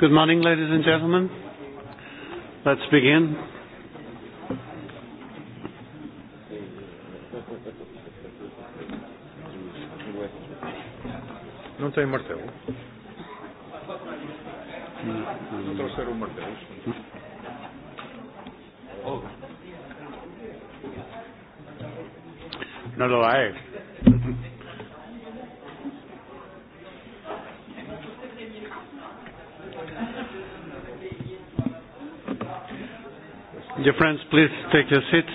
Good morning, ladies and gentlemen. Let's begin. Non sei Marteu? Mm. Non trossero un Marteu? Oh. Not alive. friends, please take your seats.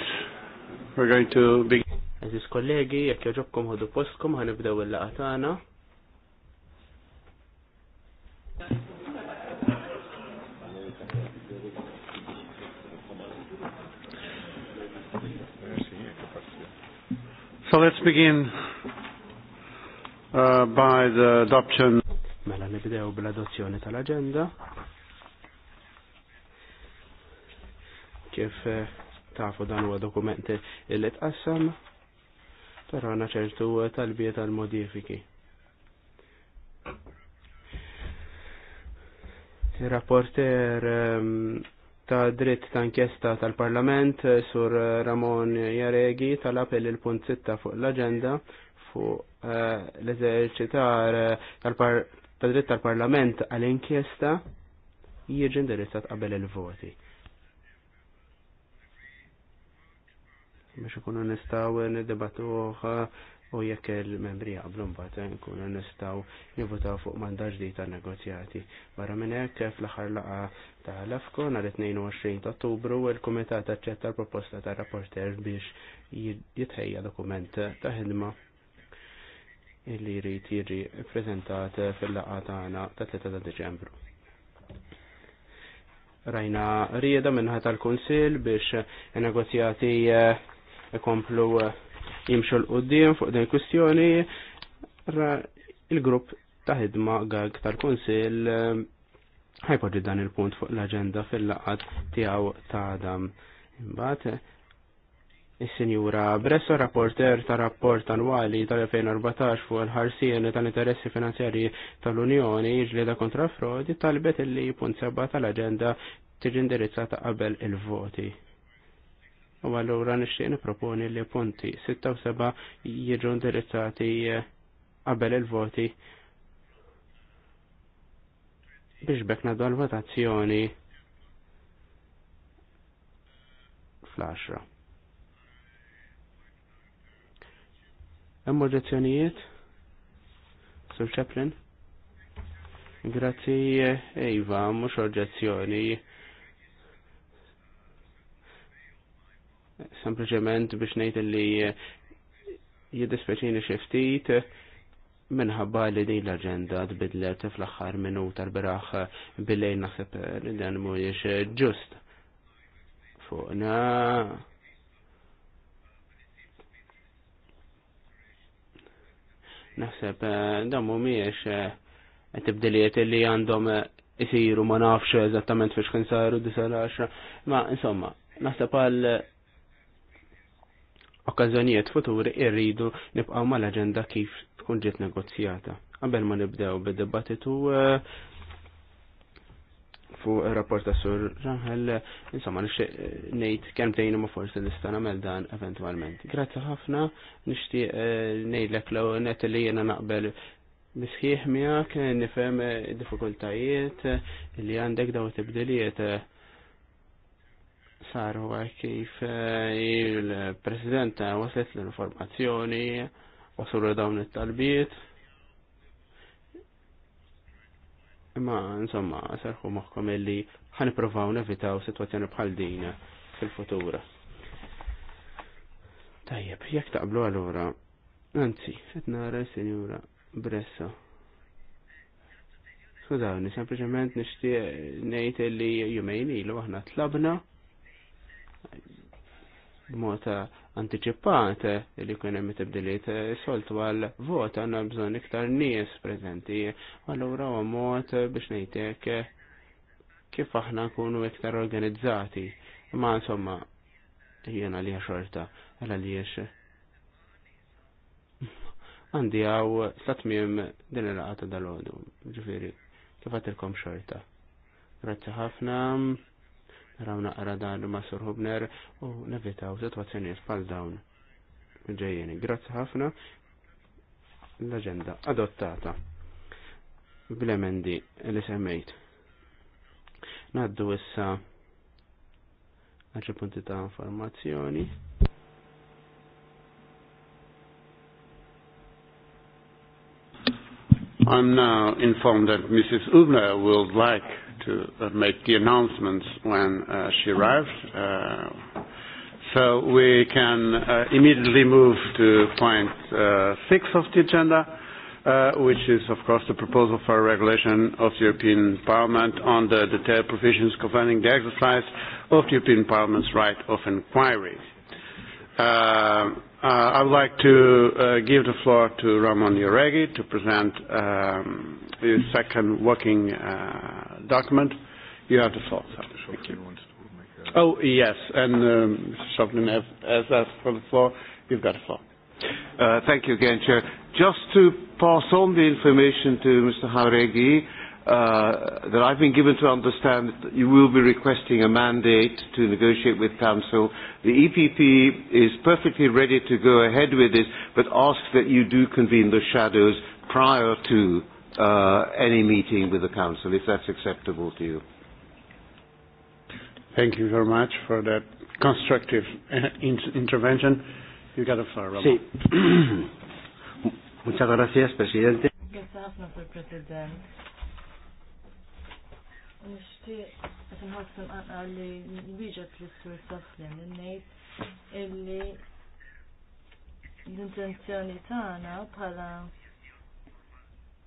We're going to begin. Aziz kollegi, jek joġobkom hudu postkom, ħanibdew il-laqa tagħna. So let's begin uh, by the adoption. Mela nibdew bil adozzjoni tal-agenda. kif eh, tafu dan huwa dokumenti illi tqassam, però għandna ċertu eh, talbiet tal-modifiki. Rapporter ehm, ta' dritt ta' inkjesta tal-Parlament eh, sur Ramon Jaregi tal-appell il-punt 6 fuq l-agenda fuq l-eżerċitar tal-dritt tal-Parlament għal-inkjesta jieġi indirizzat qabel il-voti. biex ikunu nistgħu nidebattuh u jekk il-membri jaqblu mbagħad nkunu nistgħu nivutaw fuq mandat ġdid tan-negozjati. Barra minn hekk fl-aħħar laqgħa ta' l-Afko nhar 22 ta' Ottubru il-Kumitat aċċetta l-proposta ta' rapporter biex jitħejja dokument ta' ħidma illi jrid jiġi ppreżentat fil-laqgħa tagħna ta' 3 ta' Deċembru. Rajna rieda minnħa tal-Kunsil biex negozjati eh, ikomplu eh, jimxu l-qoddim fuq din kwistjoni ra il-grupp ta' ħidma gag tal konsil eh, ħajpoġi dan il-punt fuq l-agenda fil-laqad tiegħu ta' dam. Imbagħad eh, Is-Sinjura Bresso, rapporter ta' rapport annwali tal-2014 fuq l ħarsien tal-interessi finanzjarji tal-Unjoni ġlieda kontra frodi talbet li punt seba tal-agenda tiġi indirizzata qabel il-voti u għallura nixtieq niproponi li punti 6 u 7 jiġu indirizzati eh, qabel il-voti biex bekna dal votazzjoni fl-10. Hemm oġġezzjonijiet? Sur Chaplin? Grazzi, Eva, eh, mhux oġġezzjoni sempliċement biex ngħid li jiddispeċini xi ftit minħabba li din l-agenda tbidlet fl-axħar minuta tal biraħ billejn naħseb li dan mhuwiex ġust. Fuqna naħseb eh, dan mhumiex qed eh, tibdiliet li għandhom isiru ma nafx eżattament fiex kien saru disalax, ma insomma, naħseb għal Okkazjonijiet futuri irridu nibqgħu mal-aġenda kif tkun ġiet negozjata. Qabel ma nibdew bid-dibattitu eh, fuq rapport ta' sur Rahel, insomma, nixtieq eh, ngħid kemm tgħinu ma' forsi nista' nagħmel dan eventwalment. Grazzi ħafna, nixtieq eh, ngħidlek l net li jiena naqbel misħiħ miegħek nifhem id-diffikultajiet li għandek daw tibdilijiet sar huwa kif eh, il-President waslet l-informazzjoni, waslu dawn it-talbiet. Imma, insomma, sarħu moħkom illi ħaniprofaw nevitaw situazzjoni bħal din fil-futura. Tajjeb, jekk taqblu allura anzi, etnara sinjura Bressa. Skużawni, sempliciment nixtieq nejt illi jumejn ilu aħna tlabna b'mod antiċipat li kien hemm tibdiliet soltu għal vot għandna bżonn iktar nies preżenti. Allura huwa mod biex ngħidlek kif aħna nkunu iktar organizzati. Ma insomma, jiena li xorta, għala li jiex. Għandi għaw satmim din il-għata dal-ħodu, ġifiri, kif kom xorta. Grazzi ħafna naraw naqra dan ma' sorħu Hubner u nevitaw situazzjonijiet bħal dawn. ġejjin. grazzi ħafna l aġenda adottata bl-emendi li semmejt. Naddu issa għaxi punti ta' informazzjoni. I'm now informed that Mrs. Ubner would like to uh, make the announcements when uh, she arrives. Uh, so we can uh, immediately move to point uh, six of the agenda, uh, which is, of course, the proposal for a regulation of the European Parliament on the detailed provisions governing the exercise of the European Parliament's right of inquiry. Uh, Uh, I would like to uh, give the floor to Ramon Uregi to present um, his second working uh, document. You have the floor. Sir. Thank you. Oh, yes, and um, Shoplin has, has asked for the floor. You've got the floor. Uh, thank you again, Chair. Just to pass on the information to Mr. uh, uh, that I've been given to understand that you will be requesting a mandate to negotiate with Council. The EPP is perfectly ready to go ahead with this, but ask that you do convene the shadows prior to uh, any meeting with the Council, if that's acceptable to you. Thank you very much for that constructive uh, in intervention. You got a floor, Rob. Sí. Muchas gracias, Presidente. Gracias, President. Nishtiq, għet nħassem li nbiġat li s-sur n-nejt illi l-intenzjoni tagħna bħala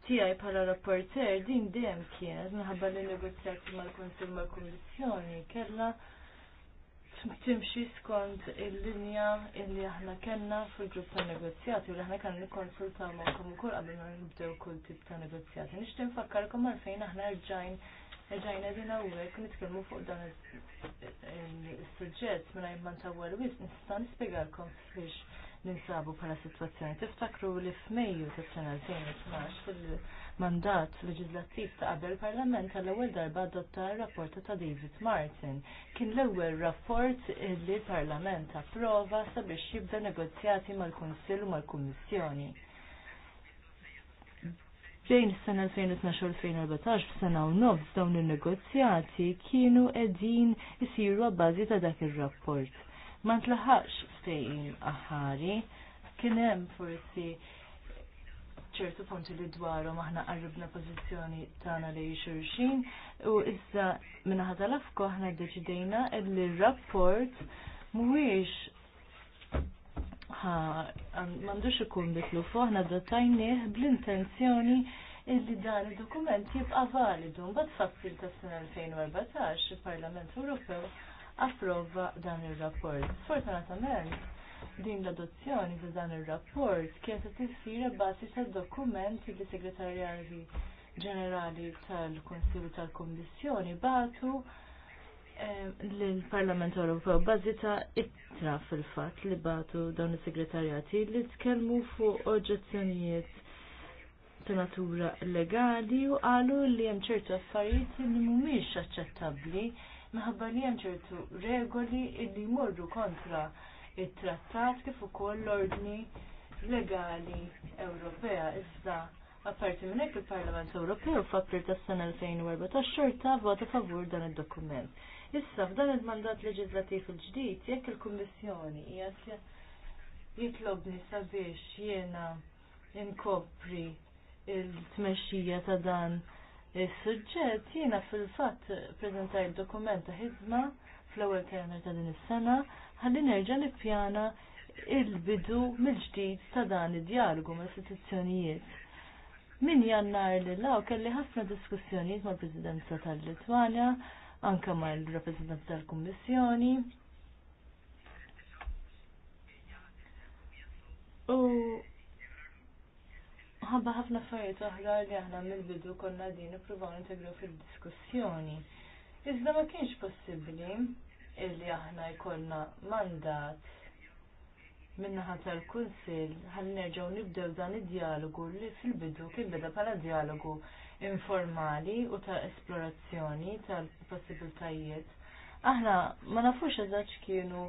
tiegħi bħala rapporter din dejjem kienet minħabba li negozjati mal-Kunsill mal-Kummissjoni kellha timxi skont il-linja illi aħna kellna fil-grupp ta' negozjati u li aħna kellna nikkonsultaw magħkom ukoll qabel ma nibdew kull tip ta' negozjati. Nixtieq nfakkarkom għalfejn aħna rġajn Rġajna din għawek nitkellmu fuq dan il-sujġett minn għajn man tawar wis nista' nispjegalkom fiex ninsabu bħala sitwazzjoni. Tiftakru li f'Mejju tas-sena 2012 fil-mandat leġislattiv ta' qabel parlament għall-ewwel darba adotta r-rapport ta' David Martin. Kien l-ewwel rapport li parlament approva sabiex jibda negozjati mal-Kunsill u mal-Kummissjoni Ġejn s-sena 2012-2014 f-sena u nofs dawn il-negozjati kienu edin jisiru għabbażi ta' dak il-rapport. Ma tlaħax fejn aħari, kienem forsi ċertu punti li dwaru aħna qarribna pożizzjoni tagħna li xurxin u issa minna ħadalafko aħna deċidejna li r-rapport mhuwiex mandux ikun bitlu foħna dotajnieh bl-intenzjoni illi dan il-dokument jibqa validu. Mbagħad fassil tas sena 2014 il-Parlament Ewropew approva dan ir-rapport. Sfortunatament, din l-adozzjoni ta' dan ir-rapport kienet qed issir bbażi tad-dokument li segretarjali ġenerali tal-Konsilju tal kummissjoni batu Eh, l-Parlament Ewropew bażita ittra fil-fatt li batu dawn is-segretarjati li tkellmu fuq oġġezzjonijiet ta' natura legali u qalu li hemm ċertu affarijiet li mhumiex aċċettabbli minħabba li hemm ċertu regoli li jmorru kontra it-trattat kif ukoll l-ordni legali Ewropea iżda apparti minn hekk il-Parlament Ewropew f'April tas-sena 2014 xorta vota favur dan id-dokument. Issa f'dan il-mandat leġislattiv il-ġdid jekk il-Kummissjoni hija jitlobni sabiex jiena inkopri il-tmexxija ta' dan is-suġġett jiena fil-fatt il dokument ta' ħidma fl-ewwel kiener ta' din is-sena ħalli nerġa' nippjana il-bidu mill-ġdid ta' dan id-dialogu mal-istituzzjonijiet. Min jannar li law kelli ħafna diskussjonijiet mal-Presidenza tal-Litwanja anke mal-rappresentanti tal-Kummissjoni. U ħabba ħafna affarijiet oħra li aħna mill-bidu konna din nippruvaw integru fil-diskussjoni. Iżda ma kienx possibbli illi aħna jkollna mandat minnaħa tal-Kunsil ħalli nerġgħu nibdew dan id-dialogu li fil-bidu kien beda bħala dialogu informali u ta' esplorazzjoni tal-possibiltajiet. Aħna ma nafux eżatt kienu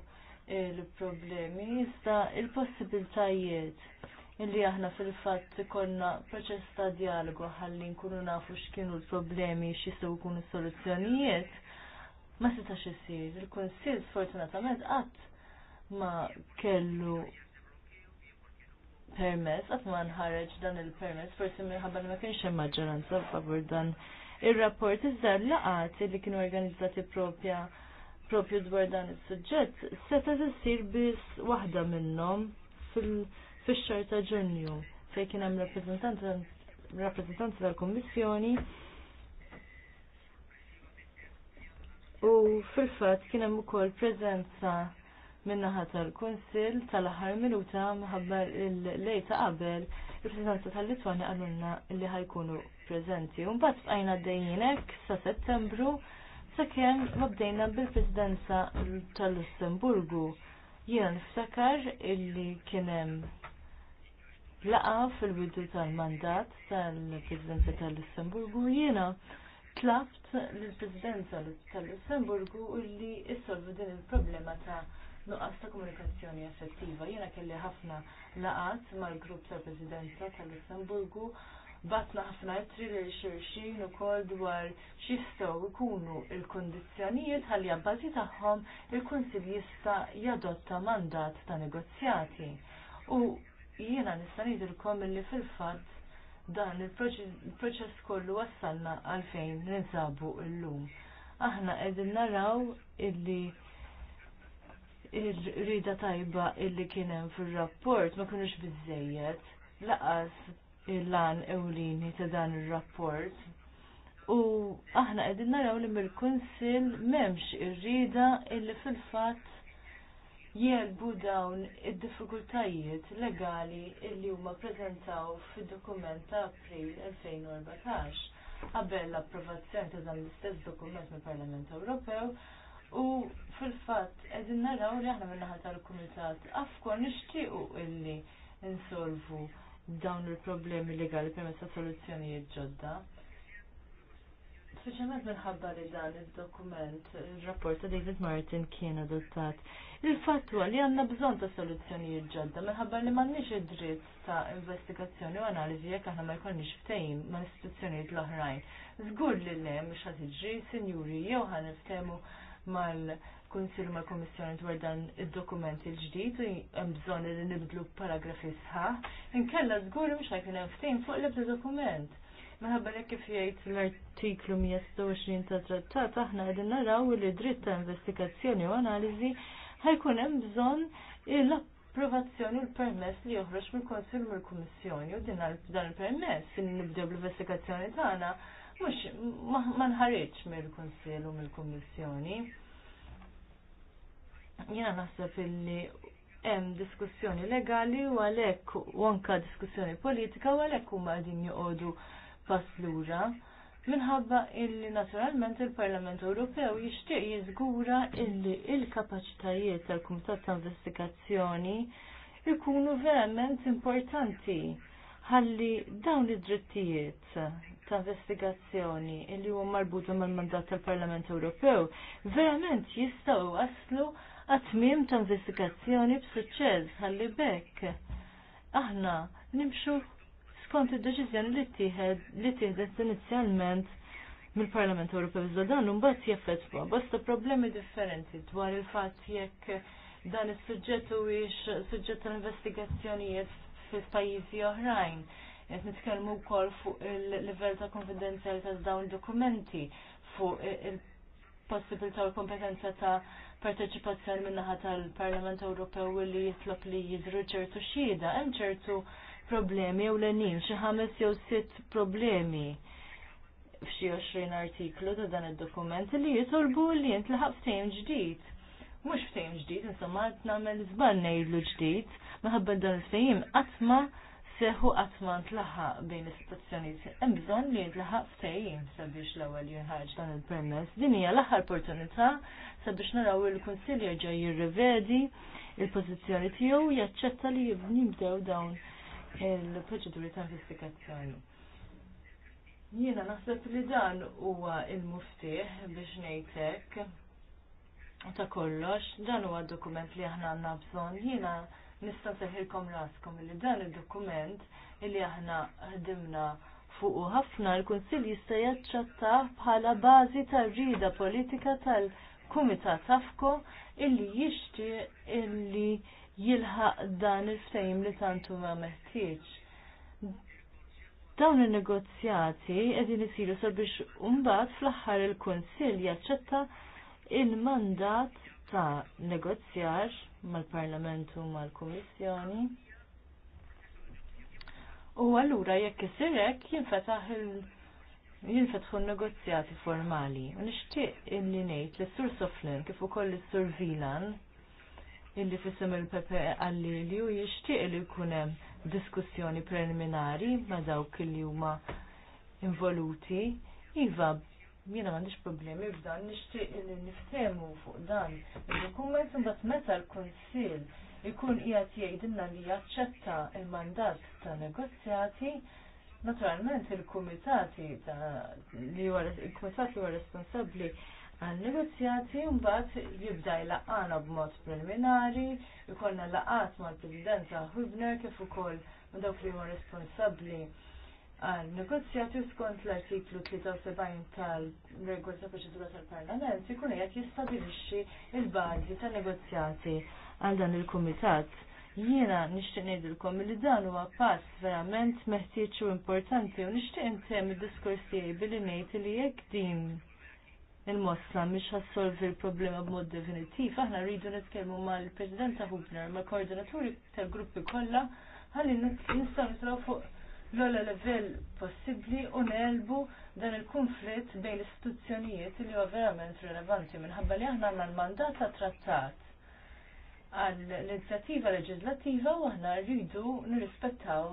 il-problemi, eh, iżda il-possibiltajiet illi aħna fil-fatt konna proċess ta' dialogu ħalli nkunu nafu x'kienu l-problemi x'jistgħu jkunu soluzzjonijiet. Ma setax isir, il-Kunsill sfortunatament qatt ma kellu permess, qatt ma nħarġ dan il-permess, forsi minħabba li ma kienx hemm maġġoranza favur dan ir-rapport iżda laqat li kienu organizzati propja propju dwar dan is-suġġett seta issir biss waħda minnhom fix-xahar ta' Ġunju fejn kien hemm rappreżentanti tal-Kummissjoni u fil-fatt kien hemm ukoll preżenza minna tal-Kunsil tal-aħħar minuta mħabbar il-lej ta' qabel il-Presidenza tal-Litwani għallunna li ħajkunu prezenti. Unbat fqajna d-dejjinek sa' settembru sakemm ma bdejna bil-Presidenza tal-Lussemburgu. Jiena niftakar illi kienem laqa fil-bidu tal-mandat tal-Presidenza tal-Lussemburgu jiena tlaft l-Presidenza tal-Lussemburgu illi issolvu din il-problema ta' nuqqas ta' komunikazzjoni effettiva. Jiena kelli ħafna laqat mal-grupp tal-Presidenza tal-Lussemburgu batna ħafna ittri li xurxin u kol dwar xistaw ikunu il-kondizjonijiet għalli għabbażi taħħom il-Kunsil jista jadotta mandat ta' negozjati. U jiena nista' ngħidilkom li fil-fatt dan il-proċess kollu wassalna għalfejn ninsabu il-lum. Aħna qegħdin naraw illi rida tajba illi kienem fil-rapport ma kunux bizzejiet laqas il-lan ewlini ta' dan il-rapport u aħna għedin naraw li mill-kunsil memx irrida illi fil-fat jelbu dawn id-diffikultajiet legali illi huma prezentaw fid-dokument ta' April 2014 qabel l-approvazzjoni ta' dan l-istess dokument mill-Parlament Ewropew U fil-fatt, edin naraw li aħna minnaħa tal-Kumitat, afkor nishtiqu illi insolvu dawn il-problemi legali permezz ta' soluzzjonijiet ġodda. Speċjalment minħabba li dan il-dokument, il-rapport ta' David Martin kien adottat. Il-fatt huwa li għandna bżonn ta' soluzzjonijiet ġodda minħabba li m'għandniex id-dritt ta' investigazzjoni u analiżi jekk aħna ma jkollniex ftehim ma' istituzzjonijiet l-oħrajn. Żgur li le mhux ħad ġri sinjuri, jew ħaniftehmu mal-Kunsil mal-Komissjoni dwar dan id-dokument il-ġdid u hemm bżonn li nibdlu paragrafi sħaħ, inkella żgur mhux ħajkun hemm ftin fuq l-ebda dokument. Meħabba li kif jgħid l-artiklu 126 ta' trattat aħna qegħdin naraw li dritt ta' investigazzjoni u analiżi ħajkun hemm bżonn l-approvazzjoni l-permess li joħroġ mill-Konsil mill-Kummissjoni u din dan il-permess li nibdew l-investigazzjoni tagħna mux ma nħarriċ mill konsil u mill-Kummissjoni. Jena naħseb illi hemm diskussjoni legali u għalhekk u anka diskussjoni politika u għalhekk huma qegħdin joqogħdu pass lura minħabba illi naturalment il-Parlament Ewropew jixtieq jiżgura illi il-kapaċitajiet tal-Kumitat ta' Investigazzjoni ikunu verament importanti ħalli dawn id-drittijiet ta' investigazzjoni li huwa marbuta mal-mandat tal-Parlament Ewropew verament jistgħu waslu għatmim ta' investigazzjoni b'suċċess ħalli bekk. Aħna nimxu skont id-deċiżjoni li tieħed li tieħdet inizjalment mill-Parlament Ewropew iżda dan mbagħad jaffettwa bosta problemi differenti dwar il-fatt jekk dan is-suġġett huwiex suġġett tal-investigazzjonijiet fil-pajjiżi oħrajn qed nitkellmu wkoll fuq il-livell ta' konfidenzjali ta' dawn dokumenti fuq il possibil ta' kompetenza ta' parteċipazzjoni min-naħa tal-Parlament Ewropew li jitlop li jidhru ċertu xhieda hemm ċertu problemi u l-enim xi ħames jew sitt problemi f'xi 20 artiklu ta' dan id-dokument li jitolbu li jintlaħaq ftehim ġdid. Mhux ftehim ġdid, insomma qed nagħmel żball ngħidlu ġdid, minħabba dan il-ftehim qatt ma' seħu għatman tlaħa bejn istazzjoniet. Hemm bżonn li jintlaħaq ftehim sabiex l-ewwel jinħarġ dan il-permess. Din hija l-aħħar opportunità sabiex naraw il-Kunsill jerġa' jirrivedi il-pożizzjoni tiegħu jaċċetta li jibni dawn il-proċeduri ta' investigazzjoni. Jiena naħseb li dan huwa il muftiħ biex ngħidlek ta' kollox, dan huwa dokument li aħna għandna bżonn. Jiena nista' seħilkom raskom li dan il-dokument illi aħna ħdimna fuqu ħafna l-Kunsill jista' jaċċettaħ bħala bażi tar-rida politika tal-Kumitat Afko illi jixti illi jilħaq dan il fejm li tantu ma meħtieġ. Dawn in-negozjati qegħdin isiru sabiex mbagħad fl-aħħar il-Kunsill jaċċetta il-mandat ta' negozjar mal-Parlamentu mal-Kummissjoni. U allura jekk isirek jinfetaħ il- jinfetħu negozjati formali. U nixtieq illi ngħid li sur Soflin kif ukoll is-Sur Vilan illi fissim il-Pepe għalli li u jixtieq li jkun hemm diskussjoni preliminari ma' dawk li huma involuti. Iva, Jiena għandix problemi f'dan nixtieq li fuq dan. Il-dokument imbagħad meta l-Kunsill ikun qiegħed jgħidilna li jaċċetta il-mandat ta' negozjati, naturalment il-kumitati li huwa il-kumitat li huwa responsabbli għal negozjati mbagħad jibda jlaqana b'mod preliminari, ikollna laqat mal-Presidenza Hubner kif ukoll ma' dawk li huma responsabbli għal negozjati skont l-artiklu 73 tal-regol ta' proċedura tal-Parlament ikun qed jistabilixxi l-bażi ta' negozjati għal dan il-Kumitat. Jiena nixtieq ngħidilkom li dan huwa pass verament meħtieġ u importanti u nixtieq intemm id-diskors tiegħi billi ngħid li jekk din il-mossa mhix ħassolvi l-problema b'mod definittiv, aħna rridu nitkellmu mal-President ta' Hubner, mal-koordinaturi tal-gruppi kollha ħalli nistgħu nitraw fuq l-ola level possibli u nelbu dan il-konflitt bejn l-istituzzjonijiet li huwa verament rilevanti minħabba li aħna għandna l-mandat ta' trattat għal l-inizjattiva leġislattiva u aħna rridu nirrispettaw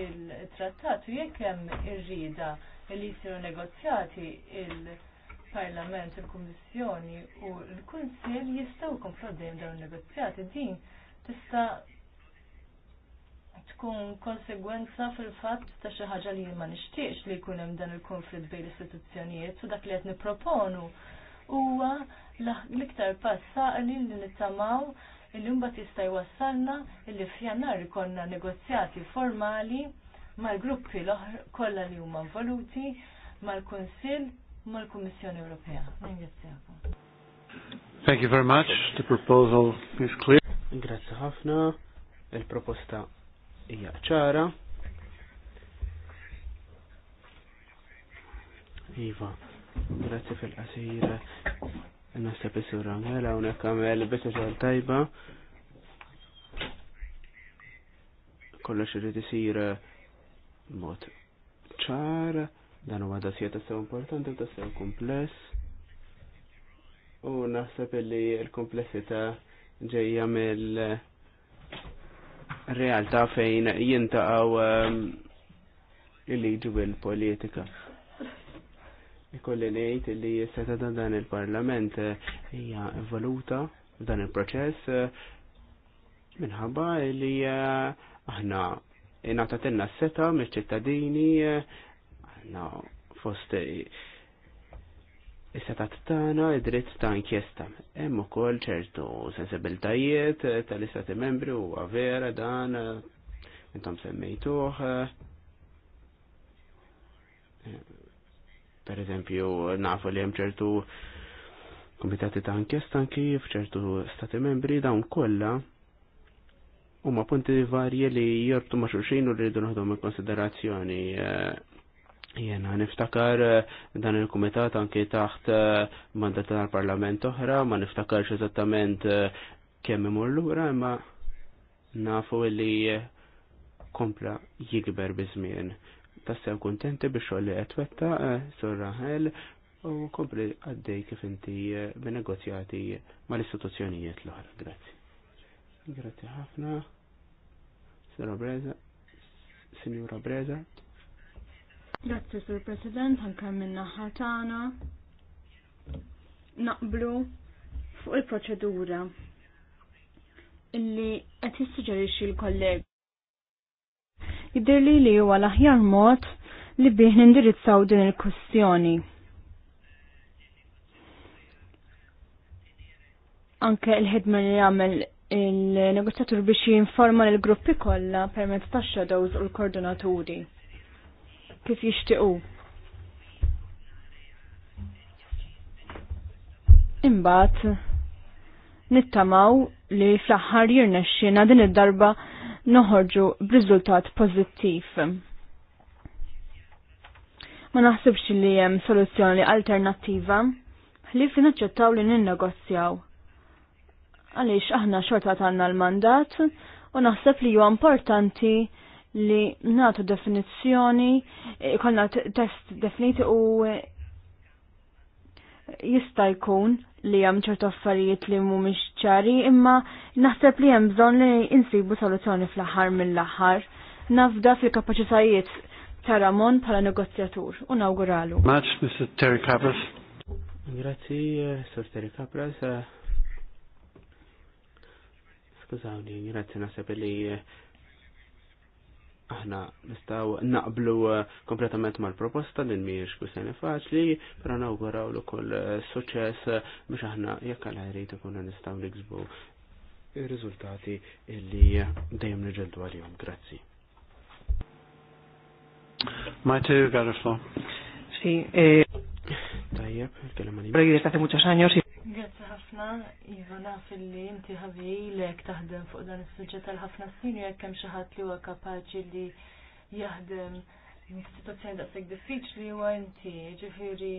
il-trattat u jekk hemm irrida li jsiru negozjati il-Parlament, il-Kummissjoni u l-Kunsill jistgħu jkomplu dawn negozjati din tista' tkun konsegwenza fil-fatt ta' xi ħaġa li ma nixtieqx li jkun hemm dan il-konflitt bejn l-istituzzjonijiet u dak li qed nipproponu huwa l-iktar saqli li nittamaw illi mbagħad jista' jwassalna illi f'jannar ikollna negozjati formali mal-gruppi kollha li huma involuti mal-Kunsill mal-Kummissjoni Ewropea. Ringrazzjakom. Thank you very much. The proposal is clear. Grazie ħafna. Il-proposta hija ċara. Iva, grazzi fil-qasir. Nasta bisura mela, unek għamel bitu ġal tajba. Kolla irrid isir mod ċar, dan huwa dasija tassew importanti, tassew kumpless. U naħseb li l-komplessità ġejja mill- realtà fejn jintaqaw ehm, il-liġi politika Ikolli ngħid li s-seta ta' dan il-Parlament eh, hija evoluta dan il-proċess eh, minħabba li eh, aħna ingħatatilna s-seta mill-ċittadini aħna fost is t tagħna id-dritt ta' inkjesta. Hemm ukoll ċertu sensibiltajiet tal-istati membri huwa vera dan intom semmejtuh. Per eżempju, nafu li hemm ċertu komitati ta' inkjesta kif f'ċertu stati membri dawn kollha huma punti varji li jortu ma' xulxin u rridu naħdhom in konsiderazzjoni Jena niftakar eh, dan il-kumitat anke taħt eh, mandat tal-parlament oħra, ma niftakarx eżattament eh, kemm imur lura, imma nafu li kompla jikber bizmien. Tassew kontenti biex li għetwetta, surraħel, u kompli għaddej kif inti b'negozjati ma l-istituzzjonijiet l-oħra. Grazzi. Grazzi ħafna. Sera Breza. Signora Breza. Grazzi, Sur President, anka minna ħatana. Naqblu fuq il-proċedura illi qed jissuġġerixxi l-kolleg. Jidirli li li huwa l-aħjar mod li bih nindirizzaw din il-kwestjoni. Anke l-ħidma li jagħmel il-negozjatur biex jinforma l-gruppi kollha permezz tax-shadows u l-koordinaturi kif jixtiequ. Imbagħad nittamaw li fl-aħħar jirnexxina din id-darba noħorġu b'riżultat pożittiv. Ma naħsibx li hemm soluzzjoni alternattiva li finaċċettaw li ninnegozjaw. Għaliex aħna xorta għandna l-mandat u naħseb li huwa importanti li natu definizzjoni, eh, kolna test definiti u eh, jista' jkun li hemm ċertu affarijiet li mhumiex ċari, imma naħseb li hemm bżonn li insibu soluzzjoni fl-aħħar mill-aħħar. Nafda fil-kapaċitajiet ta' Ramon bħala negozjatur u nawguralu. Maċ, Mr. Terry Capras. Grazzi, eh, Sir Terry Capras. Skużawni, grazzi naħseb li aħna nistaw naqblu uh, kompletament mal-proposta din miex kusene faċli, pero nawguraw l ukoll uh, suċess uh, biex aħna jekk għal ħajrit ikunu nistaw niksbu ir-riżultati illi dejjem niġeldu għalihom. Grazzi. Majtu Gariflo. Si, Tajjeb, il-kelma li. Rejri ta' muċa xanjor. Grazie ħafna, Iva naf li inti ħabilek taħdem fuq dan is-suġġett għal ħafna snin u jekk hemm xi ħadd li huwa kapaċi li jaħdem situazzjoni daqshekk diffiċli u inti, ġifieri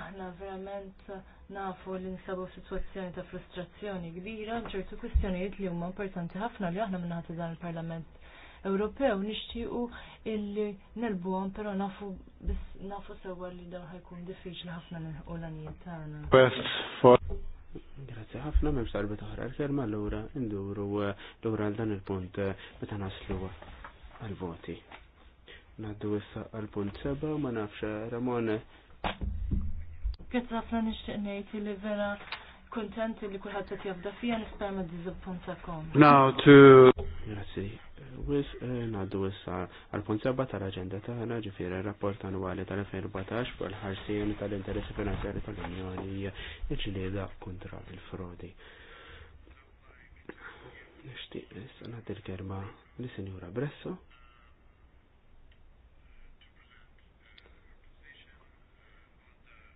aħna verament nafu li nsabu f'sitwazzjoni ta' frustrazzjoni kbira ċertu kwestjonijiet li huma importanti ħafna li aħna minnaħat dan il-Parlament Ewropew nixtiequ illi nelbuhom però nafu biss nafu sewwa li dan ħajkun diffiċli ħafna nilħu l-għanijiet tagħna. Grazie ħafna m'hemmx talbi taħra l-kelma allura nduru eh, lura għal dan il-punt eh, meta naslu għal-voti. Naddu issa għal-punt seba' ma nafx eh, Ramon. Grazie ħafna nixtieq ngħid li vera kuntent li kulħadd qed jabda fija nispera ma Now to Grazie. Wis eh, naddu issa għal-punt seba tal-aġenda tagħna ġifieri rapport annwali tal-2014 fuq il-ħarsien tal-interessi finanzjari tal-Unjoni iġlieda kontra il-frodi. Nixtieq issa nagħti l kerma lis-Sinjura Bresso.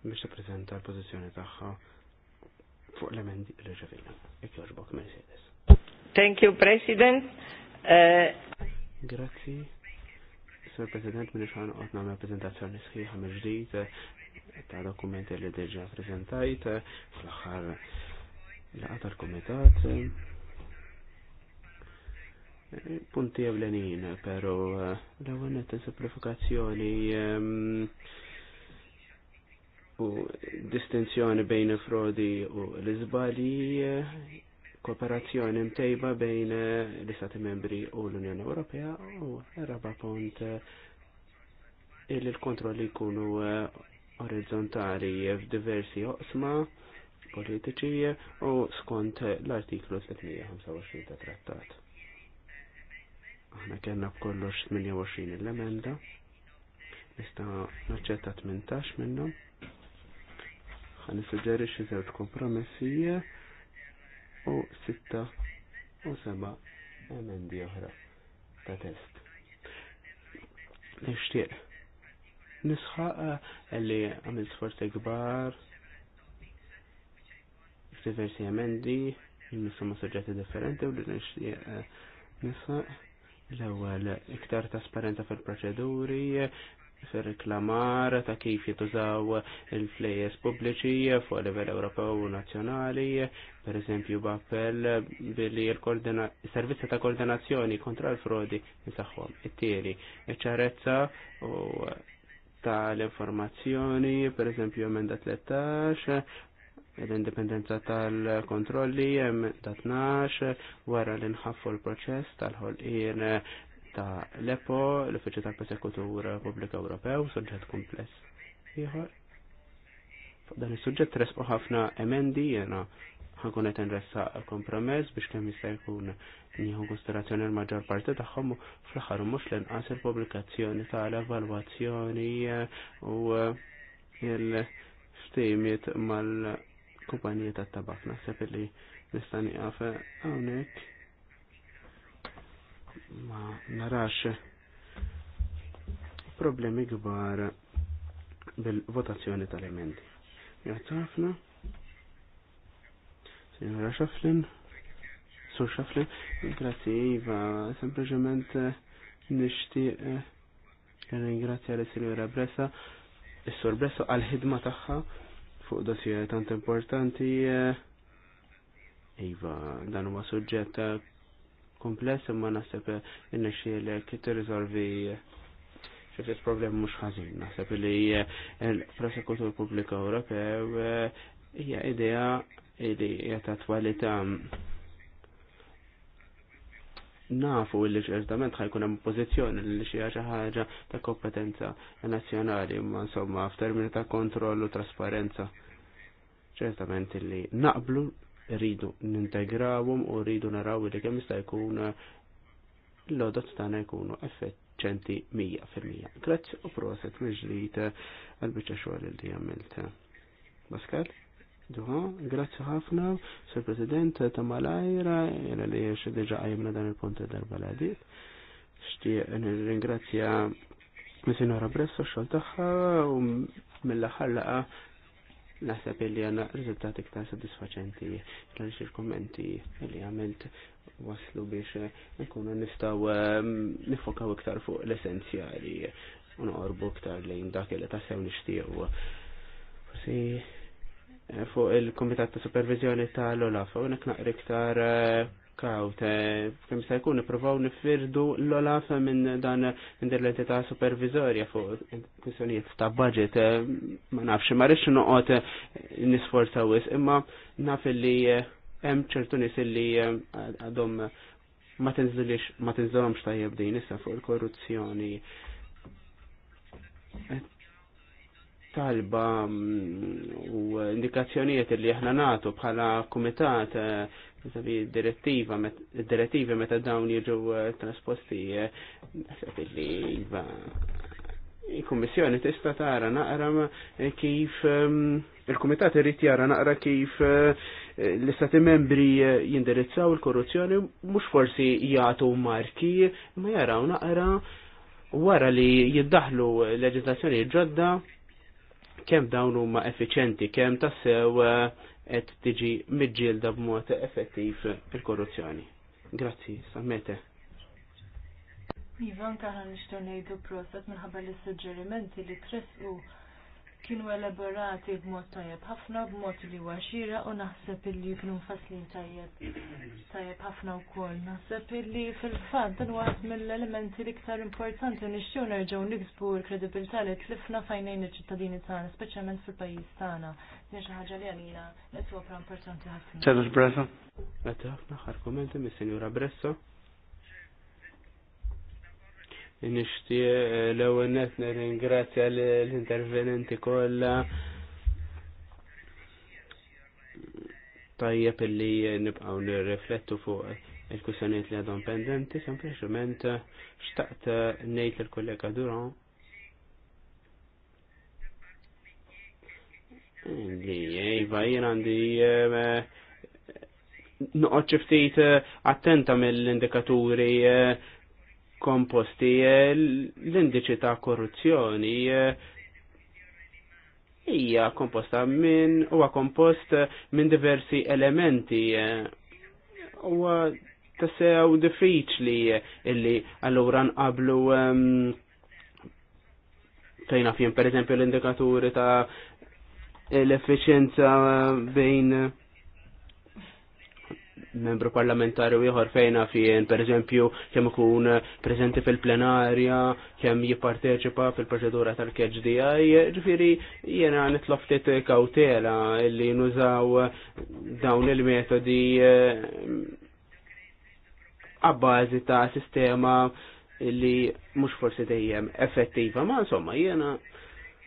biex tippreżenta l-pożizzjoni tagħha fuq l-emendi li ġevilna. Ikjorbok Mercedes. Thank you, President. Eh, Grazzi. Sir President, minn xan għotna me prezentazzjoni sħiħa mġdijt ta' dokumenti li deġa prezentajt fl-axar l-għatar komitat. Eh, punti għavlenin, pero eh, l-għonet simplifikazzjoni u distinzjoni bejn frodi u l-izbali kooperazzjoni mtejba bejn eh, l-Istati membri u l-Unjoni Ewropea u raba punt eh, il l-kontrolli jkunu eh, orizzontali f'diversi oqsma politiċi u skont l-artiklu 325 ta' trattat. Aħna kellna b'kollox 28 l-emenda, nista' naċċetta 18 minnhom. Ħanissuġġerixxi żewġ kompromessi u sitta u seba emendi oħra ta' test. Nishtiq. Nisħaq eh, li għamil sforzi kbar diversi emendi ma' soġġetti differenti u li nishtiq eh, nisħaq l ewel iktar trasparenza fil-proċeduri, fir-reklamar ta' kif jitużaw il-flejes pubbliċi fuq livell Ewropew u nazzjonali, per eżempju b'appell billi s-servizzi ta' koordinazzjoni kontra l-frodi jisaħħom it-tieni, iċ-ċarezza u tal-informazzjoni, per eżempju emenda 13, l-indipendenza tal-kontrolli, emenda 12, wara l-inħaffu l-proċess tal-ħolqien ta' l-EPO, l-Uffiċċju tal-Persekutur Pubblika Ewropew, suġġett kumpless ieħor. Dan is-suġġett tresqu ħafna emendi jiena ħankun qed inressa kompromess biex kemm jista' jkun nieħu konsiderazzjoni l-maġġor parti tagħhom fl-aħħar mhux l-inqas il-pubblikazzjoni tal-evalwazzjoni u il stimiet mal-kumpaniji tat-tabak. Naħseb li nista' nieqaf hawnhekk ma narax problemi kbar bil-votazzjoni tal-emendi. Grazie ħafna. Signora Xaflin. Sur Xaflin. Grazie Iva. Sempliciment nishtiq eh, ringrazzja li Signora Bressa. Is-Sur Bressa għal-ħidma tagħha fuq dossier tant importanti. Eh, iva, dan huwa suġġett kompless imma naħseb inna innexxielek rizolvi xifis problem mux ħażin. Naħseb li il prosekutur pubblika Ewropew eh, hija idea li hija t twalità nafu li ċertament ħajkun hemm pożizzjoni li xi ħaġa ta' kompetenza nazzjonali, imma insomma f'termini ta' kontrollu trasparenza. Ċertament li naqblu rridu nintegrawhom u rridu naraw li kemm jista' jkun l-odot tagħna jkunu effeċenti 100%. Grazzi u proset mill-ġdid għall-biċċa xogħol li għamilt. Pascal? Duha, grazzi ħafna, Sir President ta' Malajra, jena li jiex deġa għajmna dan il-punt darba l-għadit. Xtieq ringrazzja Misinora Bresso xogħol taħħa u mill aħħar laqa naħseb li għanna rizultati ktar soddisfaċenti għaliex il-kommenti li għamilt waslu biex nkunu nistaw ehm, nifokaw iktar fuq l-essenzjali u naqorbu iktar lejn dak li tassew nixtiequ. Forsi eh, fuq il-Komitat ta' Supervizjoni l olaf u naqri iktar eh, kaut. Kem se jkun ipprovaw nifirdu l-olaf minn dan l-entità supervizorja fuq kwistjonijiet ta' budget. Ma nafx ma rridx noqgħod nisforza wis, imma naf li eh, hemm ċertu nis li eh, għadhom ma tinżilix ma tinżilhomx tajjeb din issa fuq il-korruzzjoni. Talba mm, u indikazzjonijiet li aħna nagħtu bħala kumitat eh, Sabi direttiva, direttiva meta dawn jiġu eh, trasposti, eh, li il-Kommissjoni iva, tista tara naqra eh, kif ehm, il-Kumitat irid jara naqra kif l-Istati membri jindirizzaw il-korruzzjoni mhux forsi jagħtu marki ma jaraw naqra wara li jiddaħlu leġislazzjoni ġodda kemm dawn huma effiċenti, kemm tassew qed tiġi miġġielda b'mod effettiv il-korruzzjoni. Grazzi, sammete. Ivan kaħna nishtu nejdu prosat minħabba l suġġerimenti li tresqu kienu elaborati b'mod tajjeb ħafna, b'mod li huwa xira u naħseb illi kienu mfasslin tajjeb tajjeb ħafna wkoll. Naħseb illi fil-fatt dan waħed mill-elementi l-iktar importanti nixtiew nerġgħu niksbu l-kredibilità li tlifna fajnejn iċ-ċittadini tagħna, speċjalment fil-pajjiż tagħna. Din xi ħaġa li għalina qed importanti ħafna. Ċerus Bresso. Għadda ħafna ħar kommenti mis-Sinjura Bresso nishtie l-ewenet ringrazzja l-intervenenti kolla tajjeb li nibqaw nirriflettu fuq il-kussjoniet li għadhom pendenti, sempliċement xtaqt nejt il-kollega Duran li jiva jien għandi eh, noqgħod ftit attenta mill-indikaturi eh, komposti eh, l-indiċi ta' korruzzjoni eh, hija komposta minn huwa kompost eh, minn diversi elementi huwa tasew diffiċli illi allura nqablu ehm, fejna fjem per eżempju l-indikaturi ta' l-efficienza bejn membru parlamentari u ieħor fejna fien, per eżempju, kemm ikun prezenti fil-plenarja, kemm jipparteċipa fil-proċedura tal-KHDI, ġifiri jiena nitlob ftit kawtela li nużaw dawn il-metodi għabbażi eh, ta' sistema li mhux forsi dejjem effettiva, ma insomma jiena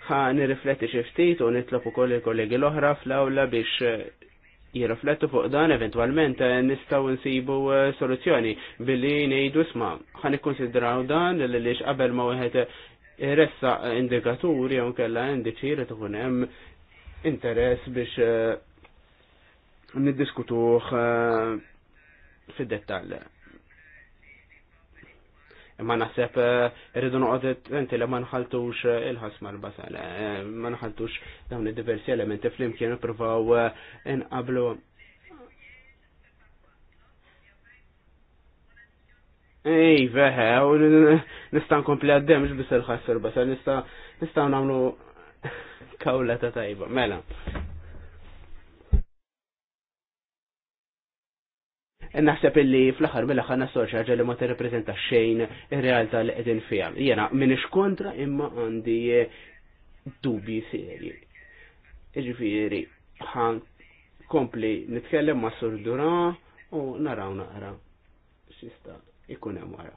ħa nirrifletti xi ftit u nitlob ukoll il-kollegi l-oħra fl-awla biex jirriflettu fuq dan eventualment eh, nistaw nsibu eh, soluzzjoni billi nejdu sma ħan ikkonsidraw dan li qabel ma wieħed ressa indikaturi jew kella indiċi li tkun hemm interess biex eh, niddiskutuh fid-dettall imma naħseb eh, irridu noqgħod inti li ma nħaltux il ħas l-basal, ma nħaltux dawn id-diversi elementi flimkien ippruvaw eh, inqablu. Ej, veħe, u nistan kompli għaddem biss il-ħassar basal, nista' nagħmlu kawla ta' tajba, mela. naħseb illi fl-aħħar mill-aħħar nassorċa li ma t-reprezenta xejn ir-realtà li qegħdin fiha. Jiena minix kontra imma għandi dubji seri. Ġifieri ħan kompli nitkellem ma' Sur Dura u naraw naqra x'ista ikun hemm wara.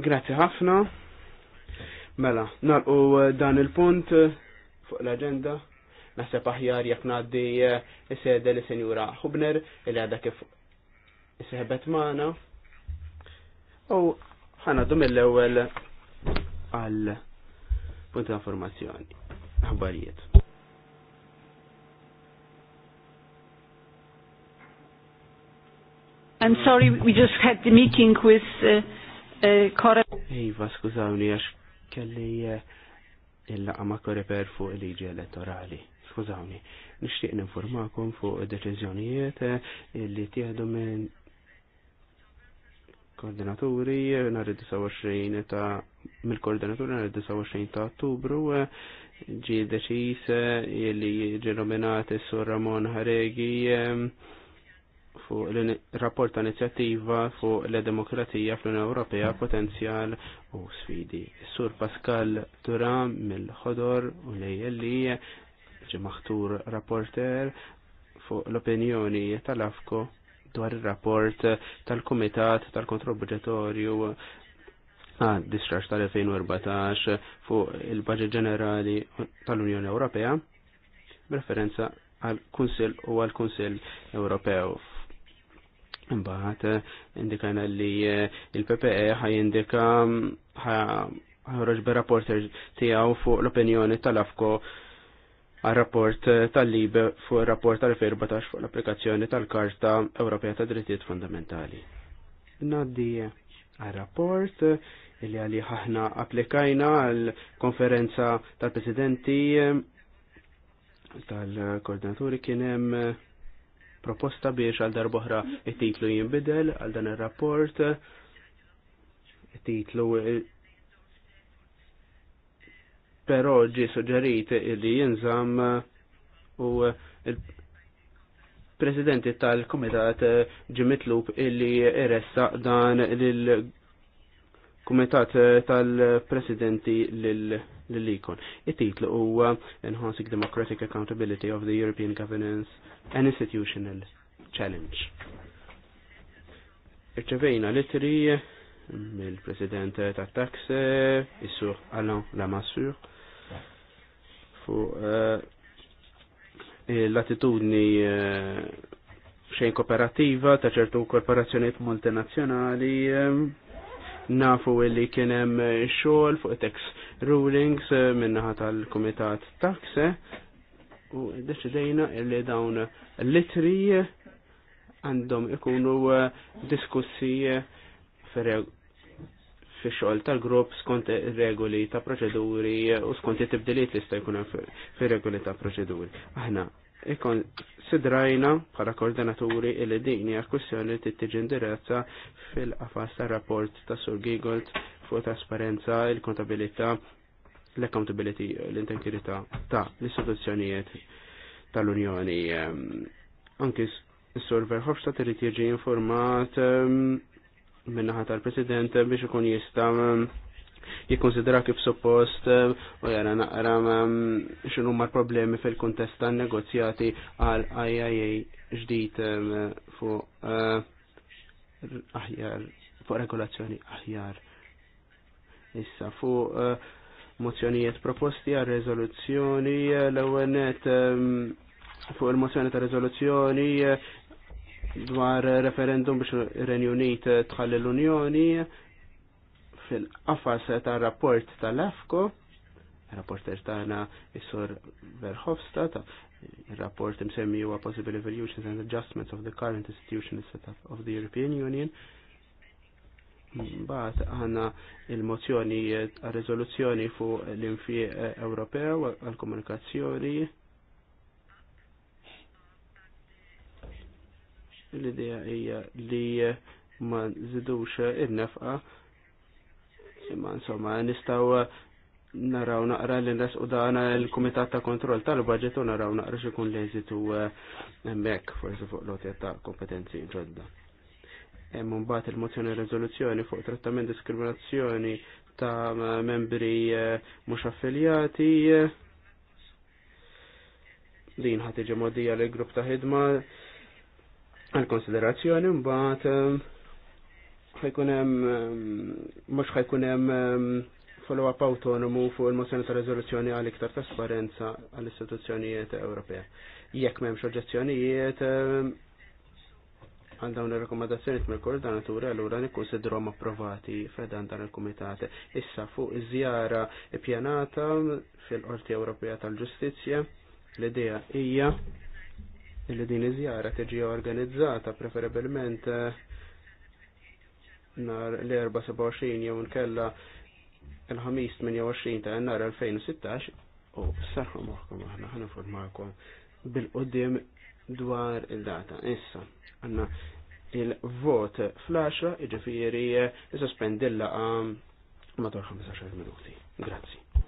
Grazzi ħafna. Mela, narqu dan il-punt fuq l-agenda naħseb aħjar jekk ngħaddi eh, is-sede li Senjura Hubner li għadha kif isħebet magħna. U ħanaddu mill-ewwel għal punt ta' informazzjoni, aħbarijiet. I'm sorry, we just had the meeting with uh, uh, Iva, skużawni, għax kelli eh, il-laqa Koreper fuq il-liġi elettorali skużawni. Nixtieq ninformakom fuq deċiżjonijiet eh, li tieħdu minn koordinaturi nhar id-29 ta' mill-koordinaturi nhar id-29 ta' Ottubru eh, ġi deċis eh, li ġi nominat is-Sur Ramon Haregi fuq l-rapport ta' inizjattiva fuq l demokratija fl-Unjoni Ewropea potenzjal u sfidi. Sur Pascal Turam mill-ħodor u lejjelli ġi maħtur rapporter fuq l-opinjoni tal-afko dwar il-rapport tal-Komitat tal-Kontroll Budgetorju għad distrax tal-2014 fuq il-Budget Ġenerali tal-Unjoni Ewropea b'referenza għal-Kunsil u għal-Kunsil Ewropew. Imbagħad indikajna li il-PPE ħajindika ħajroġ bi rapporter tiegħu fuq l-opinjoni tal-afko għal rapport eh, tal-libe fuq rapport tal-2014 fuq l-applikazzjoni tal-Karta Ewropea ta' Drittijiet Fundamentali. Naddi għal rapport eh, li għalli ħahna applikajna għal konferenza tal-presidenti eh, tal-koordinaturi kienem proposta biex għal darboħra it-titlu jimbidel għal dan il-rapport it-titlu pero ġi suġġerit li jinżam u il-presidenti tal-komitat ġi mitlub illi iressa dan lil-komitat tal-presidenti lil-ikon. Il-titlu huwa Enhancing Democratic Accountability of the European Governance and Institutional Challenge. Irċevejna litri mill-president tat-tax, is-sur Alain Lamassur, fuq eh, l-attitudni eh, xejn kooperativa ta' ċertu korporazzjoniet multinazzjonali eh, nafu li kienem xogħol fuq tax rulings minnaħa tal-Kumitat Taxe u deċidejna li dawn l-litri għandhom ikunu diskussi fi xogħol tal-grupp skont regoli ta' proċeduri u skont it-tibdiliet li sta' jkun fi regoli ta' proċeduri. Aħna ikon sidrajna bħala koordinaturi illi din hija kwistjoni li tiġi indirezza fil-qafas tar-rapport ta' Sur Gigold fuq trasparenza, il-kontabilità, l-accountability, l-integrità ta' l-istituzzjonijiet tal-Unjoni. Ehm, anki s-Sur Verhofstadt irid jiġi informat ehm, minnaħa tal-President biex ikun jista' mm, jikkonsidera kif suppost mm, u jara naqra mm, xinu mar problemi fil-kontest tan negozjati għal IIA ġdid fuq eh, aħjar fuq regolazzjoni aħjar. Issa fuq eh, mozzjonijiet proposti għal rezoluzzjoni eh, l-ewwel fuq il-mozzjoni ta' rezoluzzjoni dwar referendum biex Renju Unit tħalli l-Unjoni fil-qafas ta' rapport tal-AFCO, rapporter tagħna is-sur Verhofstadt, rapport imsemmi huwa possible evolutions and adjustments of the current institutional setup of the European Union. Mbagħad għandna il-mozzjoni għal rezoluzzjoni fuq l-infie Ewropew għal-komunikazzjoni l-idea hija li ma nżidux il-nefqa imma insomma nistaw naraw naqra li nas u dana il-Kumitat ta' Kontroll tal-Budget u naraw naqra xikun li nżitu eh, hemmhekk forsi fuq l lotja ta' kompetenzi ġodda. Hemm mbagħad il-mozzjoni riżoluzzjoni fuq trattament diskriminazzjoni ta' membri eh, mhux affiljati din eh, ħatiġi modija l-grupp ta' ħidma għal-konsiderazzjoni mbagħad eh, ħajkunem mux eh, mhux ħajkun hemm eh, follow-up autonomu fuq il-mozzjoni ta' riżoluzzjoni għal iktar trasparenza għall istituzzjonijiet Ewropea. Jekk m'hemmx oġġezzjonijiet għal dawn ir-rakkomandazzjonijiet mill-koordinatura allura nikkunsidrhom approvati f'edan dan il-kumitat. Issa fuq iż-żjara ppjanata fil-Qorti Ewropea tal-Ġustizzja l-idea hija illi din iżjara tiġi organizzata preferibilment eh, nar l-24 jew nkella il-ħamis 28 ta' nar 2016 u sarħu moħkom aħna ħana informakom bil-qoddim dwar il-data. Issa, għanna il-vot flasha iġifiri sospendilla eh, matur 15 minuti. Grazzi.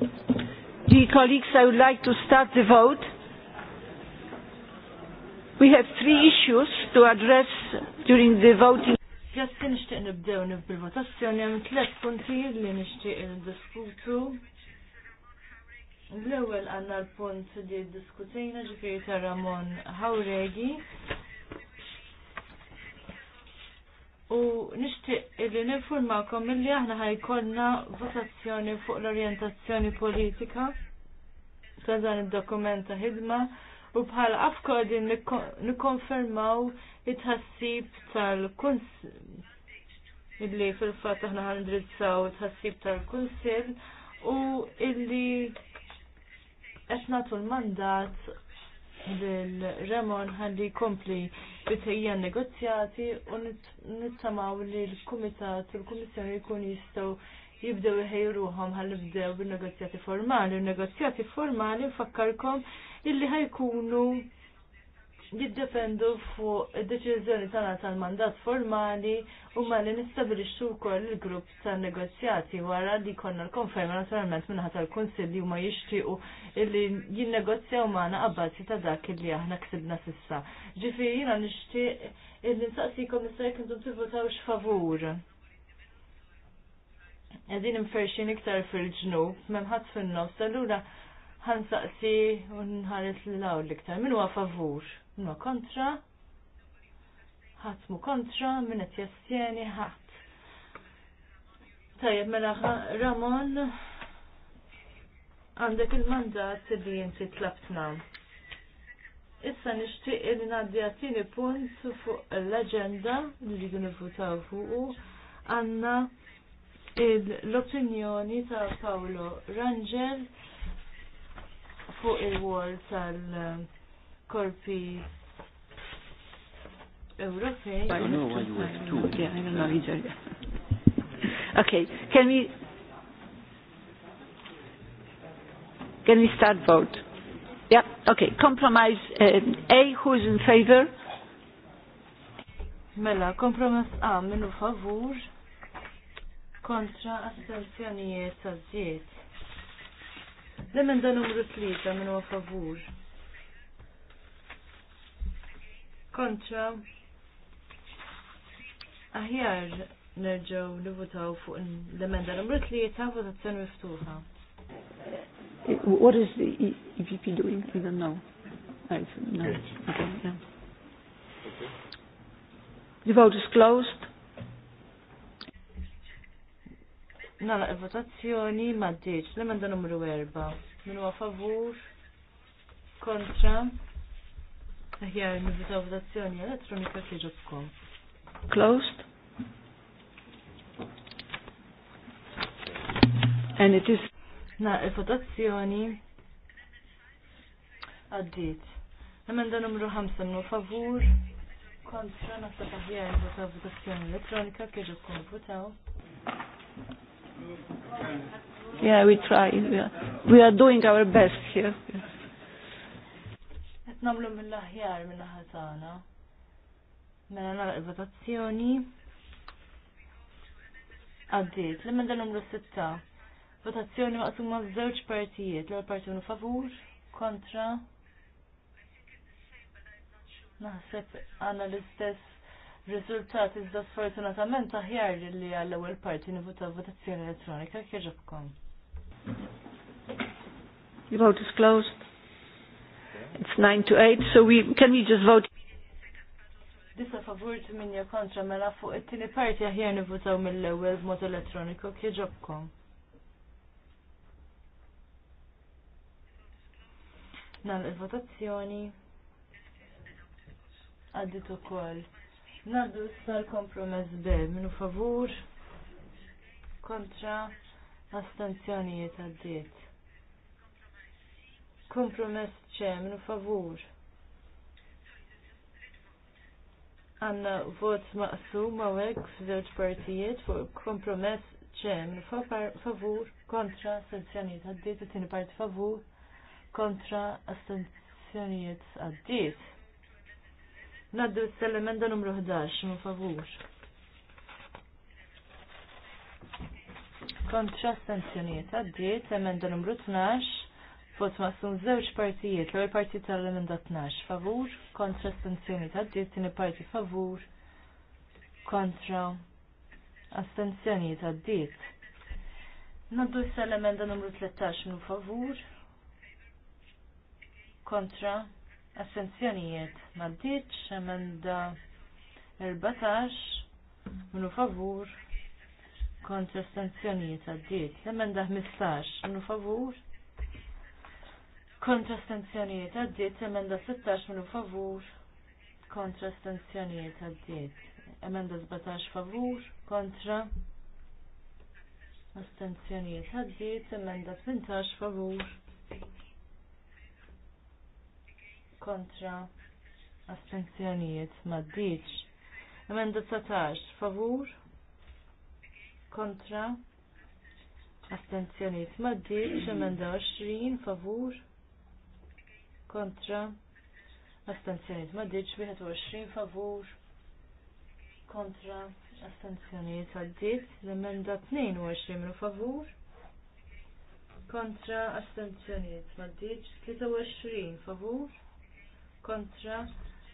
Dear colleagues, I would like to start the vote. We have three issues to address during the voting. Ġessi nixtieq nibdew nibbil-votazzjoni hemm tliet punti li nixtieq niddiskutu. L-ewwel għandna l-punt li ddiskutejna ġifieri ta' Ramon Hawregi. U nixtieq li nifurmakom milli aħna ħajkollna votazzjoni diskussjoni fuq l-orientazzjoni politika ta' dan id-dokument ta' ħidma u bħal afkodi nikkonfermaw it-ħassib tal-kunsil illi fil-fat aħna ħandrizzaw it-ħassib tal-kunsil u illi eċnatu l-mandat l-Remon ħalli kompli bitħija negozjati u nittamaw li l-Kumitat, l kumissjoni jkun jistaw jibdew iħejruhom ħalli bdew bin-negozjati formali. Il-negozjati formali nfakkarkom illi ħajkunu jiddependu fuq id-deċiżjoni tagħna tal-mandat formali u ma li nistabilixxu wkoll il-grupp tan-negozjati wara li konna l-konferma naturalment minħat tal-Kunsill li huma jixtiequ illi jinnegozjaw magħna qabbażi ta' dak illi aħna ksibna sissa. Ġifieri jiena nixtieq illi nsaqsikom issa jekk intom tivvutawx favur għedin imferxin iktar fil-ġnub, memħat fil-nofs, għallura ħansaqsi unħares l-law l-iktar. Minu għafavur, minu kontra, ħatmu kontra, minu t-jassjeni, ħat. Tajab, mela Ramon, għandek il-mandat li jinti tlabtna. Issa nishtiq li naddi għattini punt fuq l-agenda li rridu nivvutaw fuqu għanna l-opinjoni ta' Paolo Rangel fuq il wall tal-korpi Ewropej. Ok, okay, can we can we start vote? Yeah, okay, compromise um, A, who's in favor? Mela, compromise A, minu favor kontra astensjonijiet għaddiet. l dan numru 3 minn huwa favur. Kontra aħjar nerġgħu nivutaw fuq l-emenda numru 3 votazzjoni miftuħa. What is the EVP e doing? I don't know. I don't know. Okay, yeah. The vote is closed. Nala, votazzjoni ma l-emenda numru 4. Minu a favur, kontra, aħjar nivita votazzjoni elettronika kieġobkom. Closed. And it is. Na, votazzjoni għaddit. Emenda numru 5, minu favur, kontra, nasa taħjar nivita votazzjoni elettronika kieġobkom votaw. Yeah, we try. Yeah. We are doing our best here. Qed namlu mill-aħjar mill-aħħar tagħna. Mela nagħlaq il-votazzjoni. Għaddiet, l-emenda numru sitta. Votazzjoni maqsuma f'żewġ partijiet, l-ewwel parti minnu favur, kontra. Naħseb għana l-istess Rizultat iżda sfortunatament aħjar li għall-ewwel parti nivuta votazzjoni elettronika kieġobkom. The vote is closed. It's 9 to 8, so we can we just vote? Disa favur minja kontra mela fuq it-tieni parti aħjar nivutaw mill-ewwel b'mod elettroniku kieġobkom. Nal il-votazzjoni. Għaddit ukoll. Naddu issa kompromess B, minu favur, kontra, astenzjonijiet għaddiet. Kompromess C, minu favur. Għanna vot maqsum ma'wek f'żewġ partijiet fuq kompromess C, minu favur, kontra, astenzjonijiet għaddiet, u tini part favur, kontra, astenzjonijiet għaddiet. Naddu s-elementa numru 11, mu favur. Kontra sanzjoniet, għaddiet, emenda numru 12, vot maqsum zewġ partijiet, l-ewwel parti tal-emenda 12, favur, kontra sanzjoniet, għaddiet, tieni parti favur, kontra astenzjoniet, għaddiet. Naddu s-elementa numru 13, minn favur, kontra Assenzjonijiet maltiċ emenda 14 minu favur kontra assenzjonijiet għaddiet. Emenda 15 minu favur kontra assenzjonijiet għaddiet. Emenda 16 minu favur kontra assenzjonijiet għaddiet. Emenda 17 favur kontra astenzjonijiet għaddiet. Emenda 18 favur kontra astenzjonijiet maddiċ. Emenda 19 favur kontra astenzjonijiet maddiċ. Emenda 20 favur kontra astenzjonijiet maddiċ. 21 favur kontra astenzjonijiet maddiċ. L-emenda 22 minu favur kontra astenzjonijiet maddiċ. 23 favur kontra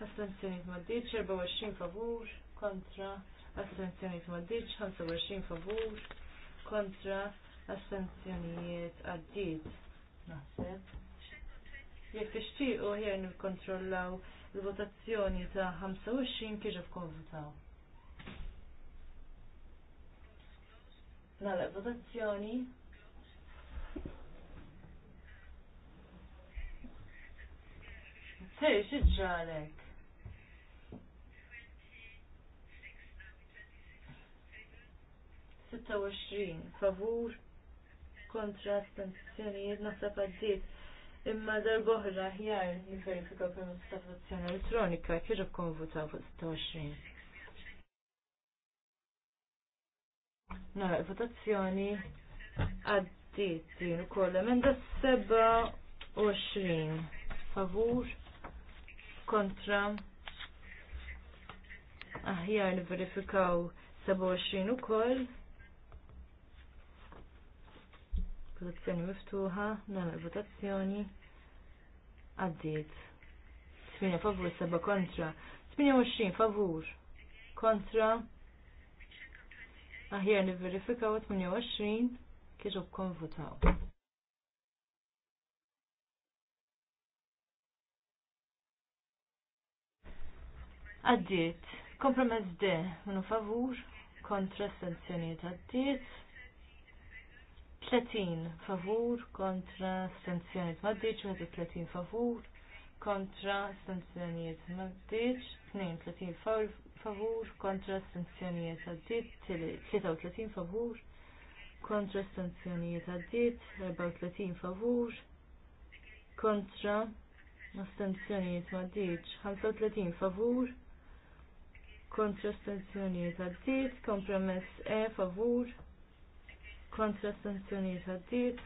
astenzjoniet maddiċ, 24 favur kontra astenzjoniet maddiċ, 25 favur kontra astenzjoniet għaddit. Naħseb. Jek tixtiequ ħjer nikkontrollaw il-votazzjoni ta' 25 kieġa f'kun Nala, votazzjoni Sej, xidġalek? Sitta favur kontra stanzjonijiet naħseb għaddit. Imma darboħra ħjar niverifika per ta' votazzjoni elettronika kieġu kum votaw fuq 26. Nara, votazzjoni għaddit din ukoll emenda 27 favur kontra aħjar niverifikaw 27 ukoll. Votazzjoni miftuħa, nagħmel votazzjoni. Għaddiet. 8 favur, 7 kontra. 28 favur kontra. Aħjar verifikaw 28 kieġu kon votaw. Għaddiet, kompromess de minu favur, kontra stanzjoniet għaddiet, 30 favur kontra stanzjoniet maddiċ, 30 favur kontra stanzjoniet maddiċ, 32 favur kontra stanzjoniet għaddiet, 33 favur kontra stanzjoniet għaddiet, 34 favur kontra sanzjoniet maddiċ, 35 favur kontra sanzjonijiet għaddit, kompromess E favur kontra sanzjonijiet għaddit,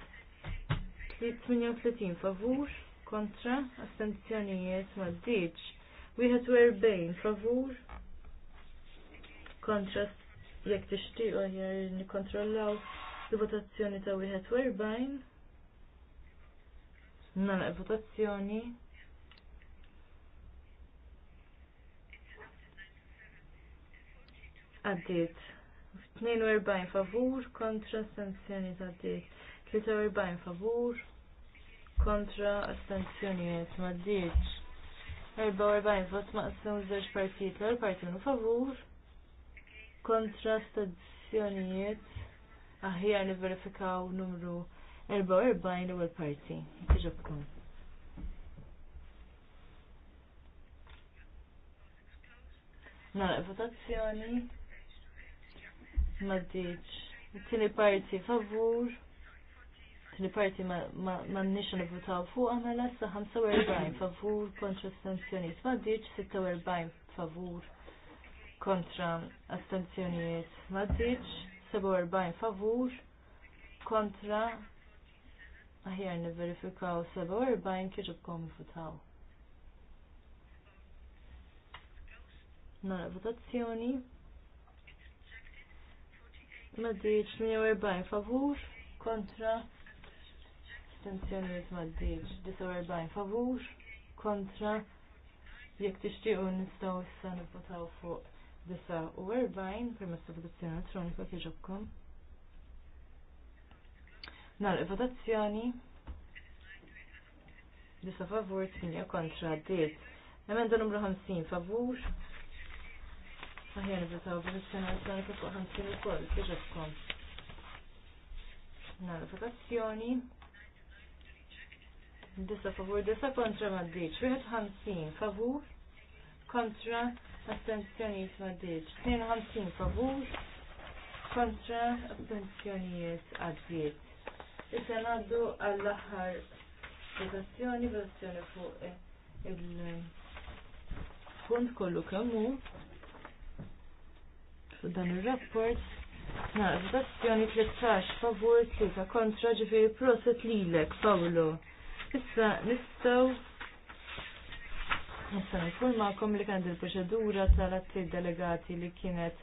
38 favur kontra astenzjonijiet maddiċ, 41 favur kontra jekk tixtiequ aħjar oh, nikkontrollaw il-votazzjoni ta' 41 nagħlaq votazzjoni. għaddit. 42 favur kontra sanzjoniet għaddit. 43 favur kontra sanzjoniet ma għaddit. 44 vot maqsum żewġ partijiet l parti minu favur kontra stazzjonijiet aħjar li verifikaw numru 44 l-ewwel parti. Iġobkom. Nara votazzjoni maddiċ. ddiċ. Tini parti favur. Tini parti ma nix nivutaw fuq għamela sa 45 favur kontra astenzjoniet. Maddiċ 46 favur kontra astenzjoniet. Maddiċ 47 favur kontra aħjar niverifikaw 47 kieġibkom nifutaw. Nara votazzjoni. Maddiċ 48 favur kontra stenzjoniet maddiċ 49 favur kontra jekk tixtiequ nistgħu issa nivvotaw fuq 49 permezz ta' votazzjoni elettronika kieġobkom. Nagħlaq votazzjoni disa favur 8 kontra 10. Emenda numru 50 favur Aħjar nivitaw bil-sena l-sanka fuq ħansir il-kol, bieġabkom. Nara votazzjoni. Disa favur, disa kontra maddiċ. Wieħed ħamsin favur, kontra astenzjonijiet maddiċ. il- punt kollu kemmu fuq dan ir-rapport. Na, bastjoni 13 favur tlita, kontra ġifiri, proset lilek Pawlo. Issa nistgħu Nista' nifurmakom li kienet il-proċedura tal-atti delegati li kienet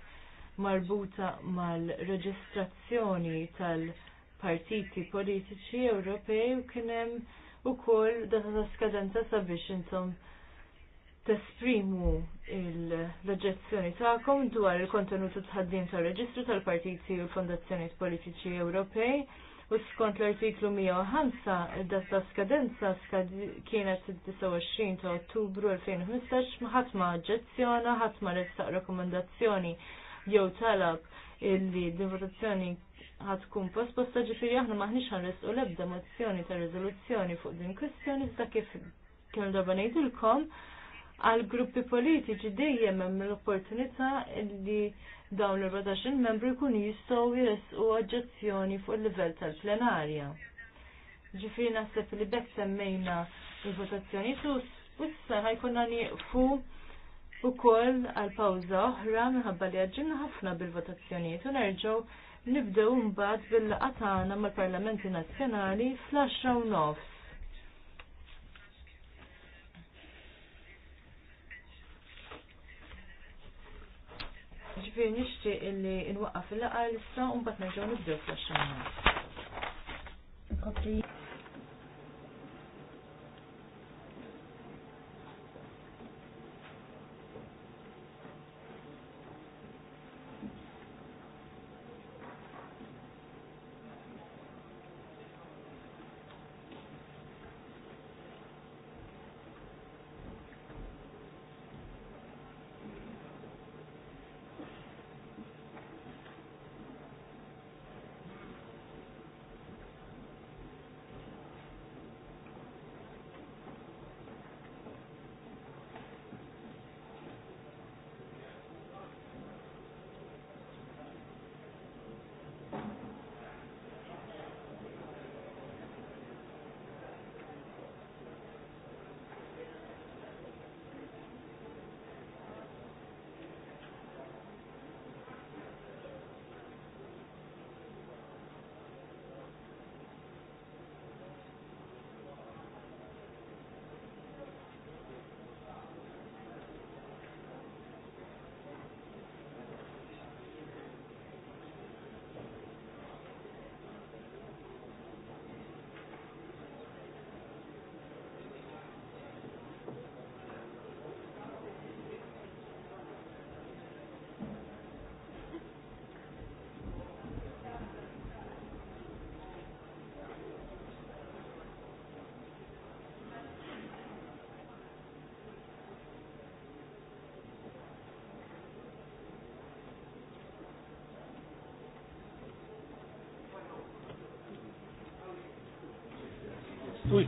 marbuta mal-reġistrazzjoni tal-partiti politiċi Ewropej u kien hemm ukoll data ta' skadenza sabiex intom tesprimu l-oġġezzjoni tagħkom dwar il-kontenutu tħaddim tar-Reġistru tal-Partiti u l-Fondazzjonijiet Politiċi Ewropej u skont l-artiklu 105 id-data skadenza kienet 29 ta' Ottubru 2015 ħadd ma oġġezzjona, ħadd ma rekomendazzjoni jew talab illi d-votazzjoni ħatkun posposta ġifiri aħna maħniċ ħanresqu l-ebda mozzjoni ta' rezoluzzjoni fuq din kwestjoni zda kif kien darba ngħidilkom għal gruppi politiċi dejjem hemm l-opportunità li dawn l-14 membru jkunu jistgħu jresqu oġġezzjoni fuq il-livell tal-plenarja. Ġifieri naħseb li bekk semmejna l-votazzjoni u issa ħajkunna nieqfu ukoll għal pawża oħra minħabba li għaġġilna ħafna bil-votazzjonijiet u nerġgħu nibdew mbagħad bil laqatana mal-Parlamenti Nazzjonali fl-10 nofs Ġifiri nixtieq illi nwaqqaf il-laqgħa issa u mbagħad nerġgħu nibdew fl-xogħol. Oui.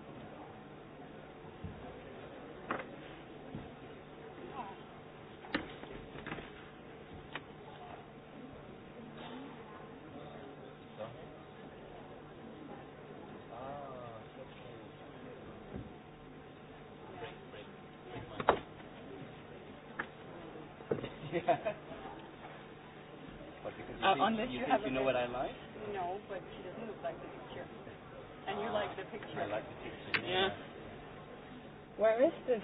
yeah. because uh, you unless you, you, think you know what I like? No, but she doesn't look like the picture. And you uh, like the picture. I like the picture. Yeah. yeah. Where is this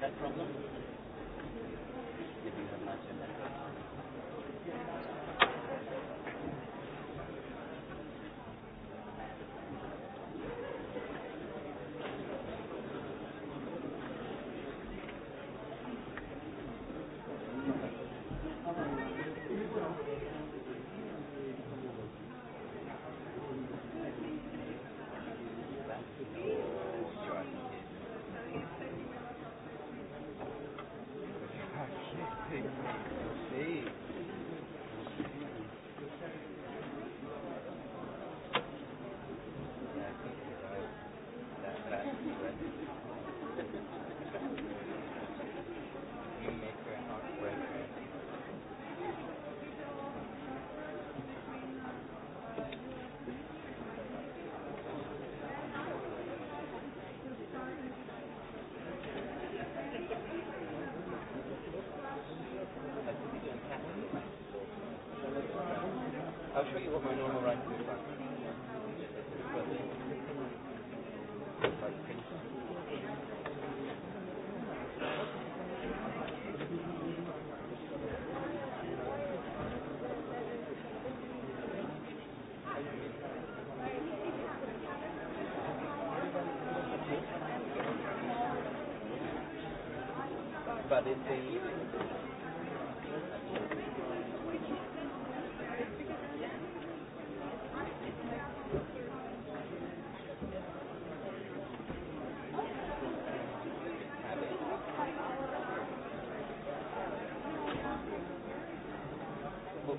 that problem? I'll show you what my normal rank is like. But it's in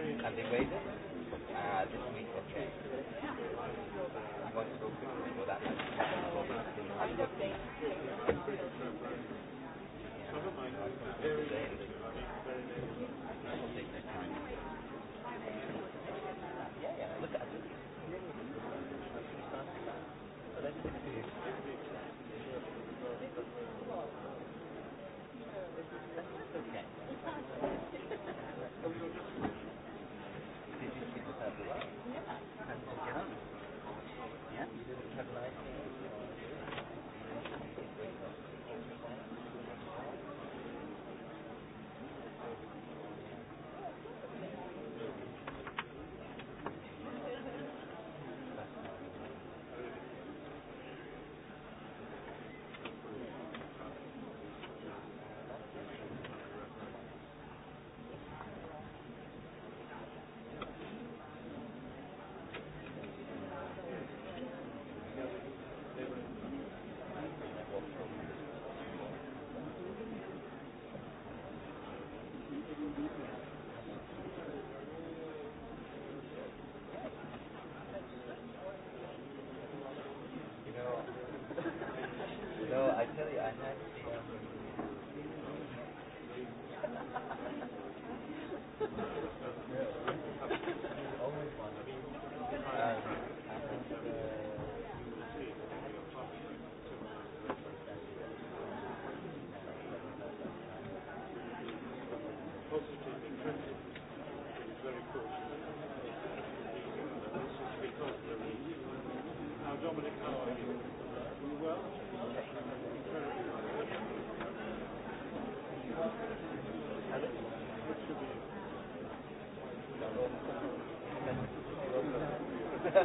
Can they wait? Uh, this week, You for that? I don't think. You know, I tell you, I had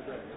Thank you.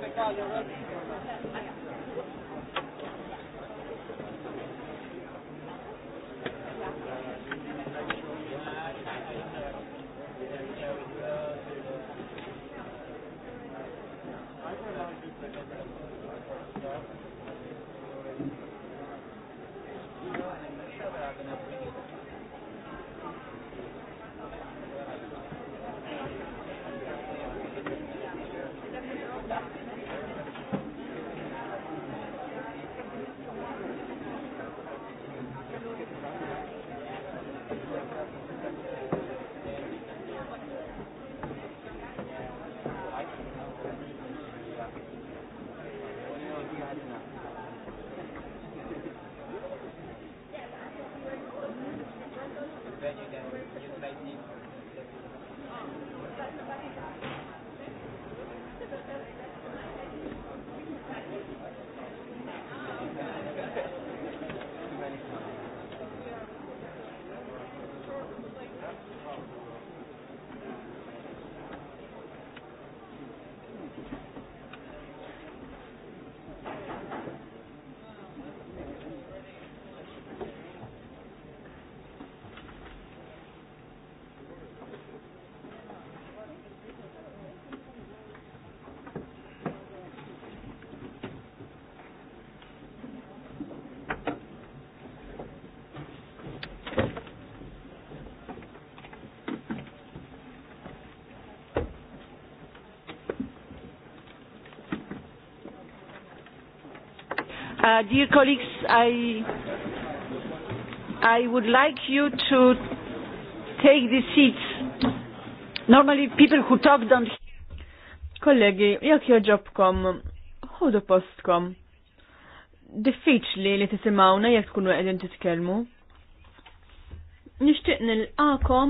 Thank you. Uh, dear colleagues, I, I would like you to take the seats. Normally people who talk don't Kollegi, jekk joġobkom, ħodu postkom. Diffiċli li tisimawna jekk tkunu qegħdin titkellmu. Nixtieq nil-akom,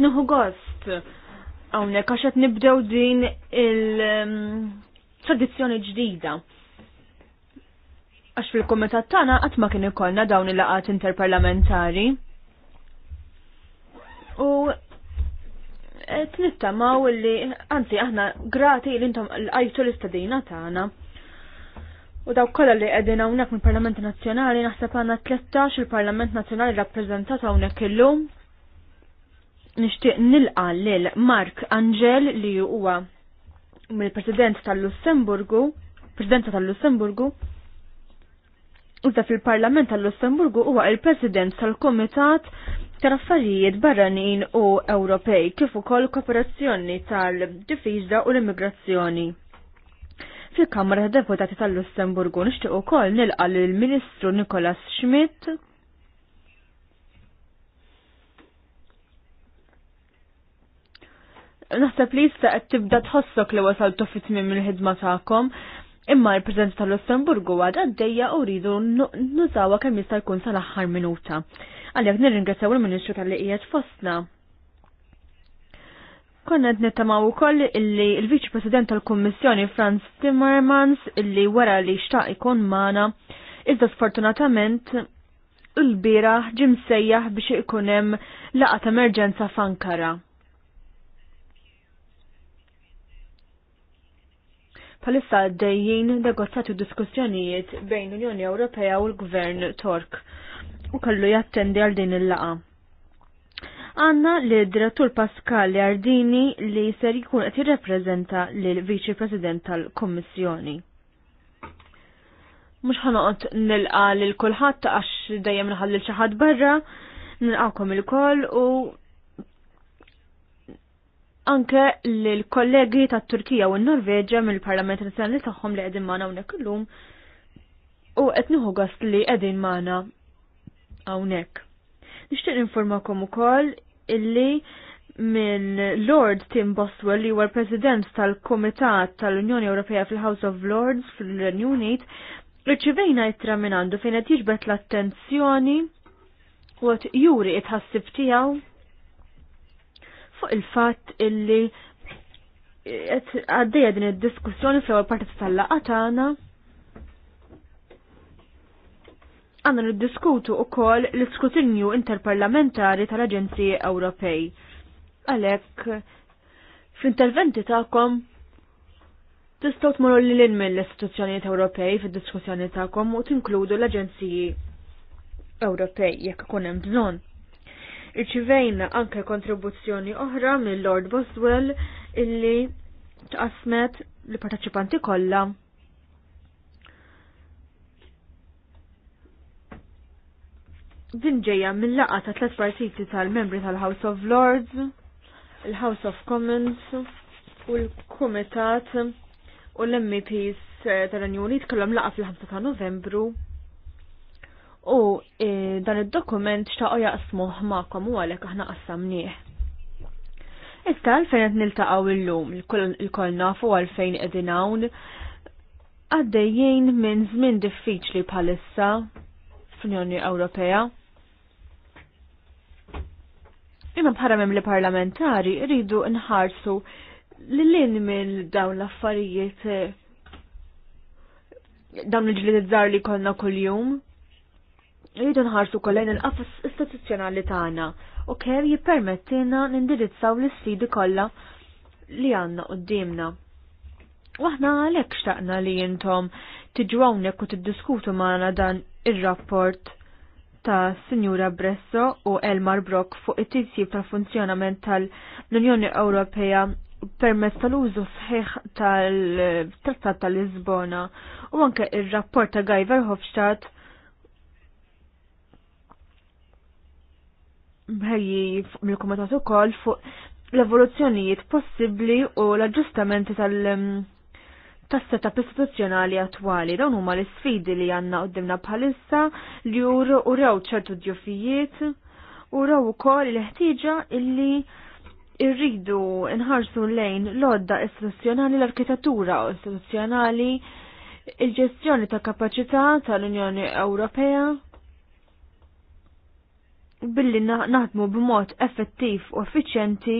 nieħu għost, għawnek, għaxat qed nibdew din il-tradizzjoni um, ġdida Għax fil-komitat tagħna qatt ma kien ikollna dawn il-laqat interparlamentari. U t-nittamaw li, anzi, aħna grati li intom l-għajtu l-istadina tagħna. U daw kolla li għedin għawnek mill parlament Nazjonali, naħseb għanna 13 il-Parlament Nazjonali rappresentat għawnek illum. Nishtiq nilqa lil Mark Angel li huwa mill-President tal-Lussemburgu, Presidenza tal-Lussemburgu, Użda fil-Parlament tal-Lussemburgu huwa il-President tal-Komitat tal-Affarijiet Barranin u Ewropej kif ukoll kooperazzjoni tal-Difiża u l-Immigrazzjoni. Fil-Kamra tad Deputati tal-Lussemburgu nixtieq ukoll nilqa' lill-Ministru Nikolas Schmidt Naħseb li jista' qed tibda tħossok li wasaltu fit-tmiem il-ħidma tagħkom Imma il-President tal-Lussemburgu għad għaddejja u rridu nużawa kemm jista' jkun sal-aħħar minuta. Għalhekk nirringrazzjaw il-Ministru tal-li qiegħed fostna. Konna qed nittamaw ukoll illi l-Viċi President tal-Kummissjoni Franz Timmermans illi wara li xtaq ikun mana iżda sfortunatament il-bira ġim sejjaħ biex ikunem laqa ta' emerġenza f'Ankara. palissa dejjin negozjati u diskussjonijiet bejn Unjoni Ewropea u l-Gvern Tork u kallu jattendi għal din il-laqa. Għanna li direttur Pascal Jardini li ser jkun qed jirrepreżenta lil viċi President tal-Kommissjoni. Mhux ħanoqgħod nilqa' lil kulħadd għax dejjem nħallil xi ħadd barra, nilqgħukom il-koll u anke l-kollegi tat Turkija u n-Norveġa mill-Parlament Nazzjonali tagħhom li qegħdin magħna hawnhekk illum u qed nieħu gost li qegħdin magħna hawnhekk. Nixtieq informakom ukoll illi minn Lord Tim Boswell li huwa l-President tal-Kumitat tal-Unjoni Ewropea fil-House of Lords fil-Renew Unit Irċivejna ittra minn għandu fejn qed jiġbet l-attenzjoni u qed juri itħassib tiegħu fuq il-fatt illi għaddeja din id-diskussjoni fl-ewwel parti tal-laqgħa tagħna. Għandna niddiskutu wkoll l iskutinju interparlamentari tal-Aġenziji Ewropej. Għalhekk fl-interventi tagħkom tistgħu tmorru lil mill-istituzzjonijiet Ewropej fid-diskussjoni tagħkom u tinkludu l-Aġenziji Ewropej jekk ikun hemm bżonn. Irċivejna anke kontribuzzjoni oħra mill Lord Boswell illi tqasmet li parteċipanti kollha. Din ġejja mill-laqa ta' tliet partiti tal-membri tal-House of Lords, il-House of Commons u l-Kumitat u l-MPs eh, tal-Unjoni tkellem laqa fil-5 ta' Novembru u e, dan id-dokument xtaqo jaqsmuh ma'kom u għalek aħna qassamnieh. Issa għalfejn qed niltaqgħu illum il-kol nafu għalfejn qegħdin hawn għaddejjin minn żmien diffiċli bħalissa fl-Unjoni Ewropea. Imma bħala membri parlamentari rridu nħarsu lil-lin mill dawn l-affarijiet eh, dawn il-ġlidizzar li konna kull-jum Rridu nħarsu kollejn il-qafas istituzzjonali tagħna u kemm jippermettina nindirizzaw l-isfidi kollha li għandna qudiemna. Waħna għalhekk xtaqna li intom tiġu hawnhekk u tiddiskutu magħna dan ir-rapport ta' Sinjura Bresso u Elmar Brock fuq it-tizjib tal-funzjonament tal-Unjoni Ewropea permezz tal-użu sħiħ tal-Trattat tal-Lisbona u anke ir-rapport ta' Gajver Hofstadt. mil mill-Kumitat ukoll fuq l-evoluzzjonijiet possibbli u l-aġġustamenti tal- mm, tas-setup istituzzjonali attwali dawn huma l-isfidi li għandna qudiemna bħalissa li jur u raw ċertu djufijiet u rew ukoll il-ħtieġa illi irridu nħarsu lejn l-odda istituzzjonali l-arkitettura istituzzjonali il-ġestjoni ta' kapacità tal-Unjoni Ewropea billi naħdmu b'mod effettiv u effiċenti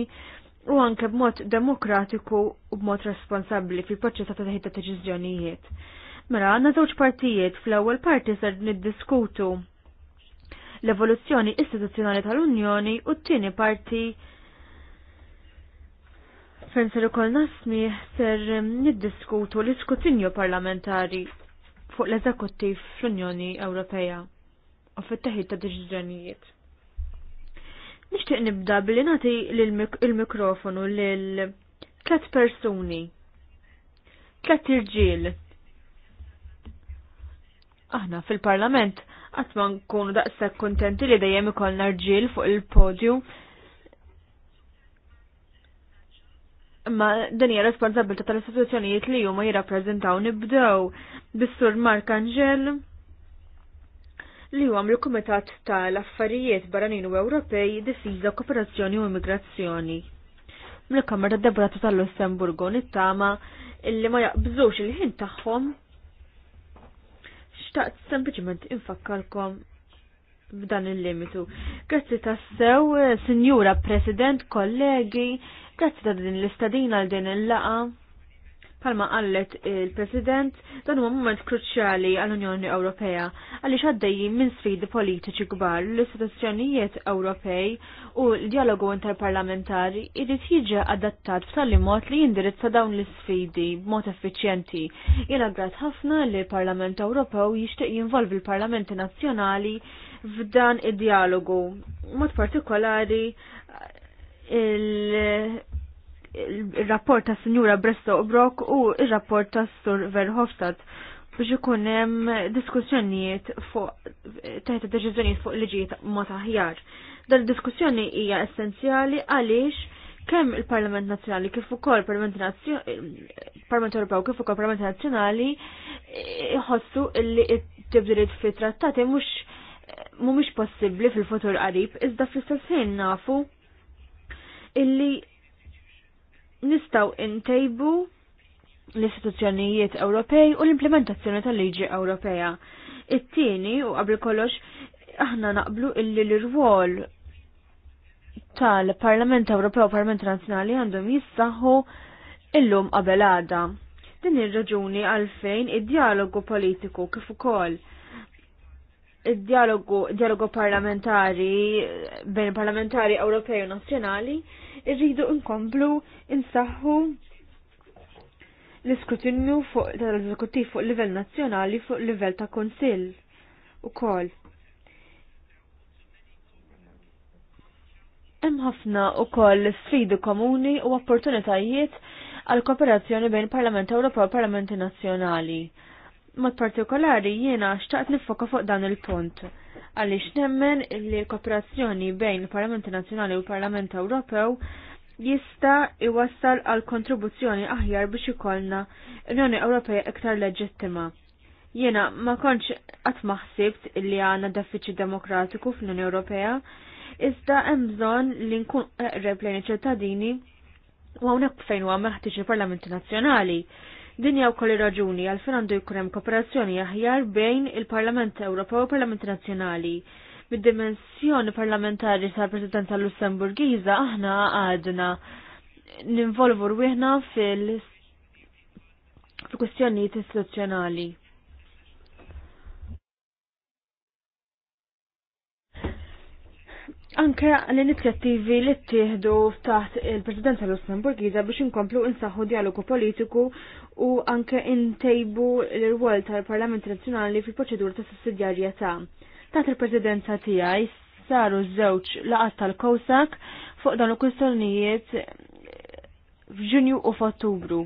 u anke b'mod demokratiku u b'mod responsabbli fil-proċess ta' teħid ta' deċiżjonijiet. Mela għandna żewġ partijiet fl-ewwel parti ser niddiskutu l-evoluzzjoni istituzzjonali tal-Unjoni u t-tieni parti fejn ser ikollna nasmi ser niddiskutu l-iskutinju parlamentari fuq l-eżekuttiv fl-Unjoni Ewropea u fit-teħid ta' deċiżjonijiet. Nixtieq nibda billi nagħti il-mikrofonu lil tliet persuni. Tlet irġiel. Aħna fil-Parlament qatt ma nkunu daqshekk kuntenti li dejjem ikollna rġiel fuq il-podju. Imma din hija responsabilità tal-istituzzjonijiet li huma jirrappreżentaw nibdew bis-Sur Mark Angel li huwa mill-Kumitat tal-Affarijiet Barranin u Ewropej Difiża Kooperazzjoni u Immigrazzjoni. Mill-Kamra tad-Deputati tal-Lussemburgu nittama illi ma jaqbżux il-ħin tagħhom xtaqt sempliċement infakkalkom b'dan il-limitu. Grazzi tassew, Sinjura President, kollegi, grazzi ta' din l-istadina għal din il-laqa Palma għallet il-President, dan huwa moment kruċjali għall-Unjoni Ewropea għaliex għaddejjin minn sfidi politiċi kbar l-istituzzjonijiet Ewropej u l-dialogu interparlamentari irid jiġi adattat f'tali mod li jindirizza dawn l-sfidi b'mod effiċjenti. Jiena grat ħafna li l-Parlament Ewropew jixtieq jinvolvi l-Parlamenti Nazzjonali f'dan id-dialogu. Mod partikolari il il-rapport ta' Sinjura Bresto Obrok u il-rapport ta' Sur Verhofstadt biex ikun hemm diskussjonijiet fuq teħta deċiżjonijiet fuq liġijiet mod aħjar. Dan diskussjoni hija essenzjali għaliex kemm il-Parlament Nazzjonali kif ukoll Parlament Parlament Ewropew kif ukoll Parlament Nazzjonali jħossu li tibdiliet fit-trattati mhux mhumiex possibbli fil-futur qarib, iżda fl-istess ħin nafu illi nistaw intejbu l-istituzzjonijiet Ewropej u l-implementazzjoni tal-liġi Ewropea. It-tieni u qabel kollox aħna naqblu illi l-irwol tal-Parlament Ewropew u Parlament Nazzjonali għandhom jissaħħu illum qabel għada. Din ir-raġuni għalfejn id-dialogu politiku kif ukoll id-dialogu dialogu parlamentari bejn parlamentari Ewropej u nazzjonali irridu nkomplu insaħħu l-iskrutinju fuq tal-eżekuttiv fuq livell nazzjonali fuq livell ta' konsill ukoll. Hemm ħafna ukoll sfidi komuni u opportunitajiet għal kooperazzjoni bejn Parlament Ewropew u Parlamenti Nazzjonali Mod partikolari jiena xtaqt nifoka fuq dan il-punt għaliex nemmen li l-kooperazzjoni bejn il-Parlament Nazzjonali u l-Parlament Ewropew jista' iwassal għal kontribuzzjoni aħjar biex ikollna Unjoni Ewropea iktar leġittima. Jiena ma kontx qatt maħsibt li għandna defiċit demokratiku fl-Unjoni Ewropea, iżda hemm bżonn li nkun eqreb lejn iċ-ċittadini u hawnhekk fejn huwa meħtieġ il-Parlamenti Nazzjonali Din hija wkoll ir-raġuni għal fejn għandu jkun hemm kooperazzjoni aħjar bejn il-Parlament Ewropew u parlament Nazzjonali. Mid-dimensjoni parlamentari tal-Presidenza Lussemburgiza aħna għadna ninvolvu rwieħna fil- fil-kwestjonijiet istituzzjonali. anke l-inizjattivi li ttieħdu taħt il-Presidenza Lussemburgiża biex inkomplu insaħħu dialogu politiku u anke intejbu l-rwol tal-Parlament Nazzjonali fil-proċedura ta' sussidjarjetà. Taħt il-Presidenza tiegħi saru żewġ laqat tal-Kowsak fuq dawn il-kwistjonijiet f'Ġunju u f'Ottubru.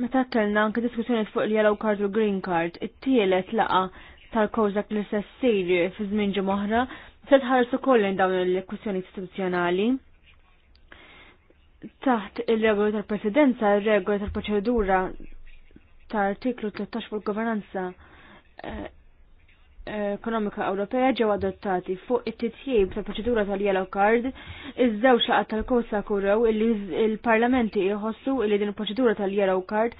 Meta kellna anke diskussjoni fuq il-Yellow Card u Green Card, it-tielet laqa tal-Kowsak li sessir fi żmien ġimoħra se tħarsu kollin dawn il-kwistjoni istituzzjonali. Taħt il-regoli tal-presidenza, il-regoli tal-proċedura ta' artiklu 13 fuq governanza eh, eh, ekonomika Ewropea ġew adottati fuq it-titjib tal proċedura tal-Yellow Card, iż-żewġ laqgħat tal-Kosa kurew il l-parlamenti jħossu li din il-proċedura tal-Yellow Card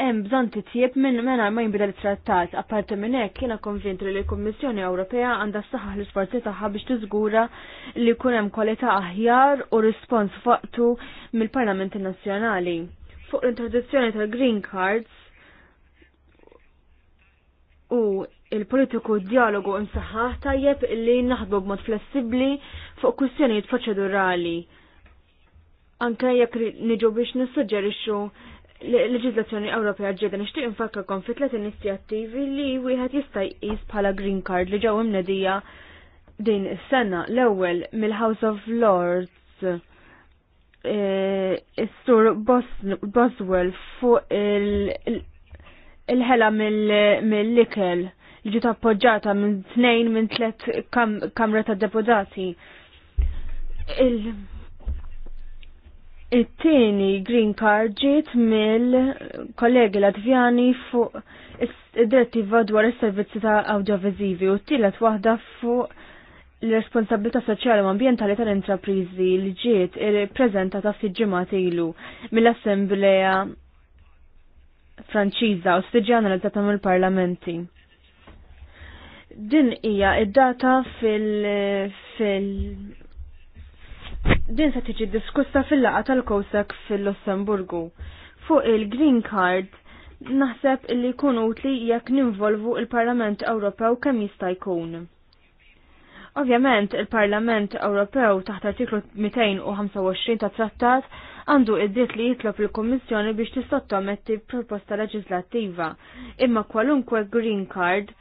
hemm bżonn titjieb minn mena ma jinbidel it-trattat. Apparti minn hekk jiena konvint li l-Kummissjoni Ewropea għandha saħħa l-isforzi tagħha biex tiżgura li jkun hemm kwalità aħjar u rispons faqtu mill-Parlamenti Nazzjonali. Fuq l-introduzzjoni tal-Green Cards u il-politiku dialogu imsaħħaħ tajjeb li naħdmu b'mod flessibbli fuq kwistjonijiet proċedurali. Anke jekk niġu biex nissuġġerixxu leġizlazzjoni Ewropea ġieda nixtieq infakkarkom fi tliet inizjattivi li wieħed jista' jqis bħala green card li ġew imnedija din is-sena l-ewwel mill-House of Lords e, is-sur Boswell fuq il-ħela mill-ikel li ġiet appoġġata minn tnejn minn tliet kamra ta' deputati it-tieni green card ġiet mill-kollegi Latvjani fuq id-direttiva dwar is-servizzi ta' awdjovizivi u t-tielet waħda fuq l-responsabilità soċjali u ambjentali tal-intrapriżi li ġiet ippreżentata ftit ġimgħa ilu mill-Assembleja Franċiża u stiġi analizzata mill-parlamenti. Din hija id-data fil-, fil Din se tiġi diskussa fil-laqa tal-Kosek fil-Lussemburgu. Fuq il-Green Card naħseb li jkun utli jekk ninvolvu il-Parlament Ewropew kemm jista' jkun. Ovvjament, il-Parlament Ewropew taħt artiklu 225 ta' trattat għandu id-diet li jitlob il-Kommissjoni biex tissottometti proposta leġislattiva, imma kwalunkwe Green Card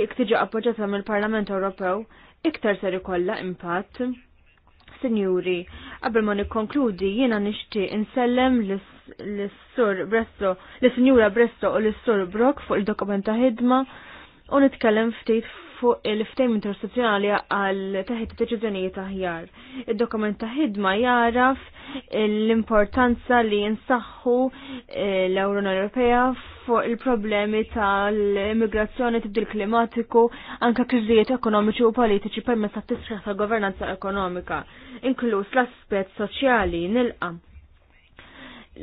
tiġi appoġġata mill-Parlament Ewropew iktar ser ikolla impatt. Sinjuri, qabel ma nikkonkludi jiena nixtieq insellem lis-sur Bresto, lis-Sinjura Bresto u lis-sur Brock fuq il-dokumenta ħidma u nitkellem ftit fuq il-ftejm interstituzzjonali għal taħid deċiżjonijiet aħjar. Id-dokument ta' ħidma jaraf l-importanza li jinsaħħu eh, l-Ewron Ewropea fuq il-problemi tal-immigrazzjoni tibdil klimatiku anka kriżijiet ekonomiċi u politiċi permezz tat-tisħiħ tal-governanza ekonomika, inkluż l-aspett soċjali nilqa'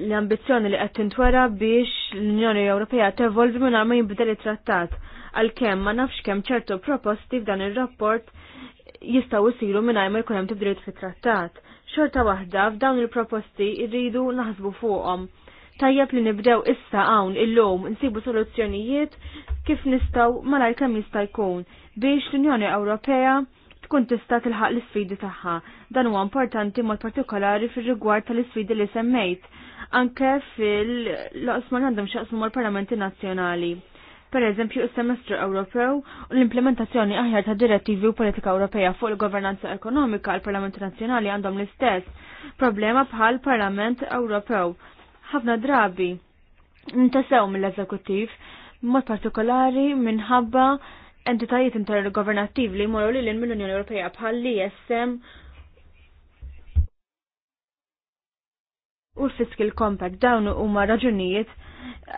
l-ambizjoni li qed tintwera biex l-Unjoni Ewropea tevolvi minn ma jinbidel it-trattat għalkemm ma nafx kemm ċertu proposti f'dan ir-rapport jistgħu jsiru mingħajr ma jkun hemm tibdil fit-trattat. Xorta waħda f'dawn il-proposti irridu naħsbu fuqhom. Tajjeb li nibdew issa hawn illum nsibu soluzzjonijiet kif nistgħu malajr kemm jista' jkun biex l-Unjoni Ewropea tkun tista' tilħaq l-isfidi tagħha. Dan huwa importanti mod partikolari fir-rigward tal-isfidi li semmejt, anke fil-loqsma għandhom xaqsmu mal-Parlamenti Nazzjonali per eżempju il-semestru Ewropew u l-implementazzjoni aħjar ta' direttivi u politika Ewropea fuq il-governanza ekonomika għal parlament Nazzjonali għandhom l-istess problema bħal Parlament Ewropew. Ħafna drabi ntasew mill-eżekuttiv, mod partikolari minħabba entitajiet intergovernattiv li jmorru lil mill-Unjoni Ewropea bħal li jessem u l-Fiscal Compact dawn huma raġunijiet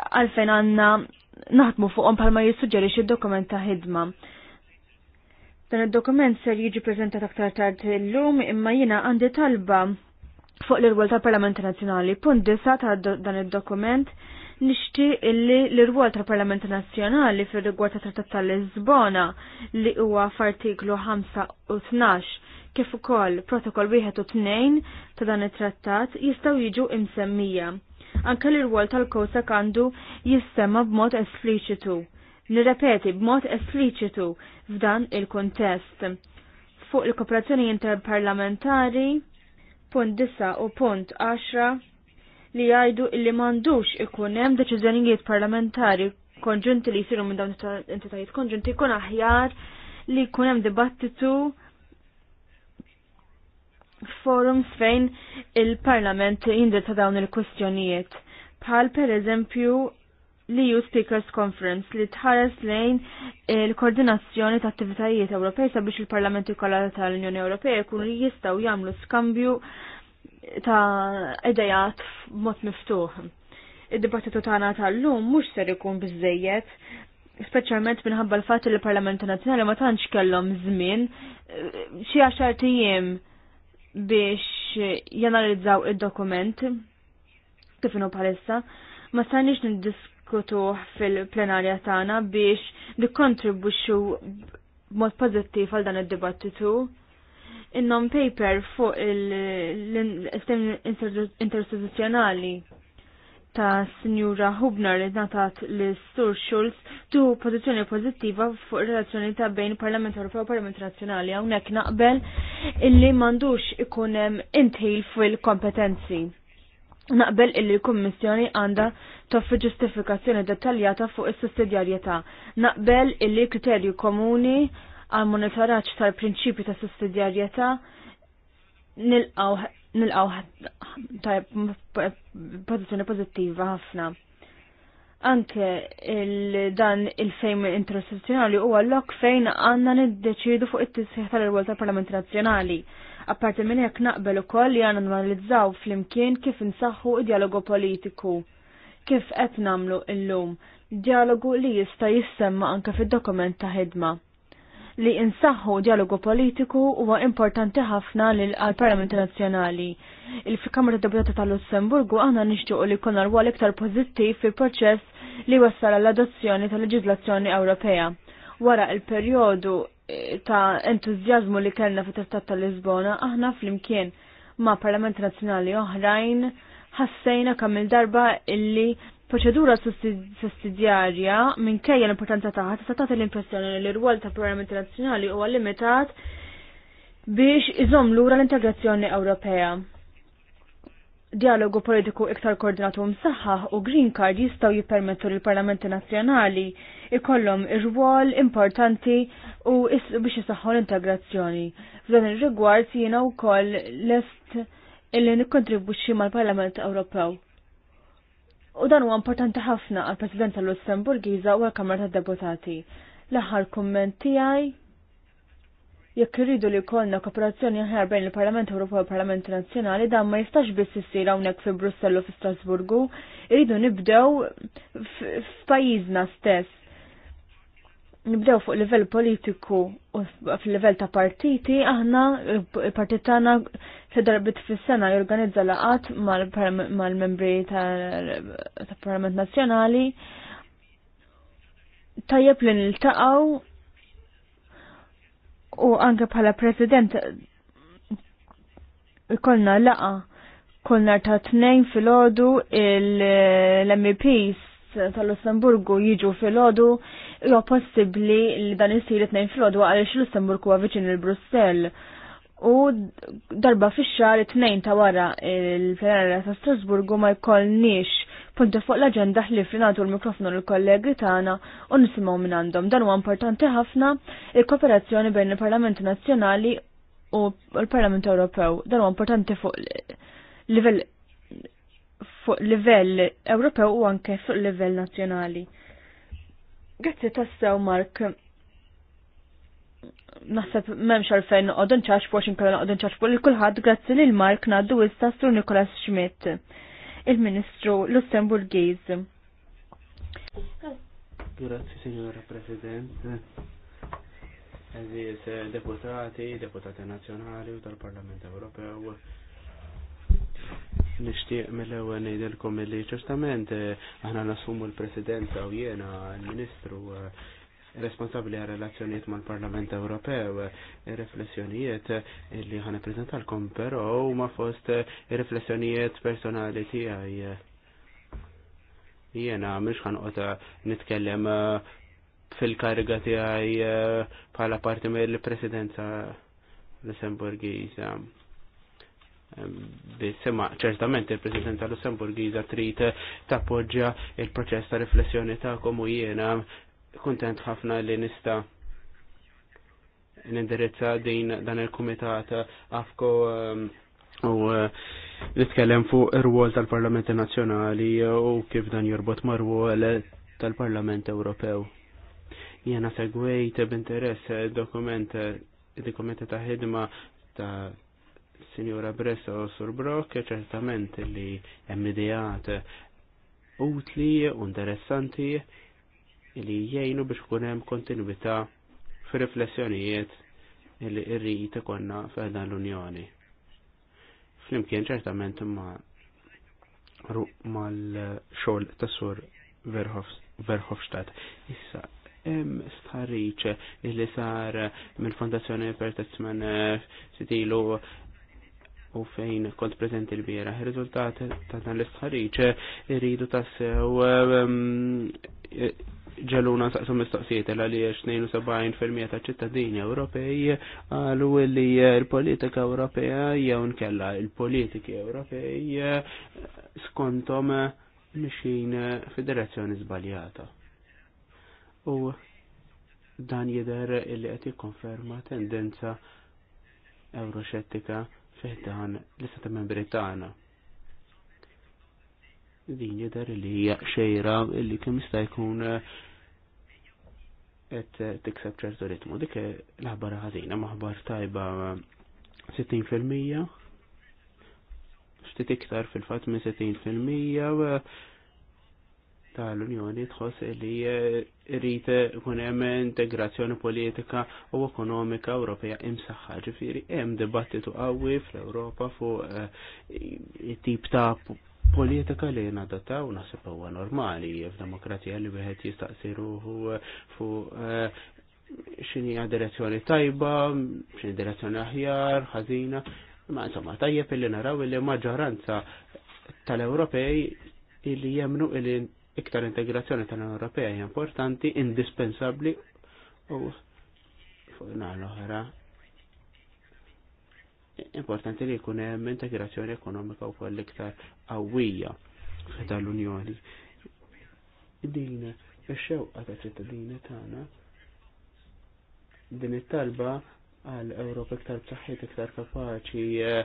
għalfejn għandna naħdmu fuqhom bħalma jissuġġerix id-dokument ta' ħidma. Dan id-dokument ser jiġi preżentat aktar tard illum imma jiena għandi talba fuq l-irwol tal-Parlament Nazzjonali. Punt disa ta' dan id-dokument nixti illi l-irwol tal-Parlament Nazzjonali fir rigward ta' Trattat tal-Lisbona li huwa f'artiklu 5 u 12 kif ukoll protokoll wieħed u tnejn ta' dan it-trattat jistgħu jiġu imsemmija. Anke l-irwol tal kosa għandu jissema b'mod espliċitu. Nirrepeti b'mod espliċitu f'dan il-kontest. Fuq il-kooperazzjoni interparlamentari, punt 9 u punt 10 li jgħidu illi mandux ikun hemm deċiżjonijiet parlamentari konġunti li jisiru minn dawn entitajiet konġunti jkun aħjar li jkun hemm dibattitu forums fejn il-Parlament jindirta dawn il-kwestjonijiet. Bħal per eżempju l-EU Speakers Conference li tħares lejn il-koordinazzjoni ta' attivitajiet Ewropej sabiex il-Parlamenti kollha tal-Unjoni Ewropea jkunu jistgħu jagħmlu skambju ta' idejat mod miftuħ. Id-dibattitu tagħna tal-lum mhux ser ikun biżejjed, speċjalment minħabba l-fatt li l-Parlament Nazzjonali ma tantx kellhom żmien xi għaxar tiem biex janalizzaw il-dokument kif inhu palissa, ma sanix niddiskutuh fil-plenarja tagħna biex nikkontribwixxu b'mod pożittiv għal dan id-dibattitu. In non paper fuq l-istem interistituzzjonali ta' Sinjura Hubner natat li Sur Schulz tu pozizjoni pozittiva fuq relazzjoni ta' bejn Parlament Ewropew u Parlament Nazzjonali hawnhekk naqbel illi m'għandux ikun hemm fuq il kompetenzi Naqbel illi l-Kummissjoni għandha toffri ġustifikazzjoni dettaljata fuq is-sussidjarjetà. Naqbel illi kriterju komuni għal monitoraġġ tal-prinċipju ta' sussidjarjetà nilqgħu nilqaw pozizjoni pozittiva ħafna. Anke dan il-fejm interistituzzjonali huwa lok fejn għandna niddeċidu fuq it-tisħiħ tal irwol tal-Parlament Nazzjonali. Apparti minn hekk naqbel ukoll li għandna normalizzaw flimkien kif insaħħu dialogu politiku. Kif qed nagħmlu llum dialogu li jista' jissemma anke fid-dokument ta' ħidma li insaħħu dialogu politiku huwa importanti ħafna għal-Parlament Nazzjonali. Il-Kamra Deputati tal-Lussemburgu aħna nixtiequ li jkun rwol iktar pożittiv fil-proċess li wassal l-adozzjoni tal-leġiżlazzjoni Ewropea. Wara il-perjodu eh, ta' entużjażmu li kellna fit-Trattat tal-Lisbona, aħna flimkien ma' Parlamenti Nazzjonali oħrajn ħassejna kemm il-darba illi proċedura sussidjarja minkejja l-importanza tagħha tista' tagħti l-impressjoni li r-rwol ta' programm internazzjonali huwa limitat biex iżomm lura l-integrazzjoni Ewropea. Dialogu politiku iktar koordinatu msaħħa u Green Card jistaw jippermettu l parlamenti nazzjonali ikollhom ir-rwol importanti u biex jisaħħu l-integrazzjoni. F'dan ir-rigward jiena wkoll lest illi nikkontribwixxi mal-Parlament Ewropew U dan huwa importanti ħafna għal Presidenza Lussemburgiża u għal-Kamra tad-Deputati. L-aħħar kumment tiegħi jekk irridu li jkollna kooperazzjoni ħar bejn il-Parlament Ewropew u l-Parlament Nazzjonali dan ma jistax biss issir hawnhekk fi Brussell u fi Strasburgu, iridu nibdew f'pajjiżna stess. Nibdew fuq livell politiku u fil-livell ta' partiti, aħna il-partit tagħna xi darbit fis-sena jorganizza laqat mal-membri tal-Parlament Nazzjonali tajjeb li niltaqgħu u anke bħala President ikollna laqa kolnar ta' tnejn fil l-MEPs tal-Lussemburgu jiġu fil huwa possibbli li dan isir tnejn fil għaliex Lussemburgu huwa viċin il-Brussell u darba fix xar it-tnejn ta' wara il-plenarja ta' Strasburgu ma jkollniex punti fuq l-aġenda ħlifri nagħtu l-mikrofonu l-kollegi tagħna u nisimgħu minn għandhom. Dan huwa importanti ħafna il-kooperazzjoni bejn il-Parlament Nazzjonali u l-Parlament Ewropew. Dan huwa importanti fuq livell fuq livell Ewropew u anke fuq livell nazzjonali. Grazzi tassew Mark naħseb memx għalfejn noqogħdu nċaċ pox inkolla noqogħdu nċaċ li kulħadd grazzi lil Mark naddu il-Sastru Nikolas Schmidt, il-Ministru Lussemburgiz. Grazzi Signora President. Eżis eh, deputati, deputati nazjonali u tal-Parlament Ewropew. Nishtiq mill-ewwel ngħidilkom li ġustament eh, aħna nassumu l-Presidenza u jiena l-Ministru eh, responsabli għal relazzjonijiet mal-Parlament Ewropew, riflessjonijiet li ħana prezentalkom, pero ma fost riflessjonijiet personali tijaj. Jena, mux ħanqota nitkellem eh, fil-kariga tijaj eh, bħala parti mill-presidenza Lussemburgiza. Bissima, ċertament il presidenza tal-Lussemburgiza trid tappoġġja il-proċess ta' riflessjoni ta' komu jiena kontent ħafna li nista nindirizza din dan il-Kumitat Afko um, u uh, nitkellem fuq ir-rwol tal parlament Nazzjonali u kif dan jorbot mar-rwol tal-Parlament Ewropew. Jena segwejt b'interess dokument dokumenti ta' ħidma ta' Signora Bresso u Sur Brock ċertament li hemm ideat utli u interessanti li jgħinu biex kun hemm kontinuità fir-riflessjonijiet li rrid ikonna f'dan l-Unjoni. Flimkien ċertament ma mal-xogħol ta' sur Verhofstadt. Issa, hemm starriċ li sar mill-Fondazzjoni Pertetzman eh, Sitilu u fejn kont prezenti l-bira. Il-rizultat ta' dan l-istħarriċ irridu tassew ehm, ġeluna saqsu mistoqsijiet l li 72% ta' ċittadini Ewropej għalu li l-politika Ewropea jew nkella l-politiki Ewropej skontom mixin federazzjoni żbaljata. U dan jidher li qed jikkonferma tendenza euroxettika fiħdan l-istati membri tagħna din jidher li hija xejra li kemm jista' jkun et tikseb ċertu ritmu. Dik l-aħbar ħażina maħbar tajba 60% ftit iktar fil-fatt minn 60% e, tal-Unjoni tħoss li e, rrit kun hemm integrazzjoni politika u ekonomika Ewropea imsaħħa. Ġifieri hemm dibattitu qawwi fl-Ewropa fuq it e, tip ta' politika li nadata u nasib huwa normali f'demokrazija li wieħed jistaqsi ruħu fuq eh, xini direzzjoni tajba, xini direzzjoni aħjar, ħażina, ma insomma tajjeb illi naraw li maġġoranza tal-Ewropej illi jemnu illi iktar integrazzjoni tal-Ewropej importanti, indispensabbli u fuq l oħra importanti li jkun hemm integrazzjoni ekonomika wkoll l-iktar qawwija tal-Unjoni. Din ix-xewqa ta' ċittadini tagħna din it-talba għal Ewropa iktar b'saħħit iktar kapaċi eh,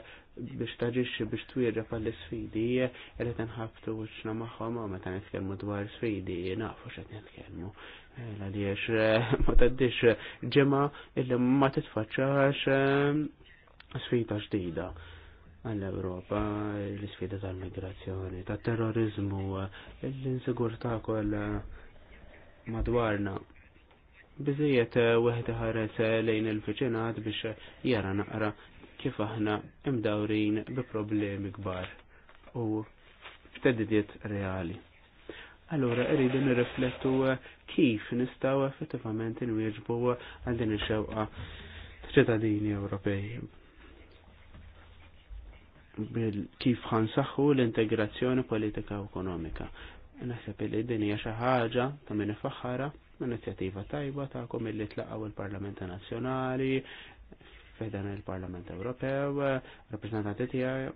biex taġixxi biex twieġa għall sfidi qed inħabtu wiċċna magħhom meta nitkellmu dwar sfidi nafu x'qed nitkellmu. Għaliex eh, ma tgħaddix ġimgħa illi ma titfaċċax eh, sfida ġdida għall-Europa, l-sfida tal-migrazzjoni, tal-terrorizmu, l-insigurtà kol madwarna. Biżijiet eh, wieħed ħares eh, lejn il-viċinat biex jara naqra kif aħna imdawrin bi problemi kbar u f'tedidiet reali. Allora, rridu nirriflettu eh, kif nistaw effettivament nwieġbu għal din ix-xewqa ċittadini Ewropej kif ħansaħħu l-integrazzjoni politika u ekonomika. Naħseb li din hija xi ħaġa ta' min ifaħħara inizjattiva tajba tagħkom illi tlaqgħu il-Parlament Nazzjonali, fedan il-Parlament Ewropew, rappreżentanti tiegħi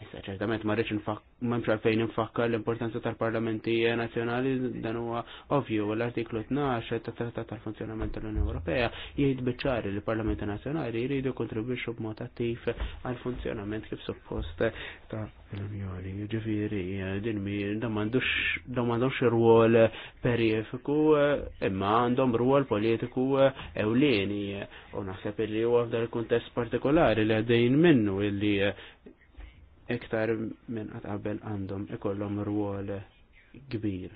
Issa ċertament ma rridx m'hemmx għalfejn nfakkar l-importanza tal-Parlamenti Nazzjonali dan huwa ovvju l-artiklu 12 tat-Trattat tal-Funzjonament tal-Unjoni Ewropea jgħid biċċari li l-Parlamenti Nazzjonali jridu jkontribwixxu b'mod attiv għall-funzjonament kif suppost tal-Unjoni. Ġifieri din mi dan m'għandhomx rwol perifiku imma għandhom rwol politiku ewlieni u naħseb li huwa f'dan il-kuntest partikolari li għaddejn minnu illi iktar minn qatt qabel għandhom ikollhom rwol kbir.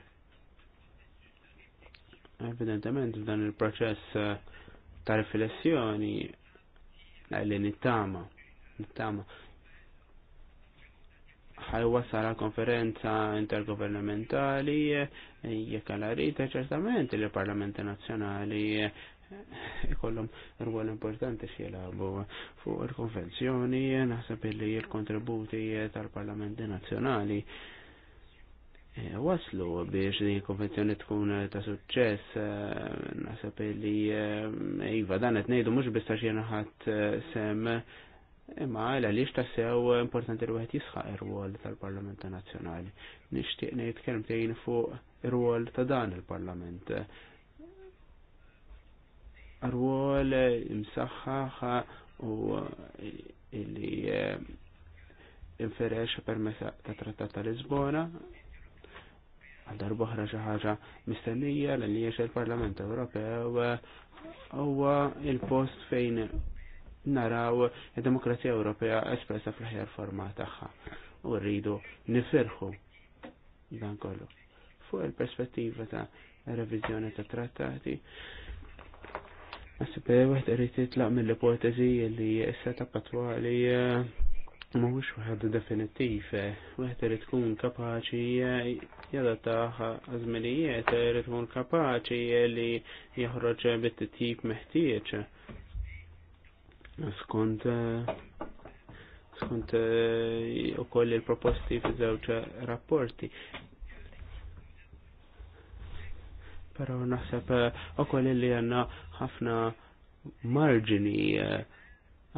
Evidentement f'dan il-proċess eh, ta' riflessjoni eh, li nittama, nittama ħajwasal konferenza intergovernamentali eh, jekka la rita ċertament il-Parlamenti Nazzjonali Eh, ikollhom rwol importanti x'jilagħbu fuq il-konvenzjoni, eh, naħseb illi l-kontributi eh, tal-Parlamenti Nazzjonali waslu biex din konvenzjoni tkun ta' suċċess naħseb illi iva dan qed ngħidu mhux biss sem imma għaliex ta' sew importanti li wieħed jisħaq ir-rwol tal-Parlament Nazzjonali. Nixtieq ngħid kemm tgħin fuq ir-rwol ta' dan il-Parlament. il parlament rwol imsaħħaħ u eh, illi eh, inferex permessa ta' trattat ta' Lisbona għal darbohra xi ħaġa mistennija l il-Parlament Ewropew eh, huwa il-post fejn naraw id-demokrazija Ewropea espressa fl-ħjar forma tagħha u rridu nifirħu dan kollu. Fuq il-perspettiva ta' revizjoni ta' trattati, Nasib, għed irrit jitlaq mill-ipotezi li s-setup attwali eh, mhuwiex waħed definittiv, eh. wieħed irid tkun kapaċi eh, jadattaħ għażminijiet, irid tkun kapaċi li joħroġ bit-tip meħtieġ. Skont skont ukoll il-proposti fi żewġ rapporti pero naħseb eh, ukoll li għandna ħafna marġini eh,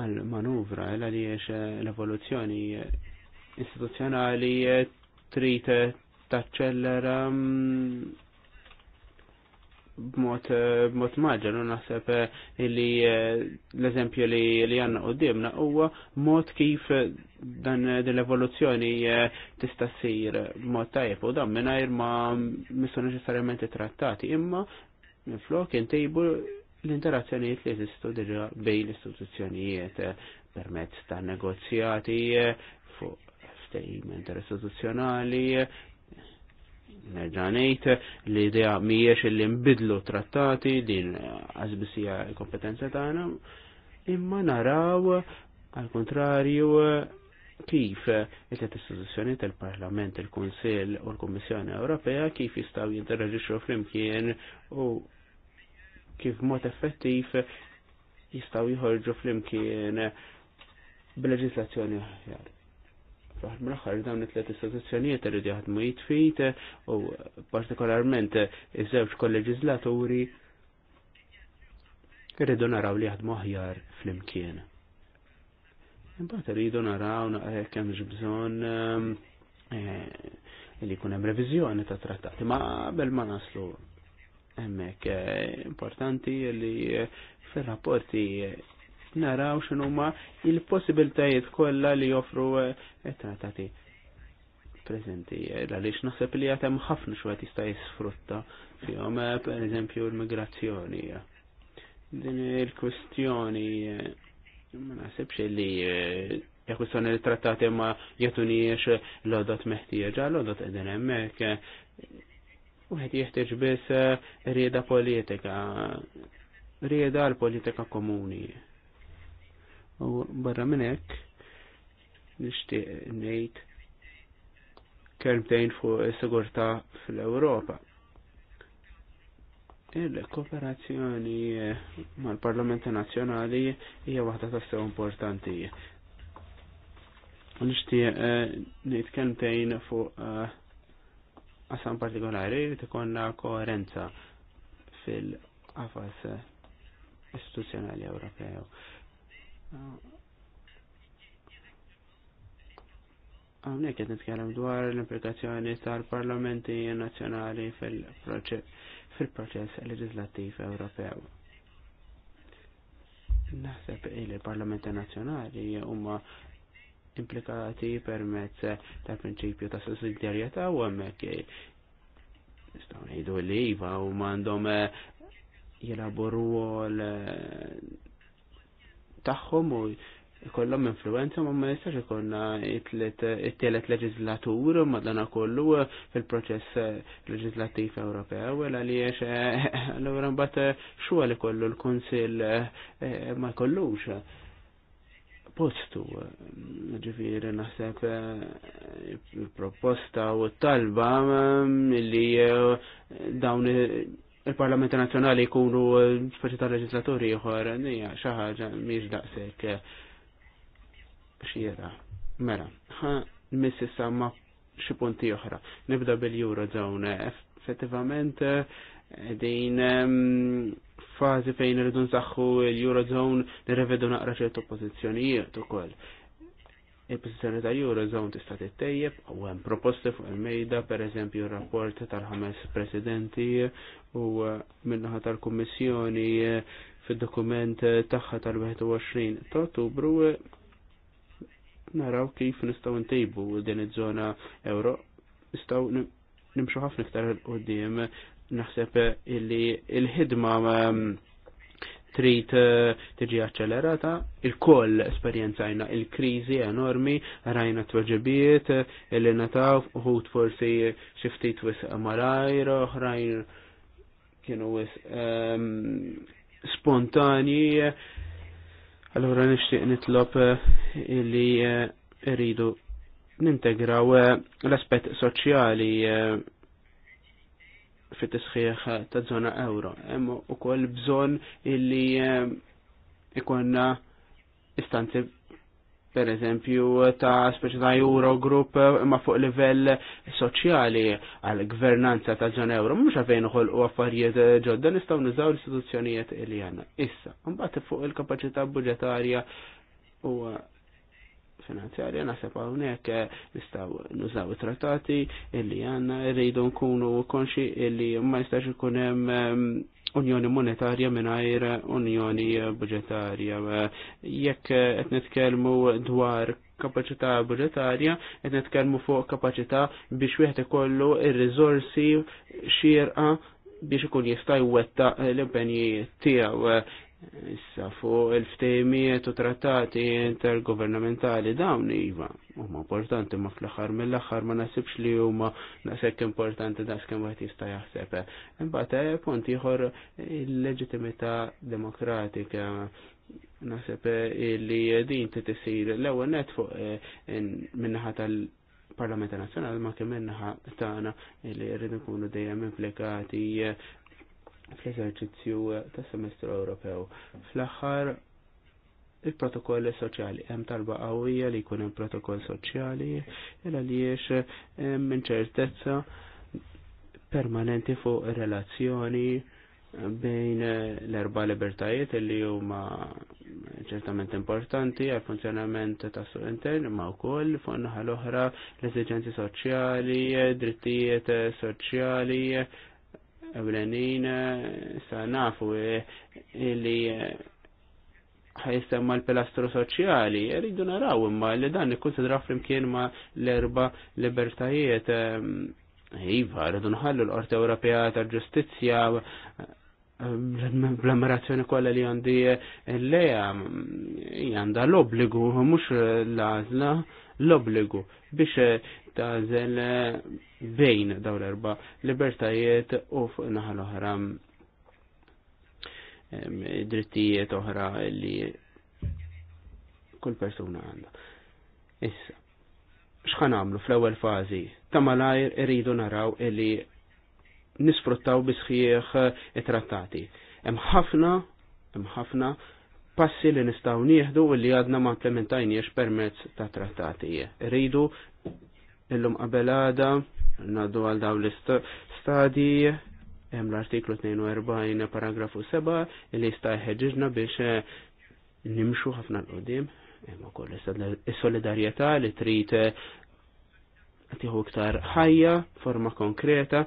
għal manuvra eh, għal għaliex l-evoluzzjoni istituzzjonali trite taċċellera mm, b'mod eh, b'mod maġġel u naħseb eh, li eh, l-eżempju li li għandna qudiemna huwa mod kif dan l-evoluzzjoni tista' ssir b'mod tajjeb u dan mingħajr ma misu neċessarjament trattati imma minflok intejbu l-interazzjonijiet li jeżistu diġà bejn l-istituzzjonijiet permezz ta' negozjati fuq ftehim interistituzzjonali Nerġanejt li idea miex li nbidlu trattati din għazbisija kompetenza tagħna, imma naraw għal kontrarju kif it-tlet istituzzjoni tal-Parlament, il-Kunsill u l-Kummissjoni Ewropea kif jistgħu jinterreġistru flimkien u kif mod effettiv jistgħu jħorġu flimkien bil-leġislazzjoni aħjar. Fraħ mraħħar dawn it-tlet istituzzjonijiet irridu jaħdmu jitfit u partikolarment iż-żewġ kolleġislaturi irridu naraw li jaħdmu aħjar fl-imkien. Imbagħad irridu naraw naqra kemm bżonn eh, li jkun hemm reviżjoni ta' trattati ma qabel ma naslu hemmhekk eh, importanti li fir-rapporti naraw x'inhuma il-possibiltajiet kollha li joffru etatati eh, prezenti. Eh, għaliex naħseb li għatem ħafna xwet jista' jisfrutta eh, per pereżempju l-migrazzjoni. Din il-kwestjoni ma naħsibx li jekk kwistjoni li trattati ma jatuniex l-odot meħtieġa, l-odot edin hemmhekk. Wieħed jeħtieġ biss rieda politika, rieda l-politika komuni. U barra minnek hekk nejt kermtejn fu fuq is-sigurtà fl Il-kooperazzjoni mal-Parlamenti Nazzjonali hija waħda sew importanti. Nixtieq eh, nejt kermtejn fu eh, qasam partikolari li tikonna koerenza fil-qafas istituzzjonali Ewropew. Għawnek għed nitkellem dwar l-implikazzjoni tal-parlamenti nazjonali fil-proċess leġislattiv Ewropew. Naħseb li l-parlamenti nazjonali huma implikati permezz tal-prinċipju ta' sussidjarjetà u hemmhekk nistgħu ngħidu li iva u m'għandhom eh, jilabu tagħhom u jkollhom influenza ma ma jistax ikonna it-tielet leġislatur madana kollu fil-proċess eh, leġislattiv Ewropew għaliex eh, allura mbagħad eh, xogħol li l-Kunsill ma jkollux postu ġifiri naħseb proposta u t talba li dawn il-Parlament Nazzjonali jkunu eh, speċi ta' leġislaturi ieħor eh, nija, xi ħaġa daqsek, daqshekk eh, xiera. Mela, miss issa ma' xi punti oħra. Nibda bil-Eurozone. Effettivament din ehm, fażi fejn irridu nsaħħu l-Eurozone nirrevedu naqra ċertu u ukoll il-pozizjoni ta' Eurozone tista' tittejjeb u hemm proposti fuq il-mejda, pereżempju rapport tal-ħames presidenti u eh, minnaħa tal-Kummissjoni eh, fid-dokument eh, tagħha tal-21 ta' Ottubru naraw kif nistgħu ntejbu din iż-żona euro nistgħu nimxu ħafna iktar qudiem naħseb illi il-ħidma trid eh, tiġi aċċelerata. Il-koll esperjenzajna il-kriżi enormi, rajna tweġibiet eh, li nataw uħut forsi xi ftit wis malajr, oħrajn kienu wis ehm, spontanji. Allura nixtieq nitlob eh, li rridu nintegraw l-aspett soċjali fit tisħiħ ta' zona euro. Hemm ukoll bżonn illi eh, ikonna istanzi per eżempju ta' speċi ta' Eurogroup eh, imma fuq livell soċjali għal gvernanza ta' zona euro. Mhux għalfejn u affarijiet eh, ġodda nistgħu nizaw l-istituzzjonijiet il-jana. Issa, mbagħad fuq il-kapaċità budgetarja u finanzjarja nasab hawnhekk eh, nistgħu nużaw trattati illi għanna rridu nkunu konxi illi ma jistax ikun hemm ehm, unjoni monetarja mingħajr unjoni budgetarja. Jekk qed nitkellmu dwar kapaċità budgetarja, qed nitkellmu fuq kapaċità biex wieħed ikollu ir-riżorsi xierqa biex ikun jista' jwettaq l-impenji tiegħu Issa fuq il-ftejmijiet u trattati intergovernamentali dawn iva. Huma importanti ma fl-aħħar mill-aħħar ma nasibx li huma naqshekk importanti da skem wieħed jista' jaħseb. Imbagħad eh, punt ieħor il-leġitimità demokratika naħseb eh, li din titisir l-ewwel net fuq eh, minnaħa tal-Parlament Nazzjonali ma kemm minnaħa tagħna li rridu nkunu dejjem implikati fl-eżerċizzju tas semestru Ewropew. Fl-aħħar il-protokoll soċjali. Hemm talba qawwija li jkun hemm protokoll soċjali il għaliex hemm inċertezza permanenti fuq relazzjoni bejn l-erba libertajiet li huma ċertament importanti għal funzjonament tas suq intern ma wkoll fuq naħa l-oħra l-eżiġenzi soċjali, drittijiet soċjali, ewlenin sa nafu eh, li eh, ħajstemma l-pilastru soċjali, rridu naraw imma li dan ikkonsidra flimkien ma l-erba libertajiet. Eh, iva, rridu nħallu l-Qorti Ewropea tal-Ġustizzja bl-ammirazzjoni kollha li għandi l-leja għandha l-obbligu mhux l-għażla l-obbligu biex tażel bejn dawn l-erba libertajiet u fuq naħa l-oħra drittijiet oħra li kull persuna għandha. Issa, x'ħan għamlu fl-ewwel fażi? Ta' malajr irridu naraw illi nisfruttaw bisħieħ it-trattati. Hemm ħafna, hemm ħafna passi li nistgħu nieħdu u li għadna ma implementajniex permezz ta' trattati. Rridu illum qabelada naddu għal daw l istadi hemm l-artiklu 42 paragrafu 7 li jista' jħeġġiġna biex eh, nimxu ħafna l-qudiem hemm ukoll is-solidarjetà li trid eh, tieħu iktar ħajja forma konkreta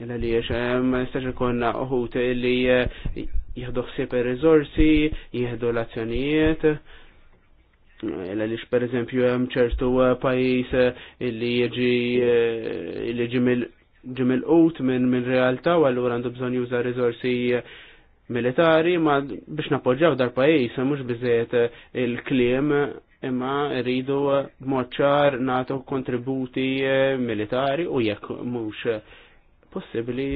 illa li eh, ma jistax ikonna uħut li jieħdu ħsieb ir-riżorsi, jieħdu l-azzjonijiet, lix per eżempju hemm ċertu eh, pajis eh, illi jieġi eh, illi ġimil ut minn min realtà u allura għandu bżonn juża rizorsi militari ma biex napoġġaw dar pajis mhux biżejjed il-kliem imma rridu b'mod ċar nagħtu kontributi militari u jekk mhux possibbli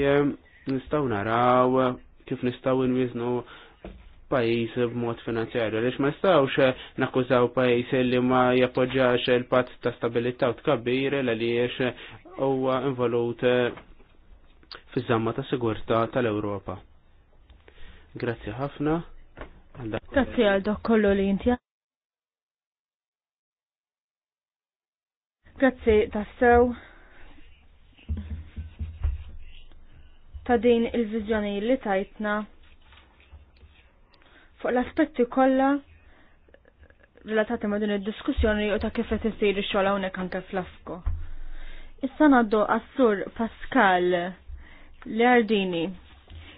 nistgħu naraw kif nistgħu nwiżnu pajis b'mod finanzjarju, għalix ma stawx nakkużaw pajis li ma jappoġġax il-pat ta' stabilità u tkabbir l li jiex huwa involut fi żamma ta' sigurtà tal-Ewropa. Grazzi ħafna. Grazzi għal dak kollu li inti. Grazzi tassew. ta' din il-vizjoni li tajtna fuq l-aspetti kollha relatati ma' din id-diskussjoni u ta' kif qed isir ix-xogħol hawnhekk anke fl-afko. Issa ngħaddu għas-sur Pascal Leardini.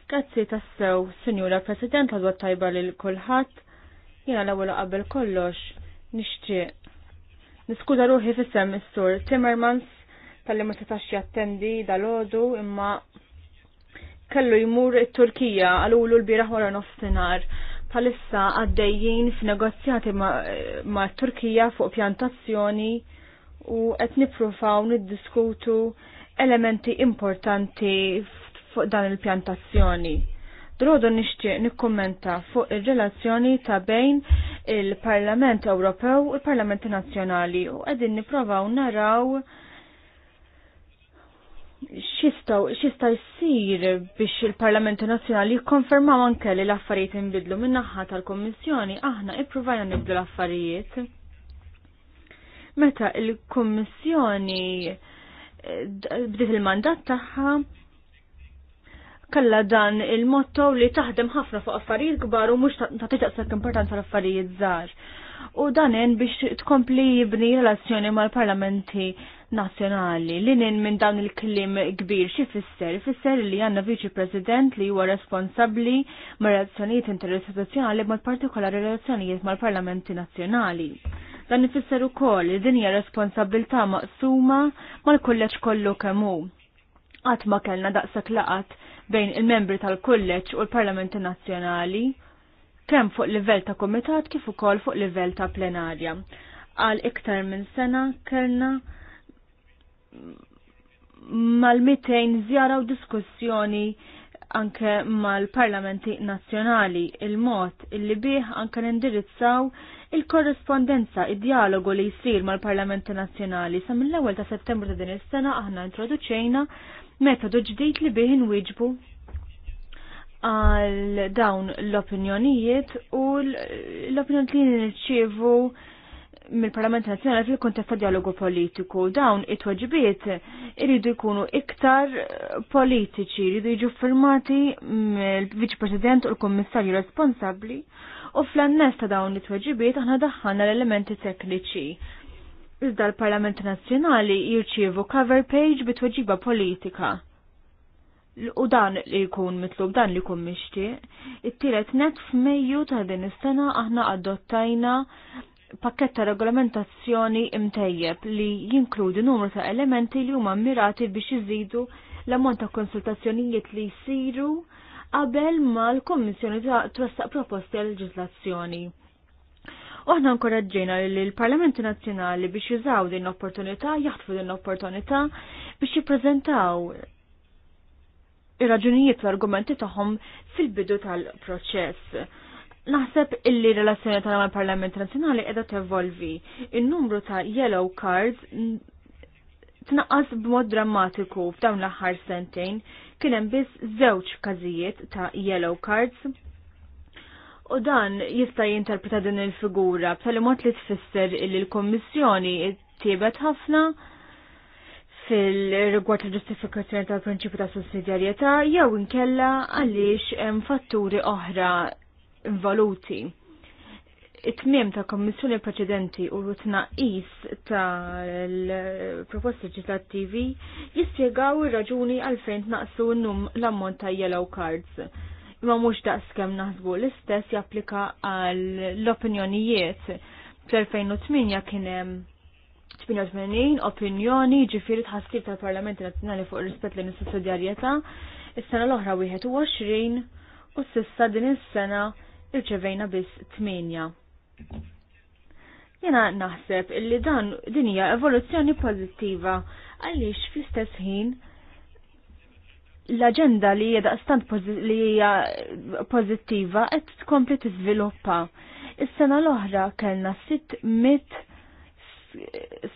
Grazzi tassew, Sinjura President, għadwa tajba lil kulħadd. Jiena l-ewwel qabel kollox nixtieq. Niskuża ruħi fissem is-sur Timmermans tal-li ma setax jattendi dal-ħodu imma kellu jmur it-Turkija għalulu l-biraħ wara nofsinhar palissa għaddejjin f'negozjati ma' Turkija fuq pjantazzjoni u qed nippruvaw niddiskutu elementi importanti fuq dan il-pjantazzjoni. Drodu nixtieq nikkummenta fuq ir-relazzjoni ta' bejn il-Parlament Ewropew u l-Parlamenti Nazzjonali u qegħdin nipprovaw naraw xistaw, xista jissir biex il-Parlamentu Nazjonali jikkonfermaw anke li l-affarijiet inbidlu minnaħħa tal-Kommissjoni, aħna ippruvajna nibdu l-affarijiet. Meta il-Kommissjoni eh, bdiet il-mandat tagħha kalla dan il-motto li taħdem ħafna fuq affarijiet kbar u mhux ta' taqsek importanza l-affarijiet żgħar u danen biex tkompli jibni relazzjoni mal-parlamenti nazzjonali. Linin minn dan il-klim kbir xi fisser? Fisser li għanna viċi president li huwa responsabli ma' relazzjoniet interistituzzjonali ma' partikolari relazzjonijiet mal-parlamenti nazzjonali. Dan ifisser ukoll li din hija responsabilità maqsuma mal-kulleġġ kollu kemm hu. Qatt ma kellna daqshekk laqat bejn il-membri tal-kulleġġ u l-parlamenti nazzjonali kemm fuq livell ta' komitat kif ukoll fuq livell ta' plenarja. Għal iktar minn sena kellna mal-200 zjara u diskussjoni anke mal-parlamenti nazzjonali il-mod illi bih anke nindirizzaw il-korrespondenza, id-dialogu li jisir mal-parlamenti nazzjonali sa mill-ewwel ta' settembru ta' din is-sena aħna introduċejna metodu ġdid li bih inwiġbu għal dawn l-opinjonijiet u l-opinjoniet li nirċievu mill-Parlament Nazzjonali fil-kontest dialogu politiku. Dawn it-tweġibiet iridu jkunu iktar politiċi, iridu jiġu firmati mill-Viċ President u l-Kommissarju responsabbli u fl-annes ta' dawn it-tweġibiet aħna daħħana l-elementi tekniċi. Iżda l-Parlament Nazzjonali jirċievu cover page bit-tweġiba politika u dan li jkun mitlub, dan li jkun mixtieq. It-tielet net f'Mejju ta' din is-sena aħna adottajna pakket ta' regolamentazzjoni imtejjeb li jinkludi numru ta' elementi li huma mirati biex iżidu l-ammont ta' konsultazzjonijiet li jsiru qabel ma l-Kommissjoni ta' twessaq proposti għal leġislazzjoni. Oħna nkoraġġejna li l-Parlamenti Nazzjonali biex jużaw din l-opportunità, jaħtfu din l-opportunità biex jippreżentaw ir-raġunijiet u argumenti tagħhom fil-bidu tal-proċess. Naħseb illi relazzjoni tagħna mal-Parlament Nazzjonali qiegħda tevolvi. il numru ta' yellow cards tnaqqas b'mod drammatiku f'dawn l-aħħar sentejn kien hemm biss żewġ każijiet ta' yellow cards U dan jista' jinterpreta din il-figura btal mod li tfisser li l-Kommissjoni tiebet ħafna fil-rigward il-ġustifikazzjoni tal-prinċipju ta' sussidjarjetà jew inkella għaliex hemm fatturi oħra involuti. It-tmiem ta' kommissjoni preċedenti u tnaqqis tal-proposti leġislattivi jispjegaw ir-raġuni għalfejn tnaqsu n-num l-ammont ta' yellow cards. Imma mhux daqskemm naħsbu l-istess japplika għal l opinjonijiet fl-2008 kien hemm 88 opinjoni ġifiri tħassib tal-Parlamenti Nazzjonali fuq rispett lejn is-sussidjarjetà, is-sena l-oħra 21 u s-sissa din is-sena irċevejna biss 8. Jena naħseb illi dan din hija evoluzzjoni pożittiva għaliex fi stess ħin l-aġenda li hija daqstant li hija pożittiva qed tkompli tiżviluppa. Is-sena l-oħra kellna 600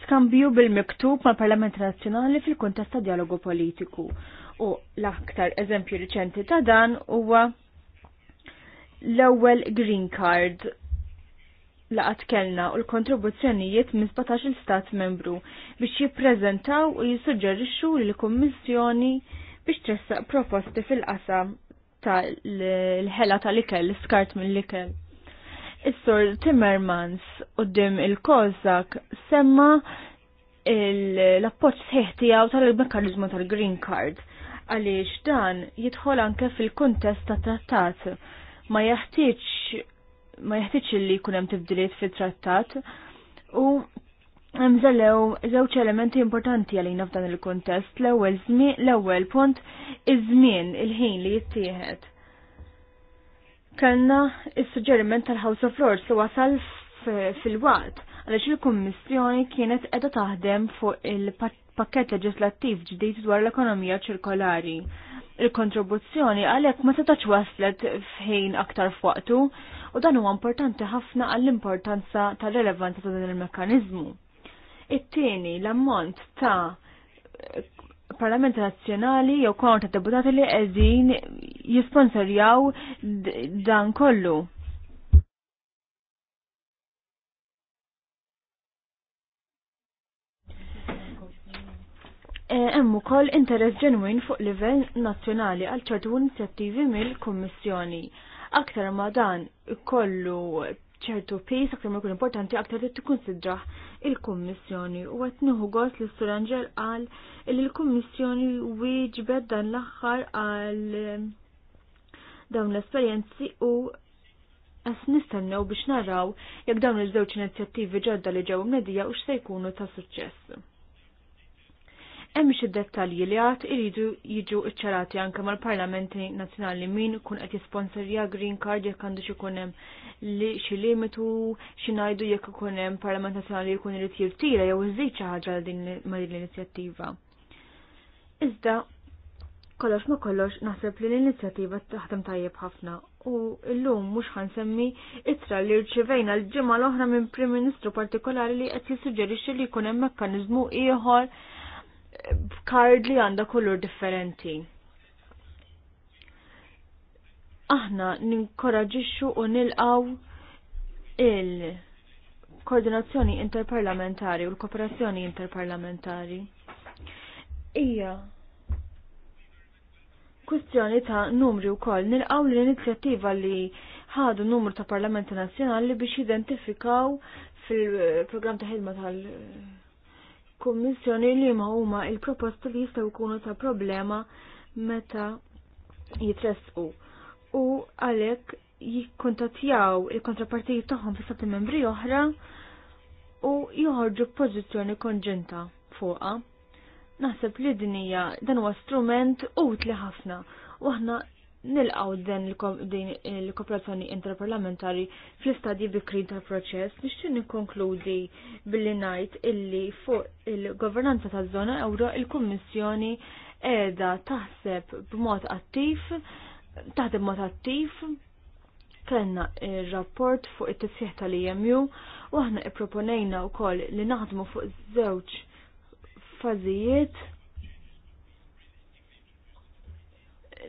skambju bil-miktub mal parlament Nazzjonali fil-kontest ta' dialogu politiku. U l-aktar eżempju riċenti ta' dan huwa l-ewwel green card la kellna u l-kontribuzzjonijiet minn 17 stat membru biex jippreżentaw u jissuġġerixxu l-Kummissjoni biex tressaq proposti fil-qasam tal-ħela tal-ikel, l-skart mill-ikel. Is-Sur Timmermans dim il-Kozak semma l-appoġġ sħiħ tal-mekkaniżmu tal-Green Card għaliex dan jidħol anke fil-kuntest ta' trattat ma jeħtieġ ma jeħtieġ li jkun hemm tibdiliet fit-trattat u hemm żellew żewġ elementi importanti għalina f'dan il-kuntest l-ewwel l-ewwel punt iż-żmien il-ħin li jittieħed kellna is-suġġeriment tal-House of Lords li wasal fil-waqt għaliex il-Kummissjoni kienet qiegħda taħdem fuq il-pakket leġislattiv ġdid dwar l-ekonomija ċirkolari. Il-kontribuzzjoni għalhekk ma setax waslet f'ħin aktar f'waqtu u dan huwa importanti ħafna għall-importanza tal-relevanza ta' dan il-mekkaniżmu. It-tieni l-ammont ta' Parlamenti Nazzjonali jew kontra deputati li qegħdin jisponsorjaw dan kollu. E, hemm ukoll interess ġenwin fuq livell nazzjonali għal ċertu inizjattivi mill-Kummissjoni. Aktar ma dan ikollu ċertu pis aktar ma jkun importanti aktar li tikkunsidraħ il-Kummissjoni u qed nieħu gost li Sur qal li l-Kummissjoni wieġbet dan l-aħħar għal ehm, dawn l-esperjenzi u qas nistennew biex naraw jekk dawn iż-żewġ inizjattivi ġodda li ġew mnedija u x'se jkunu ta' suċċess hemm id dettalji li għad iridu jiġu iċċarati anke mal-parlamenti nazzjonali min kun qed jisponsorja green card jekk għandu xi hemm li xi limitu xi ngħidu jekk ikun hemm parlament nazzjonali jkun irid jirtira jew iżid xi ħaġa din ma' din l-inizjattiva. Iżda kollox ma kollox naħseb li l-inizjattiva taħdem tajjeb ħafna u l-lum mux ħansemmi itra li rċivejna l ġimgħa l-oħra minn Prim Ministru partikolari li qed jissuġġerixxi li jkun hemm mekkaniżmu ieħor card li għandha kulur differenti. Aħna ninkoraġixxu u nilqaw il-koordinazzjoni interparlamentari u l-kooperazzjoni interparlamentari. Ija, kwistjoni ta' numri u koll nilqaw l-inizjattiva li ħadu numru ta' Parlamenti Nazzjonali biex jidentifikaw fil-program ta' ħidma tal- kummissjoni li ma huma il-proposti li jistaw jkunu ta' problema meta jitresqu u għalhekk jikkontatjaw il-kontrapartijiet tagħhom fi stati membri oħra u joħorġu pożizzjoni konġenta fuqha. Naħseb li din hija dan huwa strument utli ħafna u aħna nilqaw din il-kooperazzjoni interparlamentari fl-istadji bikri tal proċess nixtieq nikkonkludi billi ngħid illi fuq il-governanza taż-żona euro il-Kummissjoni qiegħda taħseb b'mod attiv taħdem mod attiv kellna ir-rapport fuq it-tisjeħ tal-EMU u aħna ipproponejna wkoll li naħdmu fuq żewġ fażijiet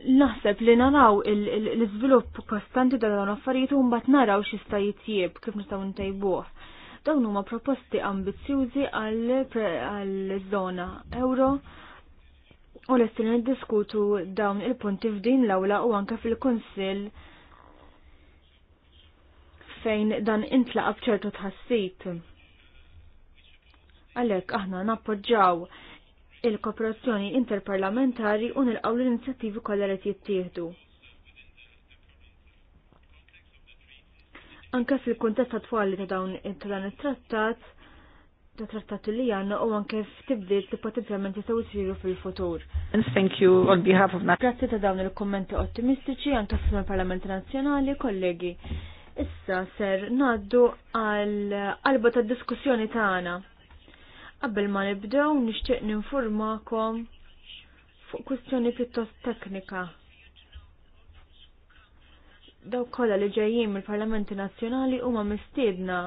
naħseb li naraw l-iżvilupp kostanti ta' dawn affarijiet u mbagħad naraw x'jista' jitjieb kif nistgħu ntejbuh. Dawn huma proposti ambizzjużi għall-żona euro u l-estin niddiskutu dawn il-punti f'din l-awla u anke fil-Kunsill fejn dan intlaqa ċertu tħassib. Għalhekk aħna nappoġġaw il-kooperazzjoni interparlamentari u nilqaw l-inizjattivi kollha li jittieħdu. Anke fil-kuntest attwali ta' dawn ta' dan it-trattat, ta' trattat li għanna u anke f'tibdiet li potenzjalment jistgħu jsiru fil-futur. thank you on behalf of Grazzi ta' dawn il-kommenti ottimistiċi anke fil-Parlament Nazzjonali, kollegi. Issa ser naddu għal qalba ta' diskussjoni tagħna. Qabel ma nibdew nixtieq ninfurmakom fuq kwistjoni pjuttost teknika. Daw kollha li ġejjin mill-Parlamenti Nazzjonali huma mistiedna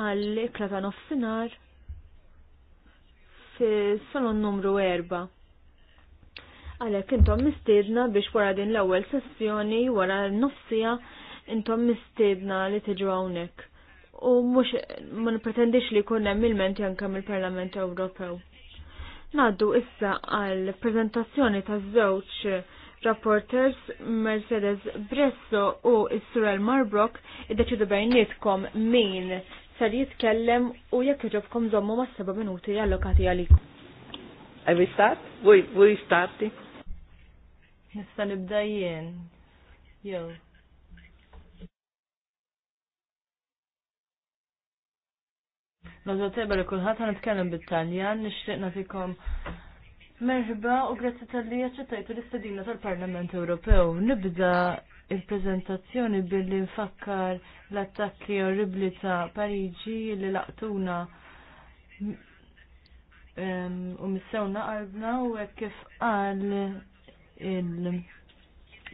għal ikla ta' nofsinhar fis-salon numru 4. Għalhekk intom mistiedna biex wara din l-ewwel sessjoni wara n-nofsija intom mistiedna li tiġu hawnhekk u mhux ma pretendix li jkun hemm il-ment mill-Parlament Ewropew. Naddu issa għal prezentazzjoni taż-żewġ rapporters Mercedes Bresso u Israel Marbrock id-deċidu bejnietkom min ser jitkellem u jekk iġobkom żommu ma' seba' minuti allokati għalik. Are we start? We, we starti? Nista' nibda jien. Jew. Nota teba li kullħat għan itkellem bit-Taljan, nixtieq nafikom merħba u grazzi tal-li jaċċettajtu l-istadina tal-Parlament Ewropew. Nibda il-prezentazzjoni billi nfakkar l-attakki orribli ta' Parigi li laqtuna u missewna qalbna u kif qal il-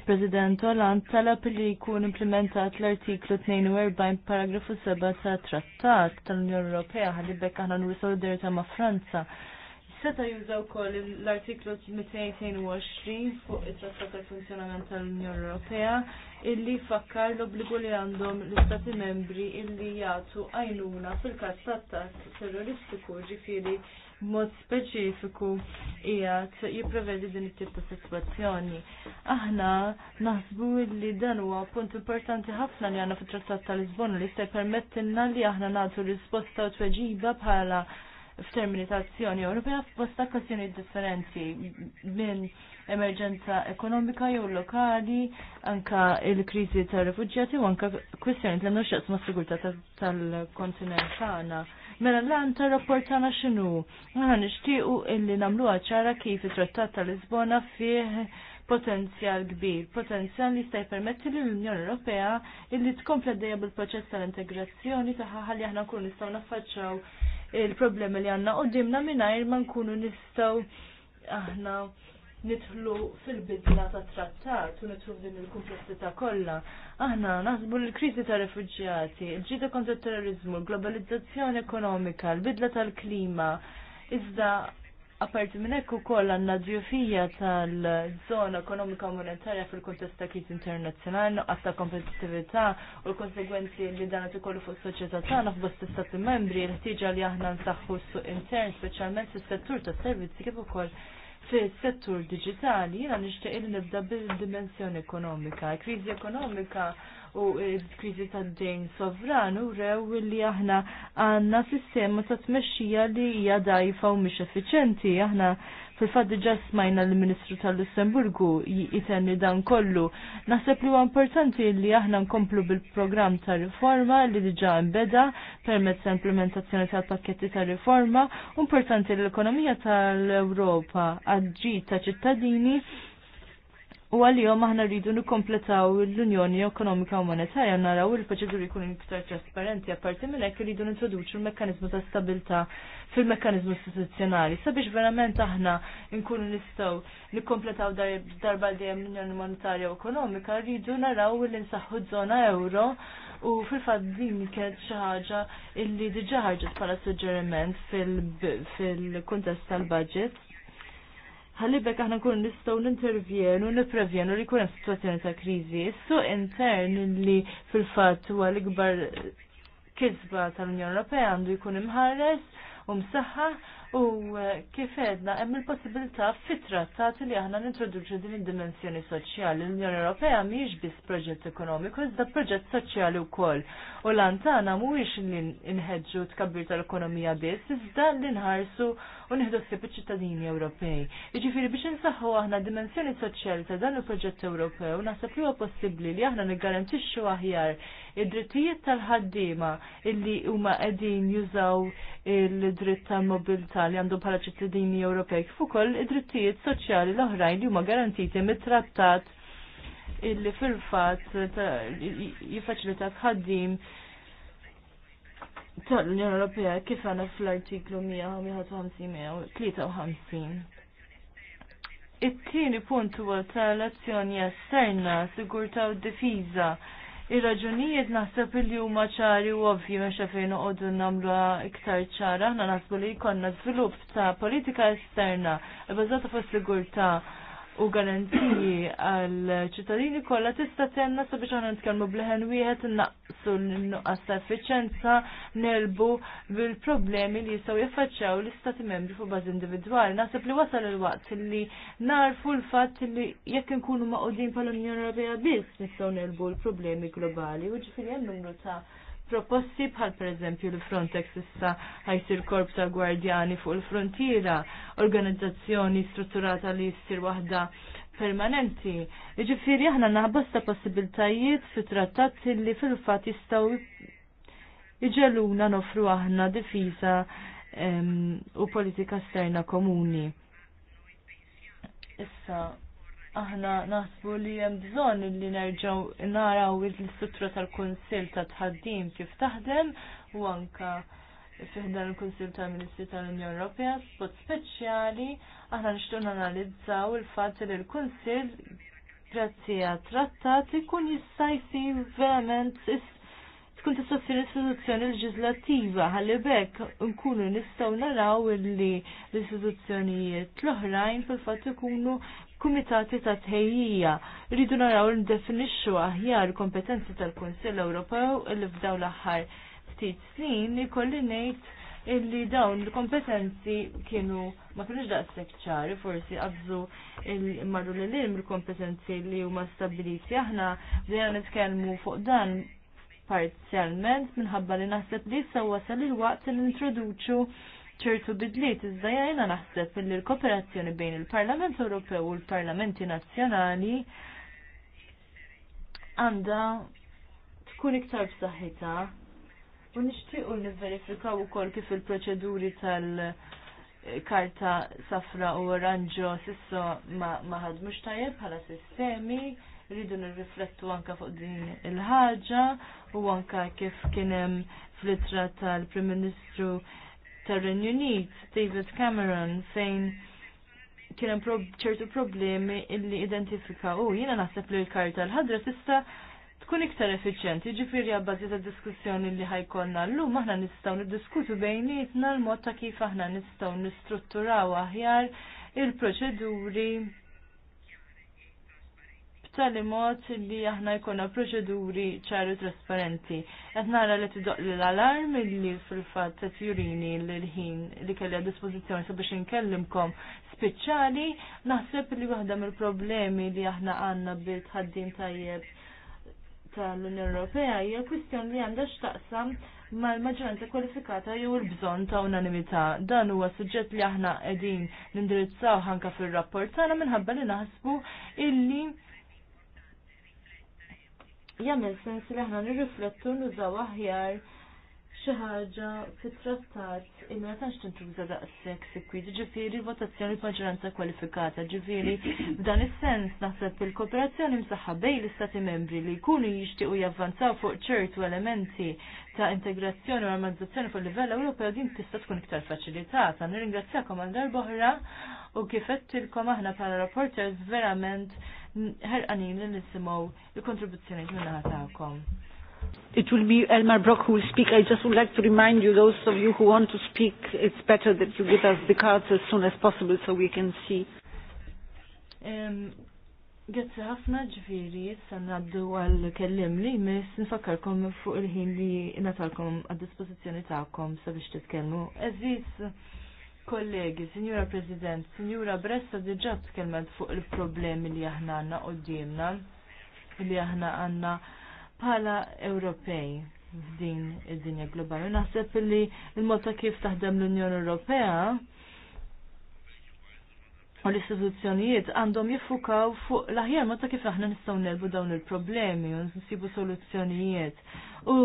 President Hollande talab li jkun implementat l-artiklu 42 paragrafu 7 ta' trattat tal-Unjoni Ewropea ħalli bekk aħna nuru solidarità ma' Franza. Seta jużaw kol l-artiklu 222 fuq it-trattat tal-funzjonament tal-Unjoni Ewropea illi fakkar l-obbligu li għandhom l-Istati membri illi jagħtu għajnuna fil-każ tat-tat terroristiku ġifieri mod speċifiku qiegħed jipprevedi din it-tip ta' sitwazzjoni. Aħna naħsbu li dan huwa punt importanti ħafna li għandna fit-Trattat ta' Lisbona li se jpermettilna li aħna nagħtu risposta tweġiba bħala f'termini ta' azzjoni Ewropea f'bosta kwestjoni differenti minn emerġenza ekonomika jew lokali, anka il-kriżi ta' rifuġġjati u anka kwestjoni tal-nuxqas ma' sigurtà tal-kontinent tagħna. Ta Mela l-għan ta' rapportana xinu? Għana nishtiqu illi namlu ċara kif it-trattat tal-Lisbona fih potenzjal kbir, potenzjal li sta' jpermetti li l-Unjoni Ewropea illi tkompla dejja bil-proċess tal-integrazzjoni taħħa li aħna nkunu nistgħu naffaċċaw il-problemi li għandna qudiemna mingħajr ma nkunu nistgħu aħna nidħlu fil-bidla ta' trattat u nitħlu din il-kumplessità kollha. Aħna naħsbu l-kriżi ta' refuġjati, il-ġita kontra terrorizmu, globalizzazzjoni ekonomika, l-bidla tal-klima, iżda apparti minn hekk ukoll għandna ġiofija tal-żona ekonomika monetarja fil-kuntest ta' kif internazzjonali, nuqqas ta' kompetittività u l-konsegwenzi li dan qed ikollu fuq soċjetà tagħna f'bost istati membri l ħtieġa li aħna nsaħħu s-suq intern, speċjalment fis-settur tas-servizzi kif ukoll fis-settur digitali jiena nixtieq li nibda bil-dimensjoni ekonomika. Kriżi ekonomika u l-kriżi tad-dejn sovran u rew li aħna għandna sistema ta' tmexxija li hija dajfa u mhix effiċjenti. Aħna Fil-fatt diġà smajna l-Ministru tal-Lussemburgu jitenni dan kollu. Naħseb li huwa importanti li aħna nkomplu bil-programm ta' riforma li diġà mbeda permezz ta' implementazzjoni tal-pakketti ta' riforma. Importanti l-ekonomija tal-Ewropa għadġi ta' ċittadini U għal-jom aħna rridu nikkompletaw l-Unjoni Ekonomika u Monetarja naraw il-proċeduri jkunu iktar trasparenti, apparti minn hekk rridu nintroduċu l-mekkaniżmu ta' stabilità fil-mekkaniżmu istituzzjonali sabiex verament aħna nkunu nistgħu nikkompletaw darba dejjem l-Unjoni Monetarja u Ekonomika rridu naraw li nsaħħu żona euro u fil-fatt din kienet xi ħaġa illi diġà ħarġet bħala suġġeriment fil-kuntest tal-budget Ħalibek aħna nkun nistgħu nintervjenu nipprevjenu li jkun hemm sitwazzjoni ta' kriżi. Issu intern li fil-fatt huwa l-ikbar kisba tal-Unjoni Ewropea għandu jkun imħares u msaħħa u eh, kif edna hemm il-possibilità fit-trattati li aħna nintroduċu din id-dimensjoni soċjali. L-Unjoni Ewropea mhijiex biss proġett ekonomiku, iżda proġett soċjali wkoll. U l-antana mhuwiex li nħeġġu tkabbir tal-ekonomija biss, iżda li nħarsu u nieħdu ħsieb iċ-ċittadini Ewropej. Jiġifieri biex insaħħu aħna dimensjoni soċjali ta' dan il-proġett Ewropew naħseb li huwa possibbli li aħna niggarantixxu aħjar id-drittijiet tal-ħaddiema illi huma qegħdin jużaw il-dritt tal-mobilità li għandu bħala ċittadini Ewropej kif ukoll id-drittijiet soċjali l-oħrajn li huma garantiti mit-trattat illi fil-fat jiffaċilita tħaddim tal-Unjoni Ewropea kif għana fl-artiklu 153. It-tieni punt huwa tal-azzjoni esterna, sigurta u difiża. Ir-raġunijiet naħseb li huma ċari u ovvji mexa fejn noqogħdu nagħmlu iktar ċara, aħna naħsbu li jkollna żvilupp ta' politika esterna bbażata fuq sigurtà u garanziji għal ċittadini kollha tista' tenna sabiex għandna nitkellmu bleħen wieħed innaqsu l nuqqas ta' effiċenza nelbu bil-problemi li jistgħu jaffaċċaw l-istati membri fuq bażi individwali. Naħseb li wasal il-waqt li narfu l-fatt li jekk inkunu maqudin pal unjoni Ewropea biss nistgħu nelbu l-problemi globali u ġifieri hemm numru ta' proposti bħal per eżempju li Frontex issa ħajsir korp ta' gwardjani fuq il-frontiera, organizzazzjoni strutturata li jissir waħda permanenti. Ġifiri aħna naħbosta possibiltajiet fi trattat li fil-fat jistaw iġeluna nofru aħna difiża ehm, u politika esterna komuni. Issa, aħna naħsbu li hemm bżonn li nerġgħu naraw l-istruttura tal-Kunsill ta' tħaddim kif taħdem u anka fiħdan il-Kunsill tal-Ministri tal-Unjoni Ewropea b'mod speċjali aħna nixtieq nanalizzaw il-fatt li l-Kunsill grazzi għat trattat ikun jista' jsir verament tkun tisoffi l-istituzzjoni leġislattiva ħalli bekk nkunu nistgħu naraw illi l-istituzzjonijiet l-oħrajn fil-fatt ikunu kumitati ta' tħejjija rridu naraw ndefinixxu aħjar kompetenzi tal-Kunsill Ewropew illi f'daw l-aħħar ftit snin ikolli ngħid illi dawn l-kompetenzi kienu ma kienux daqshekk ċari forsi qabżu marru l lim l kompetenzi li huma stabiliti aħna dejjem nitkellmu fuq dan parzjalment minħabba li naħseb li issa wasal il-waqt li introduċu ċertu bidliet iżda jajna naħseb li l-kooperazzjoni bejn il-Parlament Ewropew u l-Parlamenti Nazzjonali għandha tkun iktar b'saħħitha u nixtiequ nivverifikaw ukoll kif il-proċeduri tal-karta safra u oranġo s'isso ma ħadmux tajjeb bħala sistemi rridu nirriflettu anka fuq din il-ħaġa u anka kif kien hemm fl-ittra tal-Prim Ministru tar-Renju Unit, David Cameron, fejn kien hemm ċertu problemi illi identifika u jiena naħseb li l-karta l-ħadra tista' tkun iktar effiċjenti, ġifieri għabbażi ta' diskussjoni li ħajkonna llum aħna nistgħu niddiskutu bejnietna l-mod ta' kif aħna nistgħu nistrutturaw aħjar il-proċeduri tal mod li aħna jkollna proċeduri ċaru trasparenti. Qed nara li tidoq li l-alarm li fil-fatt qed jurini l-ħin li kelli għad dispożizzjoni sabiex inkellimkom speċjali, naħseb li waħda mill-problemi li aħna għandna bil-tħaddim tajjeb tal-Unjoni Ewropea hija kwistjoni li għandha x'taqsam mal-maġġoranza kwalifikata jew il-bżonn ta' unanimità. Dan huwa suġġett li aħna qegħdin nindirizzaw ħanka fir-rapport tagħna minħabba li naħsbu illi jagħmel sens li aħna nirriflettu nużaw aħjar xi ħaġa fit-trattat imma ma tantx tintuża daqshekk sikwid, ġifieri votazzjoni b'maġġoranza kwalifikata, ġifieri f'dan is-sens naħseb il-kooperazzjoni msaħħa bejn l-istati membri li jkunu jixtiequ javvanzaw fuq ċertu elementi ta' integrazzjoni u armonizzazzjoni fuq livell Ewropew din tista' tkun iktar faċilitata. Nirringrazzjakom għal darb'oħra u kif qedtilkom aħna bħala rapporters verament ħerqanin li nisimaw il-kontribuzzjoni minnaħa ta'kom. It will be Elmar Brock who will speak. I just would like to remind you, those of you who want to speak, it's better that you give us the cards as soon as possible so we can see. Grazzi ħafna ġifiri, sanna għaddu għal kellim li mis nfakkarkom fuq il-ħin li natalkom għad-dispozizjoni ta'kom sabiex titkellmu. Eżis, Kollegi, Signora President, Signora Bressa diġa tkellmet fuq il-problemi li aħna għanna qoddimna, li aħna għanna bħala Ewropej f'din id-dinja globali. Naħseb li il mota kif taħdem l-Unjoni Ewropea u l-istituzzjonijiet għandhom jiffukaw fuq l-aħjar mota kif aħna nistgħu nelbu dawn il-problemi u nsibu soluzzjonijiet. U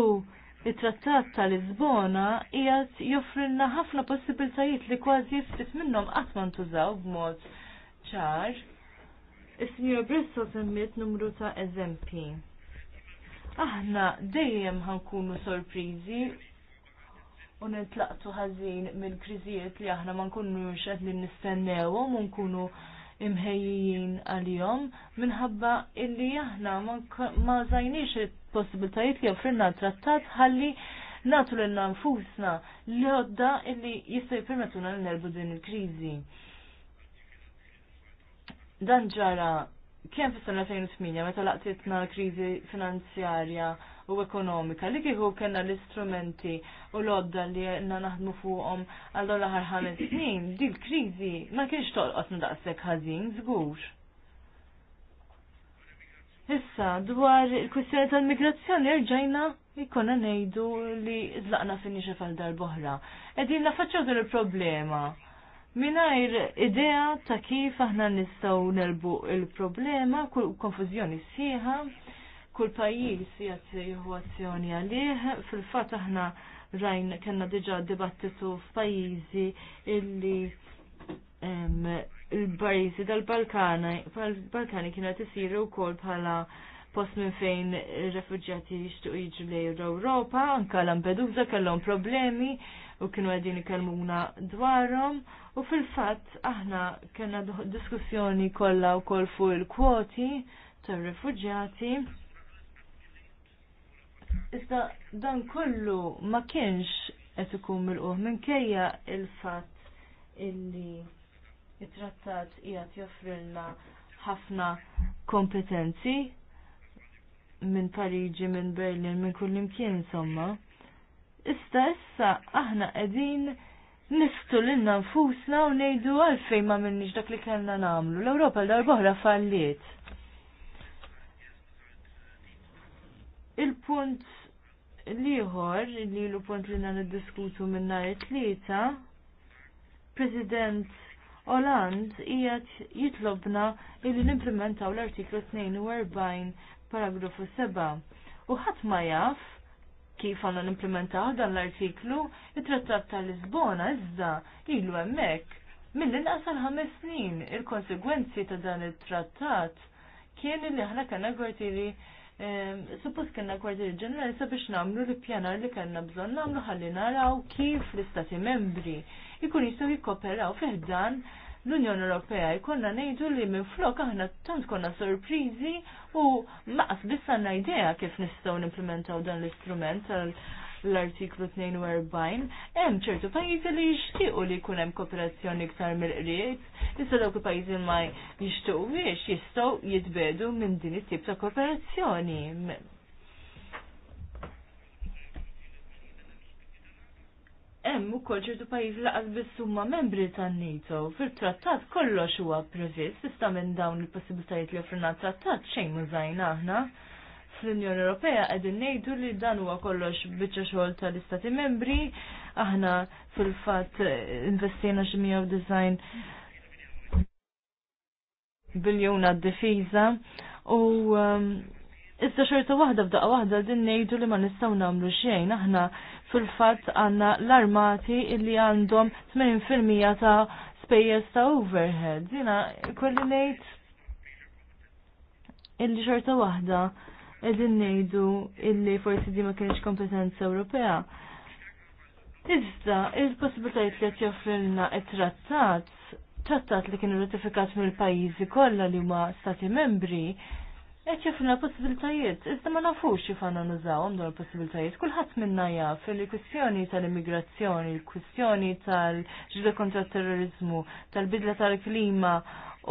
it-trattat tal-Lisbona jgħat joffrilna ħafna possibiltajiet li kważi ftit minnhom qatt ma ntużaw b'mod ċar. Is-Sinjor Bristol semmiet numru ta' eżempji. Aħna dejjem ħankunu sorpriżi u nitlaqtu ħażin mill-kriżijiet li aħna ma nkunux qed li nistennewhom u nkunu imħejjin għal-jom minħabba illi aħna ma zajniex il-possibilitajiet li joffrinna trattat ħalli natu l-inna nfusna li għodda illi jista' permetuna l-nerbu din il-krizi. Dan ġara kien fis-sena 2008 meta laqtietna l-krizi finanzjarja u ekonomika li kieku kena l-istrumenti u l-odda li jenna naħdmu fuqom għal l-ħar ħames snin, dil krizi ma kienx tolqot ndaqsek ħażin zgur. Issa, dwar il-kwistjoni tal-migrazzjoni rġajna jikonna nejdu li zlaqna finni xefal dal-bohra. Edin nafacċaw din il-problema. Minajr idea ta' kif aħna nistaw nerbu il-problema, kull konfuzjoni siħa, kull pajjiż jgħat jieħu azzjoni għalih. Fil-fatt aħna rajn kellna diġà dibattitu f'pajjiżi illi il-pajjiżi tal-Balkani kienet isiru wkoll bħala post minn fejn refugġati jixtuq jiġu lejn l-Ewropa, anka Lampedusa kellhom problemi u kienu għedin ikelmuna dwarhom u fil-fatt aħna kena diskussjoni kollha wkoll fuq il-kwoti tar refugġati. Issa dan kollu ma kienx qed ikun milquh minkejja il-fatt illi it-trattat qiegħed joffrilna ħafna kompetenzi minn Pariġi, minn Berlin, minn kull imkien insomma. Issa issa aħna qegħdin niftu lilna nfusna u ngħidu għalfej ma minnix dak li kellna nagħmlu. l ewropa l-darbohra falliet. Il-punt Liħor, li l punt li nan diskutu minna it-tlieta, President Oland ijat jitlobna li nimplementaw l-artiklu 42 paragrafu 7. U ħadd ma jaf kif għanna nimplementaw dan l-artiklu, it-trattat tal-Lisbona iżda ilu hemmhekk mill-inqas għal ħames snin il-konsegwenzi ta' dan it-trattat kien li aħna kellna li Suppos kena kwartieri ġenerali sabiex namlu l pjanar li kena bżon namlu ħalli naraw kif l-istati membri Ikun jistaw jikkoperaw fiħdan l-Unjoni Ewropea jkollna ngħidu li minflok aħna tant konna sorpriżi u maqas bissa għandna idea kif nistgħu implementaw dan l-istrument fl-artiklu 42, hemm ċertu pajjiżi li jixtiequ li jkun hemm kooperazzjoni iktar mill-qriet, issa dawk il-pajjiżi ma jixtiequx jistgħu jitbedu minn din it-tip ta' kooperazzjoni. Hemm ukoll ċertu pajjiżi li biss huma membri tan-NATO. Fil-trattat kollox huwa previst issa minn dawn il-possibilitajiet li offrina trattat xejn mużajn aħna fl-Unjoni Ewropea qegħdin ngħidu li dan huwa kollox biċċa xogħol tal-Istati Membri, aħna fil-fatt investejna xi design biljuna d-difiża u um, Issa xorta waħda b'daqqa waħda din ngħidu li ma nistgħu nagħmlu xejn aħna fil-fatt għandna l-armati illi għandhom 80% ta' spejjeż ta' overhead. jiena kolli ngħid illi xorta waħda edin nejdu illi forsi di ma kienx kompetenza Ewropea. Iżda, il possibilitajt li qed joffrilna it-trattat, trattat li kien ratifikat mill-pajjiżi kollha li huma stati membri, qed joffrilna possibilitajiet. Iżda ma nafux kif fanna nużawhom dawn il-possibilitajiet. Kulħadd minna jaf il-kwistjoni tal-immigrazzjoni, il-kwistjoni tal-ġida kontra terrorizmu, tal-bidla tal-klima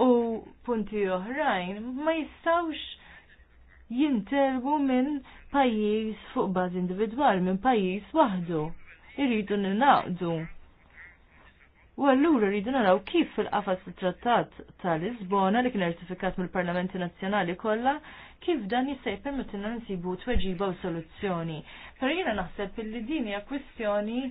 u punti oħrajn ma jistawx jintergu minn pajjiż fuq baz individwali, minn pajjiż waħdu. Irridu ninaqdu. U allura rridu naraw kif fil-qafas il trattat tal Lisbona li kien ratifikat mill-Parlamenti Nazzjonali kollha, kif dan jisaj permettina nsibu tweġiba u soluzzjoni. Per jiena naħseb illi din hija kwistjoni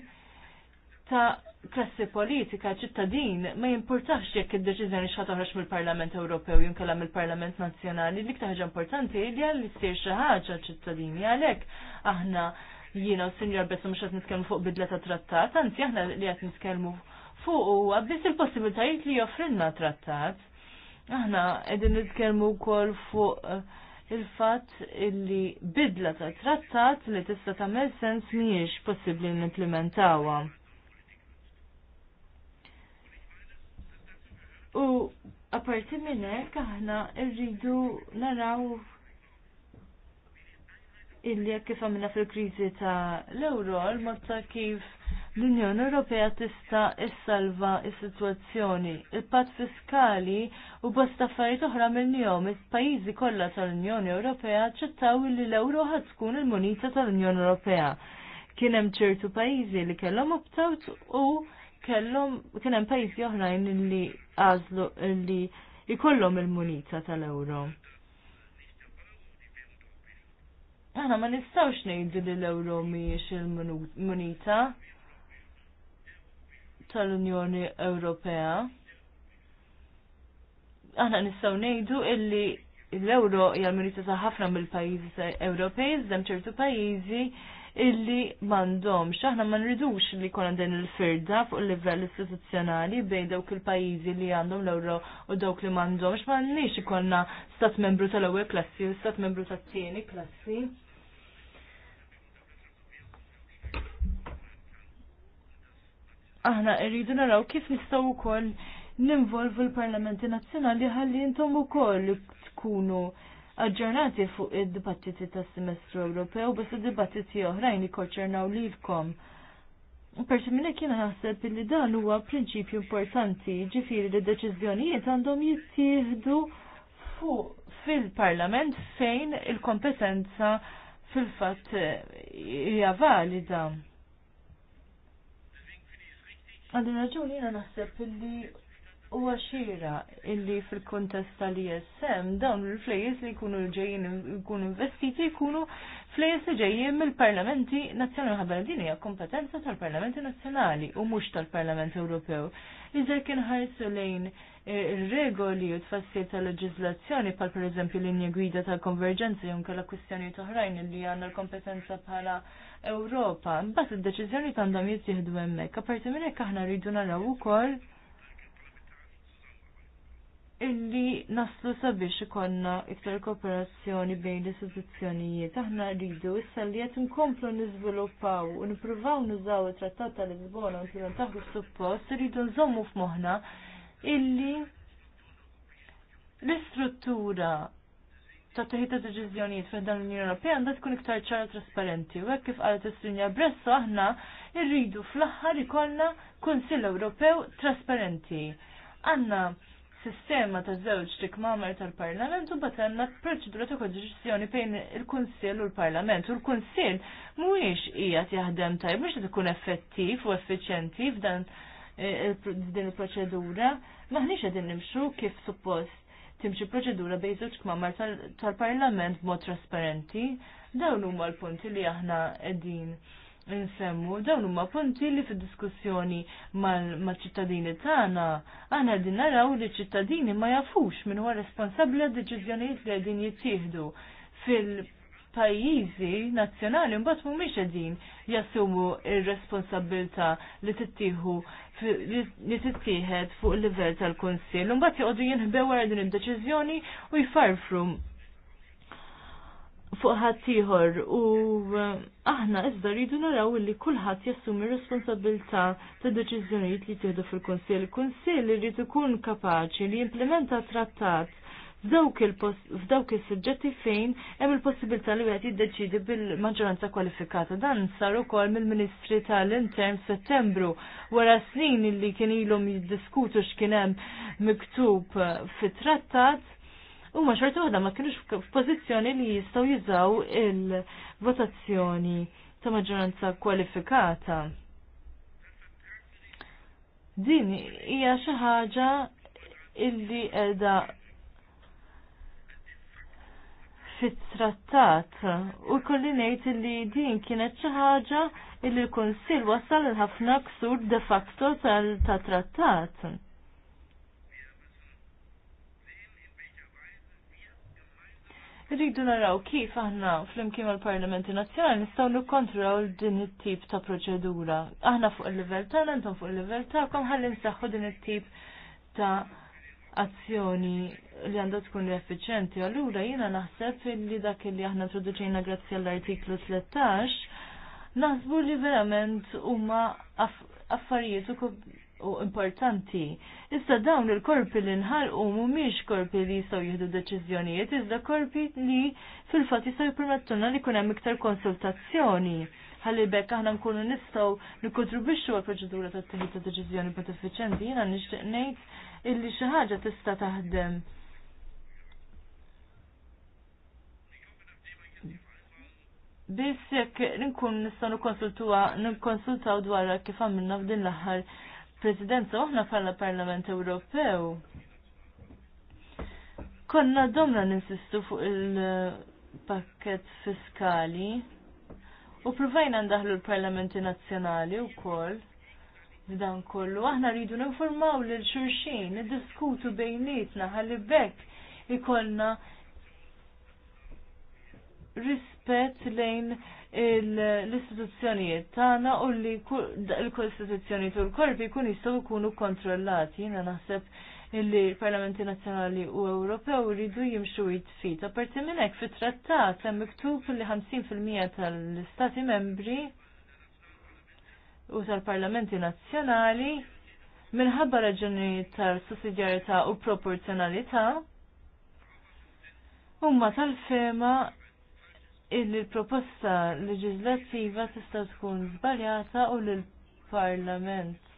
ta' klassi politika ċittadin ma jimportax jekk id deċizjoni xa mill-Parlament Ewropew jinkalam mill-Parlament Nazzjonali li ħaġa importanti li għal issir xi ħaġa ċittadini għalhekk aħna jiena u sinjar Bessu mhux qed nitkellmu fuq bidla ta' trattat, anzi aħna li qed nitkellmu fuq u biss il-possibilitajiet li joffrinna trattat. Aħna qegħdin nitkellmu wkoll fuq eh, il-fatt li bidla ta' trattat li tista' tagħmel sens mhijiex possibbli nimplementawha. U apparti minn hekk aħna rridu naraw illi jekk kif għamilna fil-kriżi ta' l-euro, l motta kif l-Unjoni Ewropea tista' issalva s-sitwazzjoni. Il-patt fiskali u bosta affarijiet oħra minnhom il-pajjiżi kollha tal-Unjoni Ewropea ċettaw li l-euro ħad tkun il-munita tal-Unjoni Ewropea. Kien hemm ċertu pajjiżi li kellhom opt u kellhom kien hemm pajjiżi oħrajn li għażlu li jkollhom il-munita tal-ewro. Aħna ma nistgħux ngħidu li l-ewro mhijiex il-munita tal-Unjoni Ewropea. Aħna nistgħu ngħidu illi l-euro hija l-munita ta' ħafna mill-pajjiżi Ewropej, żemm ċertu pajjiżi illi mandom. Xaħna ma ridux li konna din il-firda fuq il-livell istituzzjonali bejn dawk il-pajizi li għandhom l-euro u dawk li mandom. ma nix ikonna stat membru tal-ewwel klassi u stat membru tat-tieni klassi. Aħna rridu naraw kif nistgħu wkoll ninvolvu l-Parlamenti Nazzjonali ħalli intom ukoll tkunu aġġornati fuq id-dibattiti tas semestru Ewropew, bis id-dibattiti oħrajn li koċernaw lilkom. Persi minn hekk jiena naħseb li dan huwa prinċipju importanti, ġifieri li deċiżjonijiet għandhom jittieħdu fuq fil-Parlament fejn il-kompetenza fil-fatt hija valida. Għandin raġuni jiena naħseb li U għaxira illi fil-kontest tal-ISM dawn il-flejes li jkunu ġejjin jkunu investiti jkunu flejes li ġejjin mill-parlamenti nazzjonali ħabba din hija kompetenza tal-parlamenti nazzjonali u mhux tal-parlament Ewropew. Iżda kien ħarsu lejn eh, regoli u tfassir tal leġizlazzjoni pal per eżempju linja gwida tal konverġenza jew kella kwistjonijiet oħrajn li għandna l-kompetenza bħala Ewropa, mbagħad id-deċiżjoni għandhom jittieħdu hemmhekk. kaparti minn hekk aħna rridu naraw ukoll illi naslu sabiex ikonna iktar kooperazzjoni bejn l-istituzzjonijiet. Aħna rridu issa li qed nkomplu niżviluppaw u nippruvaw nużaw it-Trattat ta' Lisbona u implementaw kif suppost, rridu nżommu f'moħħna illi l-istruttura ta' teħita deċiżjonijiet fih dan l-Unjoni Ewropea għandha tkun iktar ċara trasparenti u hekk kif qalet is-Sinja Bresso aħna rridu fl-aħħar ikollna Kunsill Ewropew trasparenti. Għandna sistema ta' żewġ mamer tal-Parlament u batanna proċedura ta' kodeċizjoni bejn il-Kunsill u l-Parlament. U l-Kunsill mhuwiex qiegħed jaħdem tajb biex qed ikun effettiv u effiċjenti f'dan eh, din il-proċedura. Maħniex qegħdin nimxu kif suppost timxi proċedura bejn żewġ kmamar tal-Parlament b'mod trasparenti. Dawn huma l-punti li aħna qegħdin nsemmu dawn huma punti li fid-diskussjoni mal-ċittadini tagħna aħna qegħdin naraw li ċittadini ma jafux min huwa responsabbli għad-deċiżjonijiet li qegħdin jittieħdu fil-pajjiżi nazzjonali mbagħad mhumiex qegħdin jassumu r-responsabilità li tittieħu li tittieħed fuq il-livell tal-Kunsill u mbagħad joqogħdu jinħbew wara din id-deċiżjoni u jfarfru fuq ħatiħor u eh, aħna iżda rridu naraw li kulħadd jassumi responsabilità ta' deċiżjonijiet li tieħdu fil-Kunsill. Il-Kunsill irid ikun kapaċi li jimplementa trattat f'dawk il is-suġġetti fejn hemm il-possibilità li wieħed jiddeċidi bil-maġġoranza kwalifikata. Dan sar ukoll mill-Ministri tal-Intern Settembru wara snin li kien ilhom jiddiskutu x'kien hemm miktub fit-trattat u ma waħda ma kienux f'pożizzjoni li jistgħu jużaw il-votazzjoni ta' maġġoranza kwalifikata. Din hija xi ħaġa illi qiegħda fit-trattat u kolli ngħid li din kienet xi ħaġa illi l-Kunsill wassal ħafna ksur de facto tal-trattat. Ta Rridu naraw kif aħna fl-imkien mal-Parlamenti Nazzjonali nistgħu nikkontrollaw din it-tip ta' proċedura. Aħna fuq il-livell tagħna, intom fuq il-livell tagħkom ħalli nsaħħu din it-tip ta' azzjoni li għandha tkun effiċjenti. Allura jiena naħseb li dak li aħna introduċejna grazzi għall-artiklu 13 naħsbu li verament huma affarijiet u u importanti. Issa dawn il-korpi li nħalqu mhumiex korpi li jistgħu jieħdu deċiżjonijiet, iżda korpi li fil-fatt jistgħu jipermettuna li jkun hemm iktar konsultazzjoni ħalli bekk aħna nkunu nistgħu nikkontribwixxu għal proċedura ta' teħid ta' deċiżjoni b'mod effiċjenti, jiena nixtieq ngħid illi xi ħaġa tista' taħdem. Biss jekk nkun nistgħu nikkonsultuha nikkonsultaw dwar kif għamilna f'din l-aħħar presidenza oħna bħala Parlament Ewropew. Konna domna ninsistu fuq il-pakket fiskali u provajna ndaħlu l-Parlamenti Nazzjonali u koll. F'dan kollu, aħna rridu nifurmaw lil xulxin diskutu bejnietna ħalli bekk ikollna rispett lejn l-istituzzjonijiet tagħna u li l-kostituzzjonijiet u l-korpi jkun jistgħu jkunu kontrollati. Jiena naħseb li l-Parlamenti Nazzjonali u Ewropew rridu jimxu jitfit. parti minn hekk fit-trattat hemm miktub li 50% tal-Stati membri u tal-Parlamenti Nazzjonali minħabba raġuni tal-sussidjarità u proporzjonalità huma tal-fema il-proposta leġislattiva tista' tkun żbaljata u l-Parlament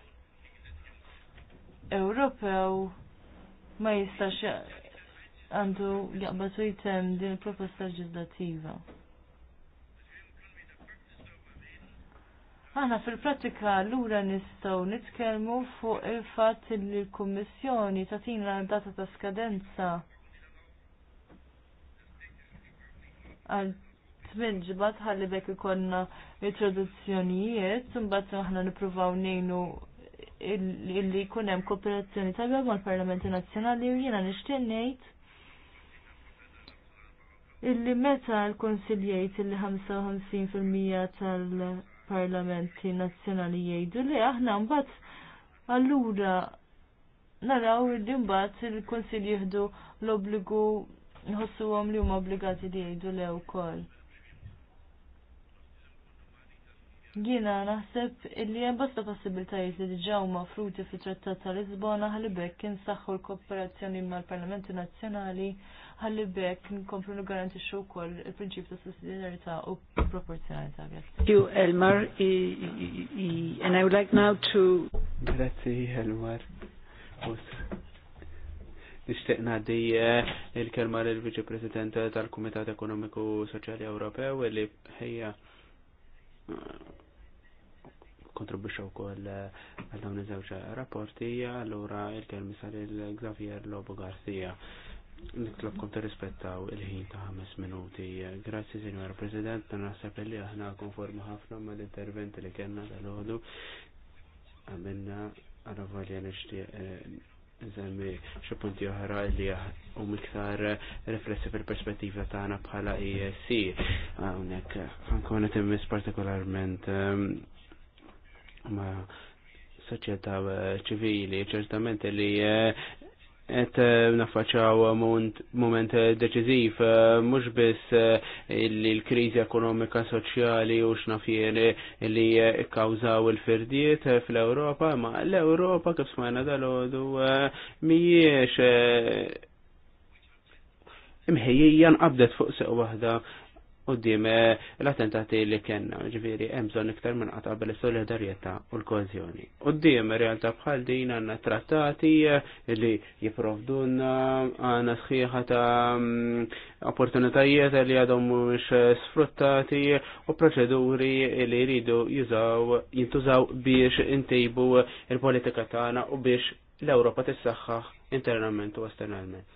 Ewropew ma jistax għandu jaqbatu u jitem din il-proposta leġislattiva. Aħna fil-pratika l-ura nistaw nitkelmu fuq il-fat li l-Kommissjoni la data ta' skadenza għal minn ġibgħat ħalli bekk ikonna introduzzjonijiet u mbagħad aħna nippruvaw ngħinu illi jkun hemm kooperazzjoni tajba mal-Parlamenti Nazzjonali u jiena nixtieq ngħid illi meta l-konsil illi 55% tal-parlamenti nazzjonali jgħidu li aħna mbatt allura naraw illi mbagħad il-konsil jieħdu l-obbligu nħossuhom li huma obbligati li jgħidu le wkoll. Gina naħseb illi hemm bosta possibiltajiet li diġà ma fruti fit-Trattat ta' Lisbona ħalli bekk insaħħu l-kooperazzjoni mal-Parlamenti Nazzjonali ħalli bekk nkomplu nigarantixxu wkoll il-prinċip ta' sussidjarjetà u proporzjonalità. Thank you Elmar and I would like now to Grazzi Elmar. Nishtiq ngħaddi eh, il-kelma il viċi President tal-Kumitat Ekonomiku Soċjali Ewropew li ħejja eh, kontribuxxew kol eh, għal dawni iż-żewġ rapporti allura il-kelmi sal il-Xavier Lobo Garcia. kom Nitlobkom rispettaw il-ħin ta' 5 minuti. Grazie, Signor President, naħseb li aħna konformi ħafna l-intervent li kellna dal-ħodu. Għamilna għara volja nixtieq Zemmi, eh, xo punti oħra li u miktar riflessi fil-perspettiva ta' għana bħala ISC. E Hawnhekk għankonet qed immiss partikolarment ehm, ma' soċjetà eh, ċivili, ċertament li eh, et eh, naffaċaw moment deċiziv, mux biss li l-krizi ekonomika soċjali u xnafjer li kkawżaw il-firdiet fl-Europa, ma l-Europa kif smajna dal-ħodu miex imħejjija fuq seq waħda u eh, l-attentati li kena, ġviri, emżon iktar minn qabel solidarieta u l-kozjoni. U dim realtà bħal din għanna trattati eh, li jiprovdunna għanna sħiħa ta' mm, opportunitajiet li għadhom mux eh, sfruttati u proċeduri li jridu jużaw, jintużaw biex intejbu il-politika tagħna u biex l-Ewropa tissaħħaħ internament u esternalment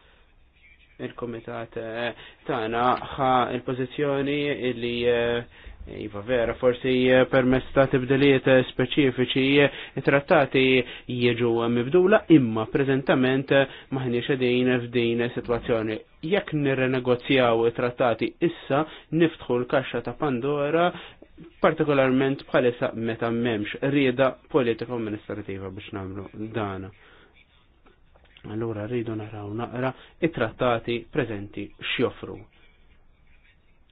il-komitat eh, tagħna ħa il-pożizzjoni illi eh, Iva vera, forsi eh, permess ta' tibdiliet speċifiċi trattati jieġu mibdula imma prezentament maħni xedin f'din situazzjoni. Jekk nirrenegozjaw trattati issa niftħu l-kaxxa ta' Pandora partikolarment bħalissa meta memx rieda politika amministrativa biex namlu dana. Allura rridu naraw naqra it-trattati preżenti x'joffru.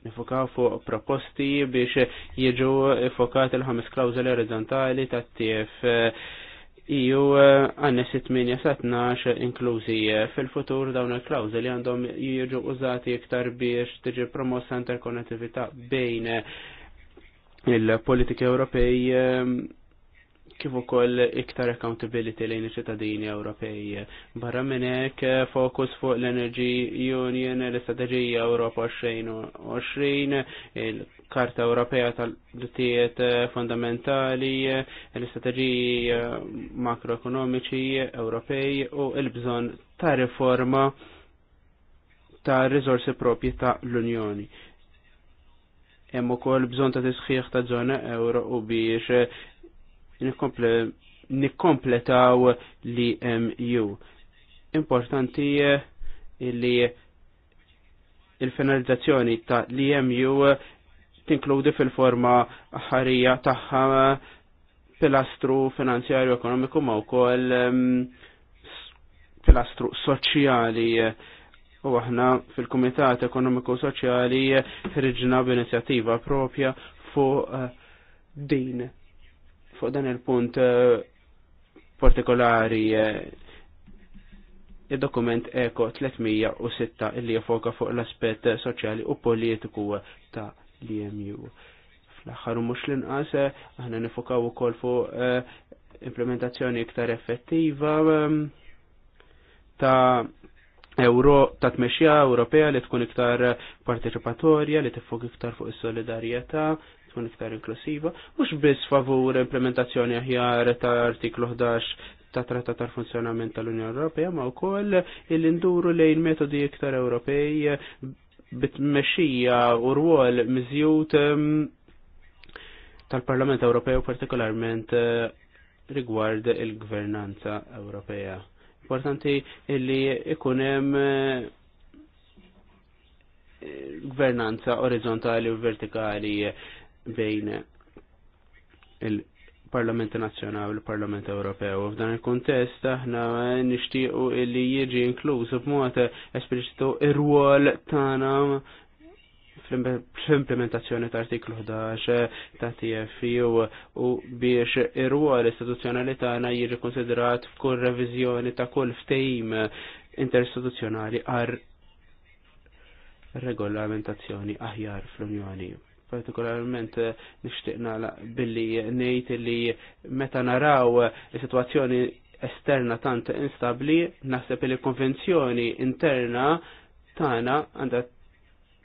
Nifokaw fuq proposti biex jiġu fokat il-ħames klawżoli orizzontali tat-TF iju e eh, għannes 8 sa 12 inklużi eh, fil-futur dawn il-klawzi li għandhom jiġu użati iktar biex tiġi promossa interkonnettività bejn il-politika Ewropej eh, kif ukoll iktar accountability lejn iċ-ċittadini Ewropej. Barra minn hekk fokus fuq l-Energy Union, l-Istrateġija Ewropa 2020, il-Karta Ewropea tal-Drittijiet Fundamentali, l-Istrateġiji Makroekonomiċi Ewropej u l-bżonn ta' riforma ta' risorsi propji ta' l-Unjoni hemm ukoll bżonn ta' tisħiħ ta' żona euro u biex nikkompletaw li MU. Importanti eh, li il-finalizzazzjoni ta' li e MU eh, tinkludi fil-forma ħarija tagħha eh, pilastru finanzjarju ekonomiku ma' wkoll pilastru soċjali u aħna fil-Kumitat Ekonomiku Soċjali ħriġna b'inizjattiva propja fuq din fuq dan il-punt eh, partikolari eh, il-dokument Eko 306 illi jafoka fuq l-aspet soċjali u politiku ta' l imu Fl-axħar mux l-inqas, eh, aħna nifokaw u kol fuq implementazzjoni iktar effettiva ta' Euro ta' tmexja Ewropea li tkun iktar partiċipatorja, li tifok iktar fuq is-solidarjetà, tkun inklusiva, mhux biss favur implementazzjoni aħjar ta' artiklu 11 ta' Trattat tal-Funzjonament tal-Unjoni Ewropea, ma' wkoll il-induru lejn metodi iktar Ewropej bit-mexija u rwol mizjut tal-Parlament Ewropew partikolarment eh, rigward il-gvernanza Ewropea. Importanti illi ikun hemm eh, gvernanza orizontali u vertikali bejn il-Parlament Nazzjonali u l-Parlament Ewropew. F'dan il-kuntest aħna nixtiequ li jiġi inkluż b'mod espliċitu ir-rwol tagħna fl-implementazzjoni ta' artiklu 11 ta' TFU u biex ir-rwol istituzzjonali tagħna jiġi konsiderat f'kull reviżjoni ta' kull ftehim interistituzzjonali għar regolamentazzjoni aħjar fl-Unjoni partikolarment eh, nixtieqna billi ngħid li meta naraw eh, is-sitwazzjoni esterna tant instabli, naħseb li konvenzjoni interna tagħna għandha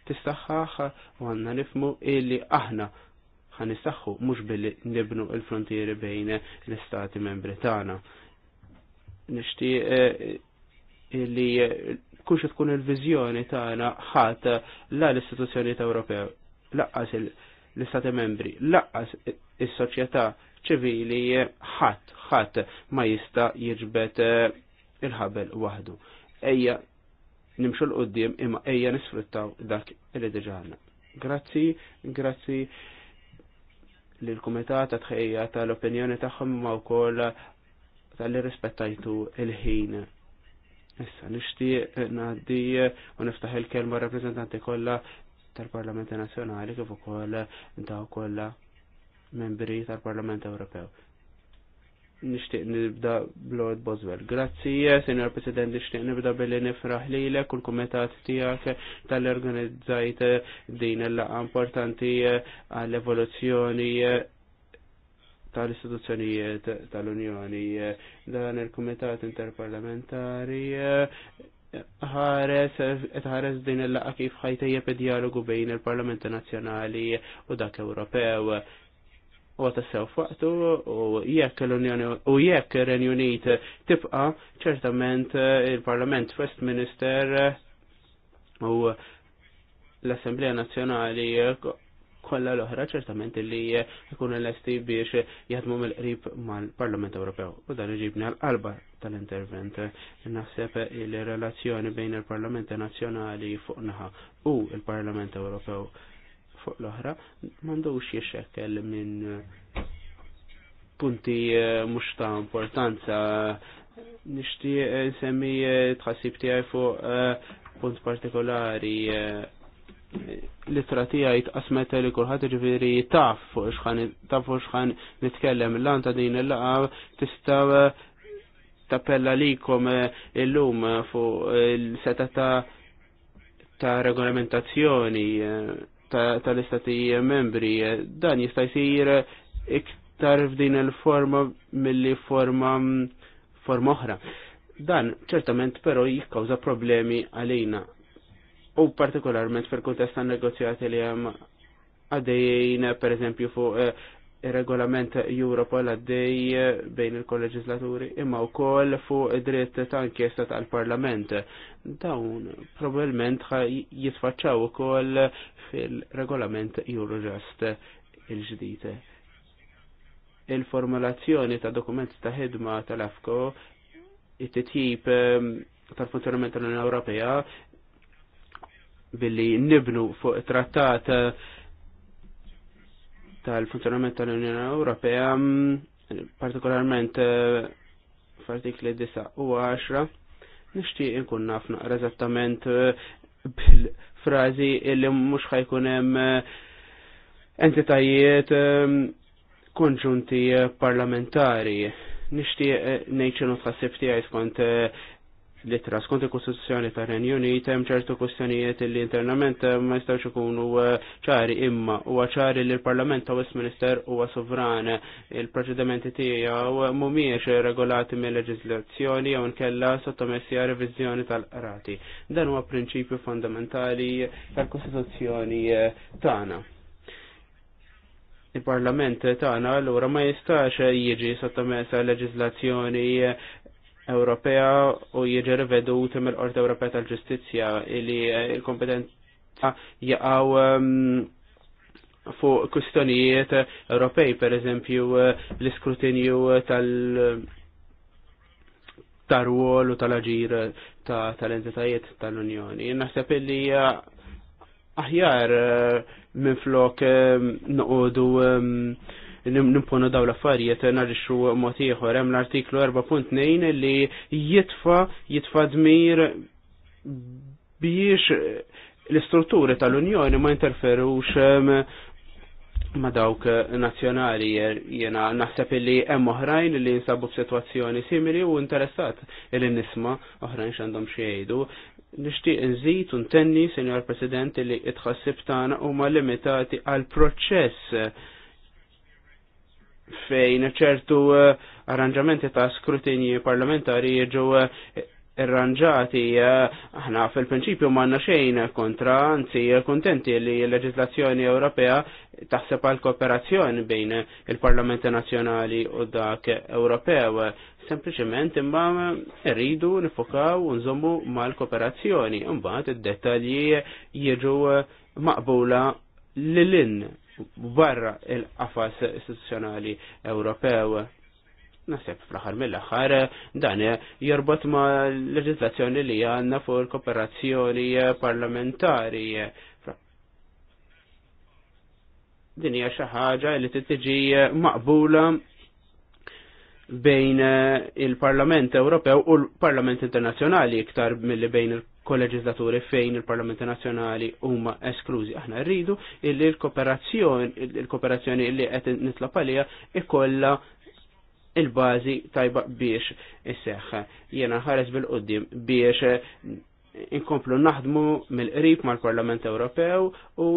tistaħħaħ u għanna nifmu illi aħna istaxħu mhux billi nibnu l-frontieri bejn l-istati membri tagħna. Nixtieq eh, li kunx tkun il-vizjoni tagħna ħadd la l-istituzzjonijiet Ewropew laqqas l-istati membri, laqqas is-soċjetà ċivili ħadd ħadd ma jista' jiġbet eh, il-ħabel waħdu. Ejja nimxu l-qoddim imma ejja nisfruttaw dak li diġana. Grazzi, grazzi li l-Kumitat tħejja tal-opinjoni tagħhom ma wkoll tal-li rispettajtu il-ħin. Issa nixtieq ngħaddi u niftaħ il-kelma rappreżentanti kollha tal-Parlamenti Nazzjonali kif ukoll ta' kollha membri tal-Parlament Ewropew. Nixtieq nibda Lord Boswell. Grazzi, Senjor President, nixtieq nibda billi nifraħ lilek u l-kumitat tiegħek tal-organizzajt din il-laqgħa importanti għall-evoluzzjoni tal-istituzzjonijiet tal-Unjoni. Dan il-Kumitat Interparlamentari ħares ħares din il laqqa kif ħajtejjeb dialogu bejn il-Parlamenti Nazzjonali u dak Ewropew u għatassew faqtu u jekk l-Unjoni u jekk Renjunit Unit tibqa ċertament il-Parlament Westminster u l-Assemblea Nazzjonali kollha l-oħra ċertament li jkun l esti biex jaħdmu mill-qrib mal-Parlament Ewropew u dan iġibni għal-qalba tal-intervent. Naħseb li relazzjoni bejn il-Parlament Nazzjonali fuq naħa u il-Parlament Ewropew fuq l-oħra m'għandux jiexekkel minn punti eh, mhux ta' importanza. Nixtieq nsemmi eh, tħassib tiegħi fuq eh, punt partikolari litra tijaj tqasmet li kulħadd ġviri taf fuq xħan nitkellem l-lan ta' din il laqgħa tista' tappella likom eh, illum eh, fuq eh, il-seta ta', ta regolamentazzjoni tal-istati ta membri dan jista' jsir iktar f'din il-forma milli forma mm, forma oħra. Dan ċertament però jikkawża problemi għalina u partikolarment fil kuntest tan negozjati li hemm għaddejjien per eżempju fuq regolament l għaddej bejn il-kolleġislaturi imma wkoll fuq id-dritt ta' inkjesta tal-Parlament. Dawn probabbilment jitfaċċaw ukoll fil-regolament Eurojust il-ġdid. Il-formulazzjoni ta' dokument ta' ħidma tal-AFCO it-tip ehm, tal-funzjonament tal-Unjoni Ewropea billi nibnu fuq trattat tal-funzjonament tal-Unjoni Ewropea, mm, partikolarment eh, f'artikli 9 u 10, nixtieq inkun naf naqra eżattament eh, bil-frażi li mhux ħajkun hemm eh, entitajiet konġunti parlamentari. Nixtieq ngħid xi tħassib tiegħi skont li skont il-Kostituzzjoni ta' Renju Unit hemm ċertu kwestjonijiet li internament eh, ma jistgħux ikunu eh, ċari imma huwa ċari li l-Parlament ta' Westminster huwa sovran il-proċedimenti tiegħu mhumiex regolati mill leġislazzjoni jew nkella sottomessi għal reviżjoni tal-qrati. Dan huwa prinċipju fondamentali tal-Kostituzzjoni eh, tagħna il-parlament tagħna allura ma jistax jiġi sottomessa leġislazzjoni Ewropea u vedu tim mill qorti Ewropea tal-Ġustizzja li eh, l-kompetenza jaqaw ehm, fuq kustonijiet Ewropej, per eżempju eh, l-iskrutinju tal- tar-wol u tal-aġir tal-entitajiet tal-Unjoni. Naħseb li eh, aħjar minn flok noqodu ehm, nimponu daw l-affarijiet narixxu mod ieħor hemm l-artiklu 4.2 li jitfa jitfa dmir biex l-istrutturi tal-Unjoni ma interferux ma dawk nazzjonali jena naħseb li hemm oħrajn li jinsabu f'sitwazzjoni simili u interessat li nisma oħrajn x'għandhom xi jgħidu. Nixtieq nżid u ntenni, Senjor President, li tħassib tagħna huma limitati għal proċess fejn ċertu eh, arranġamenti ta' skrutinji parlamentari jiġu eh, irranġati eh, aħna fil-prinċipju manna xejn kontra, anzi kontenti li l-leġislazzjoni Ewropea taħseb għal kooperazzjoni bejn il-Parlamenti Nazzjonali u dak Ewropew. Sempliċement imma rridu nifokaw unżommu nżommu mal-kooperazzjoni, imbagħad id-dettalji jiġu maqbula in barra il-qafas istituzzjonali Ewropew. Naseb fl-axar mill-axar dan jorbot ma leġislazzjoni li għanna fuq il-kooperazzjoni parlamentari. Din hija xi ħaġa li titiġi maqbula bejn il-Parlament Ewropew u l-Parlament Internazzjonali iktar milli bejn il koleġislaturi fejn il-Parlamenti Nazzjonali huma esklużi. Aħna rridu illi l-kooperazzjoni illi li qed nitlab għalija ikollha il-bażi tajba biex isseħħa. Jiena ħares bil-qudiem biex inkomplu naħdmu mill-qrib mal-Parlament Ewropew u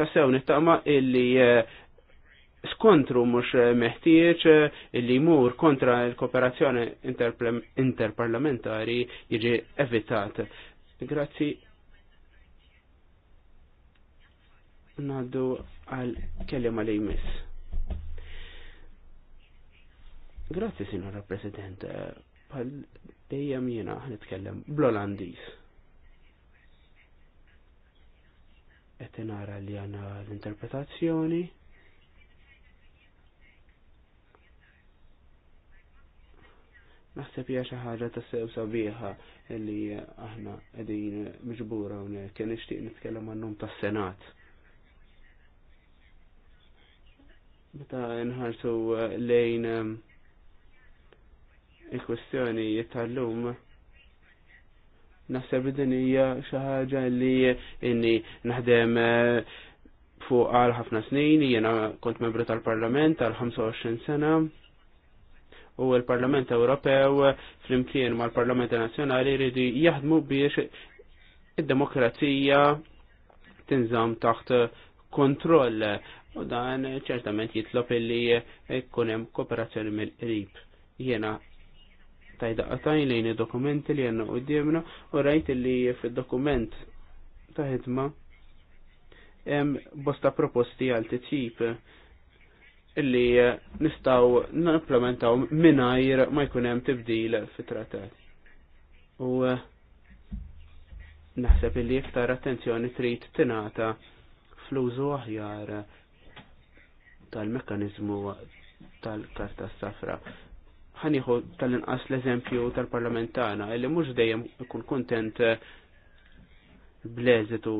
tassew nittama illi eh, skontru mhux meħtieġ illi jmur kontra l-kooperazzjoni interparlamentari jiġi evitat. Grazzi. Naddu għal kellem għal jmiss. Grazzi, Sinora President. Pal dejjem jena nitkellem bl-Olandis. Etenara li għana l-interpretazzjoni. Naħseb hija xi ħaġa ta' sew sabiħa li aħna qegħdin miġbura hawnhekk nixtieq nitkellem għan-nom tas-Senat. Meta nħarsu lejn ehm, il-kwestjoni tal-lum naħseb li din hija xi ħaġa li inni naħdem eh, fuq għal ħafna snin, jiena kont membru tal-Parlament għal 25 sena, u l-Parlament Ewropew flimkien mal-Parlament Nazzjonali jridu jaħdmu biex id-demokrazija tinżam taħt kontroll u dan ċertament jitlob illi jkun hemm kooperazzjoni mill-qrib. Jiena tajda qatajn lejn id-dokumenti li għandna qudiemna u rajt illi fid-dokument ta' ħidma hemm bosta proposti għal titjib illi eh, nistaw n-implementaw minnajr ma jkunem tibdil fit-trattat. U eh, naħseb illi iktar attenzjoni trid tinata fl-użu aħjar tal-mekkanizmu tal-karta safra. Ħaniħu tal-inqas l-eżempju tal-parlamentana illi mhux dejjem ikun kontent eh, bleżitu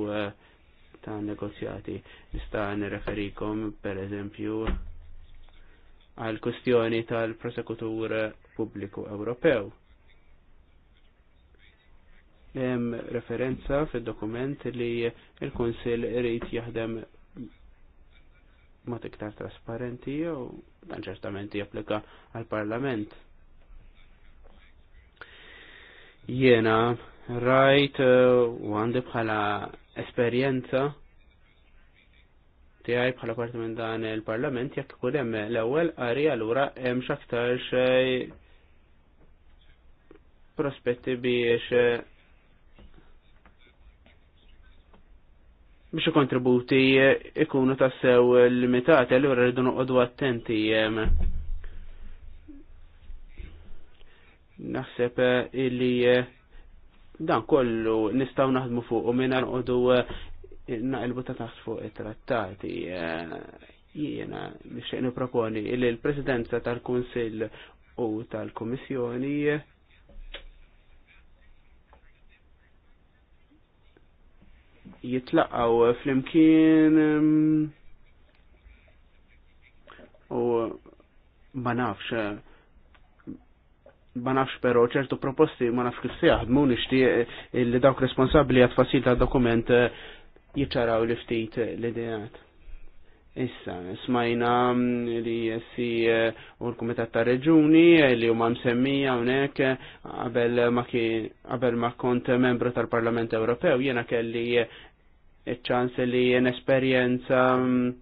ta' negozjati. Nista' nireferikom per eżempju għal kustjoni tal-prosekutur pubbliku Ewropew. Hemm referenza fid-dokument li l-Kunsill irid jaħdem mod iktar trasparenti jew dan ċertament japplika għal parlament. Jiena rajt u għandi bħala esperjenza tiegħi bħala parti minn dan il-Parlament jekk ikun hemm l-ewwel qari allura hemm x'aktar prospetti biex biex kontributi ikunu tassew limitati allura rridu noqogħdu attenti naħseb illi eh, dan kollu nistaw naħdmu fuq u minna nqodu eh, naqilbu ta' taħt fuq it-trattati. Eh, jiena nixtieq nipproponi li l-Presidenza tal-Kunsill u tal-Kummissjoni jitlaqgħu flimkien mm, u ma nafx ma nafx però ċertu proposti ma nafx kif se jaħdmu nixtieq li dawk responsabbli għad fasil ta' dokument eh, jiċċaraw li ftit l-idejat. Issa, smajna mm, li jessi eh, u l-Kumitat ta' Reġuni eh, li huma msemmija hawnhekk eh, qabel ma kont membru tal-Parlament Ewropew jiena kelli ċans li n-esperienza mm,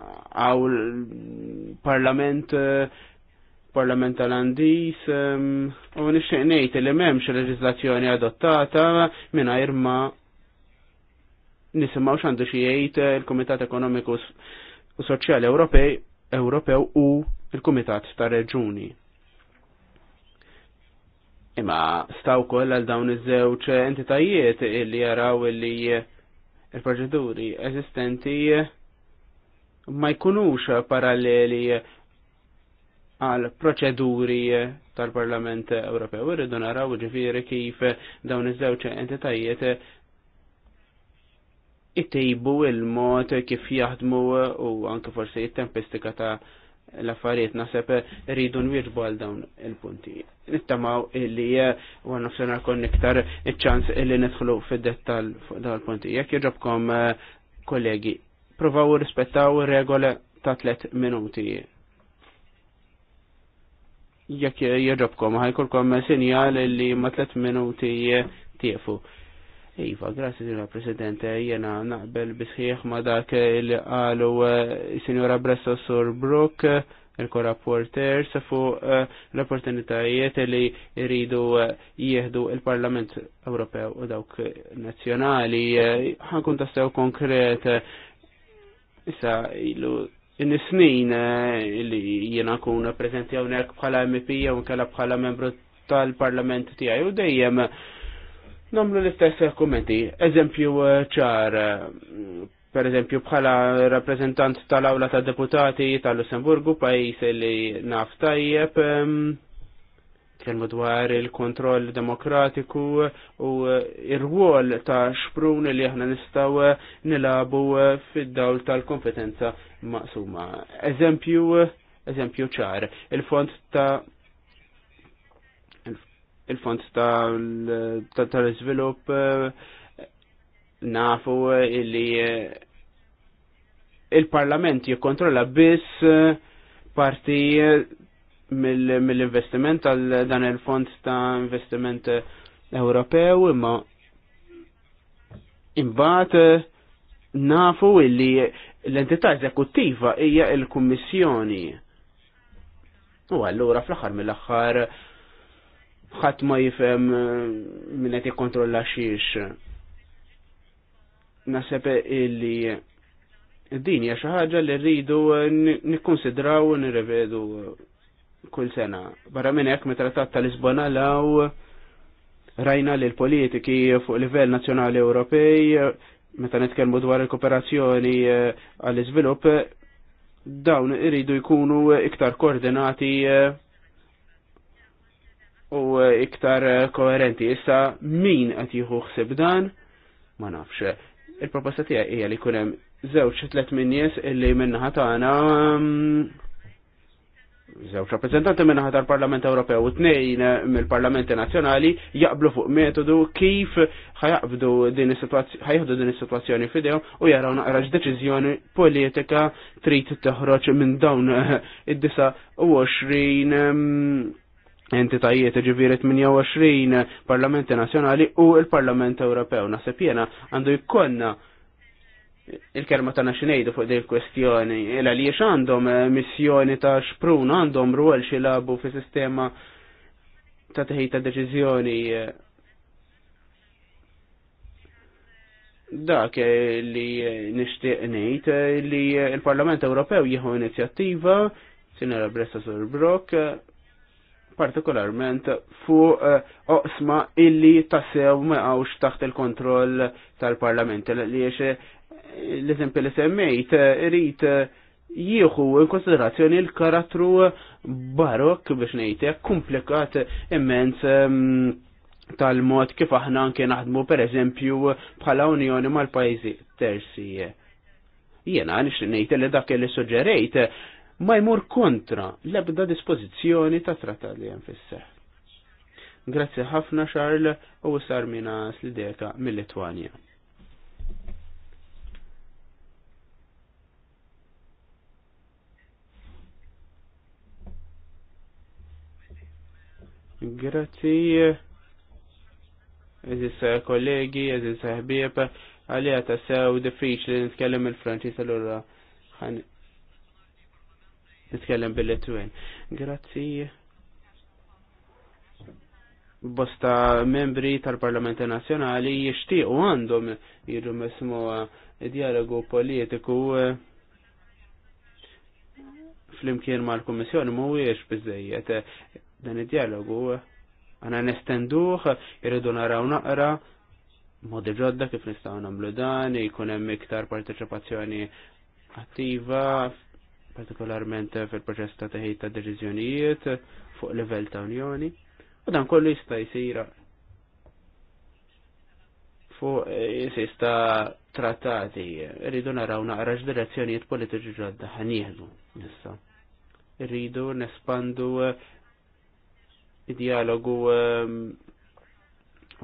għaw parlament parlament tal-Andis u nixxeqnejt li memx leġislazzjoni adottata mingħajr ma nisimgħu x'għandu xi jgħid il-Kumitat Ekonomiku u Soċjali Ewropej Ewropew u il-Kumitat ta' Reġuni. Imma staw koll għal dawn iż-żewġ entitajiet illi jaraw illi il-proċeduri eżistenti ma jkunux paralleli għal proċeduri tal-Parlament Ewropew. Irridu naraw ġifiri kif dawn iż-żewġ entitajiet ittejbu il-mod kif jaħdmu u anke forsi it-tempistika ta' l-affarijiet naħseb rridu nwieġbu għal dawn il-punti. Nittamaw illi għan nofsena kon iktar ċans illi nidħlu fid-dettal fuq dawn il-punti. Jek jġobkom kollegi, provaw rispettaw regole ta' tlet minuti jekk jirrobkom, ħajkolkom sinjal li ma tlet minuti tiefu. Iva, grazie Signor Presidente, jena naqbel bisħiħ ma dak li qalu eh, signora Bresso Sur Brook, il-korrapporter, safu eh, l-opportunitajiet li jridu eh, jieħdu il-Parlament Ewropew u dawk nazzjonali. Ħankun tassew konkret, issa ilu in-snin eh, li jiena kun prezenti hawnhekk bħala MP jew kella bħala membru tal-Parlament tiegħi u dejjem nagħmlu l-istess kummenti. Eżempju eh, ċar, eh, per eżempju bħala rappreżentant tal-Awla tad Deputati tal-Lussemburgu, pajjiż li naf tajjeb, tkellmu dwar il-kontroll demokratiku u ir-rwol ta' xprun li aħna nistaw nilabu fid-dawl tal-kompetenza maqsuma. Eżempju, eżempju ċar, il-fond ta' il-fond ta' tal-izvilup nafu illi il-parlament jikkontrolla biss parti mill-investiment għal dan il-fond ta' investiment Ewropew imma imbagħad eh, nafu illi l-entità eżekuttiva hija l-Kummissjoni. U allura fl-aħħar mill-aħħar ħadd ma jifhem eh, min qed jikkontrolla xiex. Naseb illi din hija xi ħaġa li rridu nikkonsidraw u nirrevedu kull sena. Barra minn hekk mit-Trattat tal-Lisbona law rajna li l-politiki fuq livell nazzjonali Ewropej meta nitkellmu dwar il-kooperazzjoni eh, għall-iżvilupp dawn iridu jkunu iktar koordinati eh, u iktar koerenti. Issa min qed jieħu ħsieb dan? Ma nafx. Il-proposta tiegħi hija li jkun hemm żewġ tliet minn nies illi minnaħa tagħna mm, Żewġ rappresentanti minn ħatar parlament Ewropew u tnejn mill-Parlamenti Nazzjonali jaqblu fuq metodu kif ħajaqbdu din is-sitwazzjoni fidew u jaraw naqraġ deċiżjoni politika trid toħroġ minn dawn id disa għoxrin entitajiet ġiviri 28 parlamenti nazjonali u il-Parlament Ewropew. Nasib jena għandu jkollna il-kelma ta' xinejdu fuq dil kwestjoni illa li għandhom eh, missjoni ta' xprun għandhom ruol labu fi sistema ta' teħita deċizjoni eh. dak eh, li nishtiq ngħid li l-Parlament Ewropew jieħu inizjattiva Sinera Bressa Sur Brock partikolarment fuq oqsma illi tassew ma għawx taħt il-kontroll tal-parlament li jiex l-eżempju li semmejt, eh, irrit eh, jieħu in konsiderazzjoni l-karattru barok biex hekk eh, komplikat immens ehm, tal-mod kif aħna anke naħdmu pereżempju bħala unjoni mal-pajjiżi terzi. Jiena nixtieq ngħid li dak li suġġerejt ma jmur kontra l-ebda dispożizzjoni ta' trattat li hemm fis-seħħ. Grazzi ħafna Charles u sar minas l-deka mill-Litwanja. Grazzi, eżis eh, kollegi, eżis eh, ħbieb, għalija ta' sew diffiċ li nitkellem il-Franċis allura ħan nitkellem bil-Litwin. Grazzi. Bosta membri tal-Parlamenti Nazjonali jishtiqu għandhom jirru mesmu eh, dialogu politiku fl-imkien mal-Kommissjoni mhuwiex biżejjed dan id-dialogu għana nestenduħ, irridu naraw naqra, modi ġodda kif nistaw namlu dan, jkun hemm iktar parteċipazzjoni attiva, partikolarment fil-proċess ta' teħid ta' deċiżjonijiet fuq livell ta' Unjoni. U dan kollu jista' jsir fuq jisir trattati, rridu naraw naqra x'direzzjonijiet politiċi ġodda ħanieħdu issa. Irridu nespandu dialogu ehm,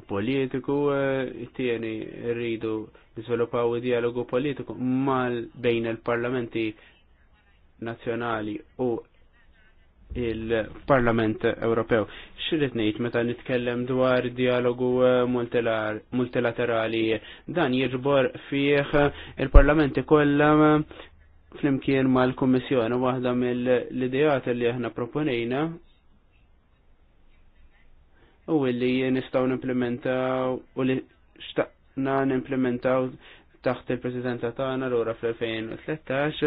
politiku eh, tieni rridu niżviluppaw dialogu politiku mal bejn il-parlamenti nazzjonali u il-Parlament Ewropew. Xirrit ngħid meta nitkellem dwar dialogu eh, multilaterali dan jirbor fih il-Parlamenti kollha eh, flimkien mal-Kummissjoni waħda mill-idejat li aħna proponejna u li nistaw n-implementaw u li xtaqna nimplementaw taħt il-Presidenza tagħna l fl-2013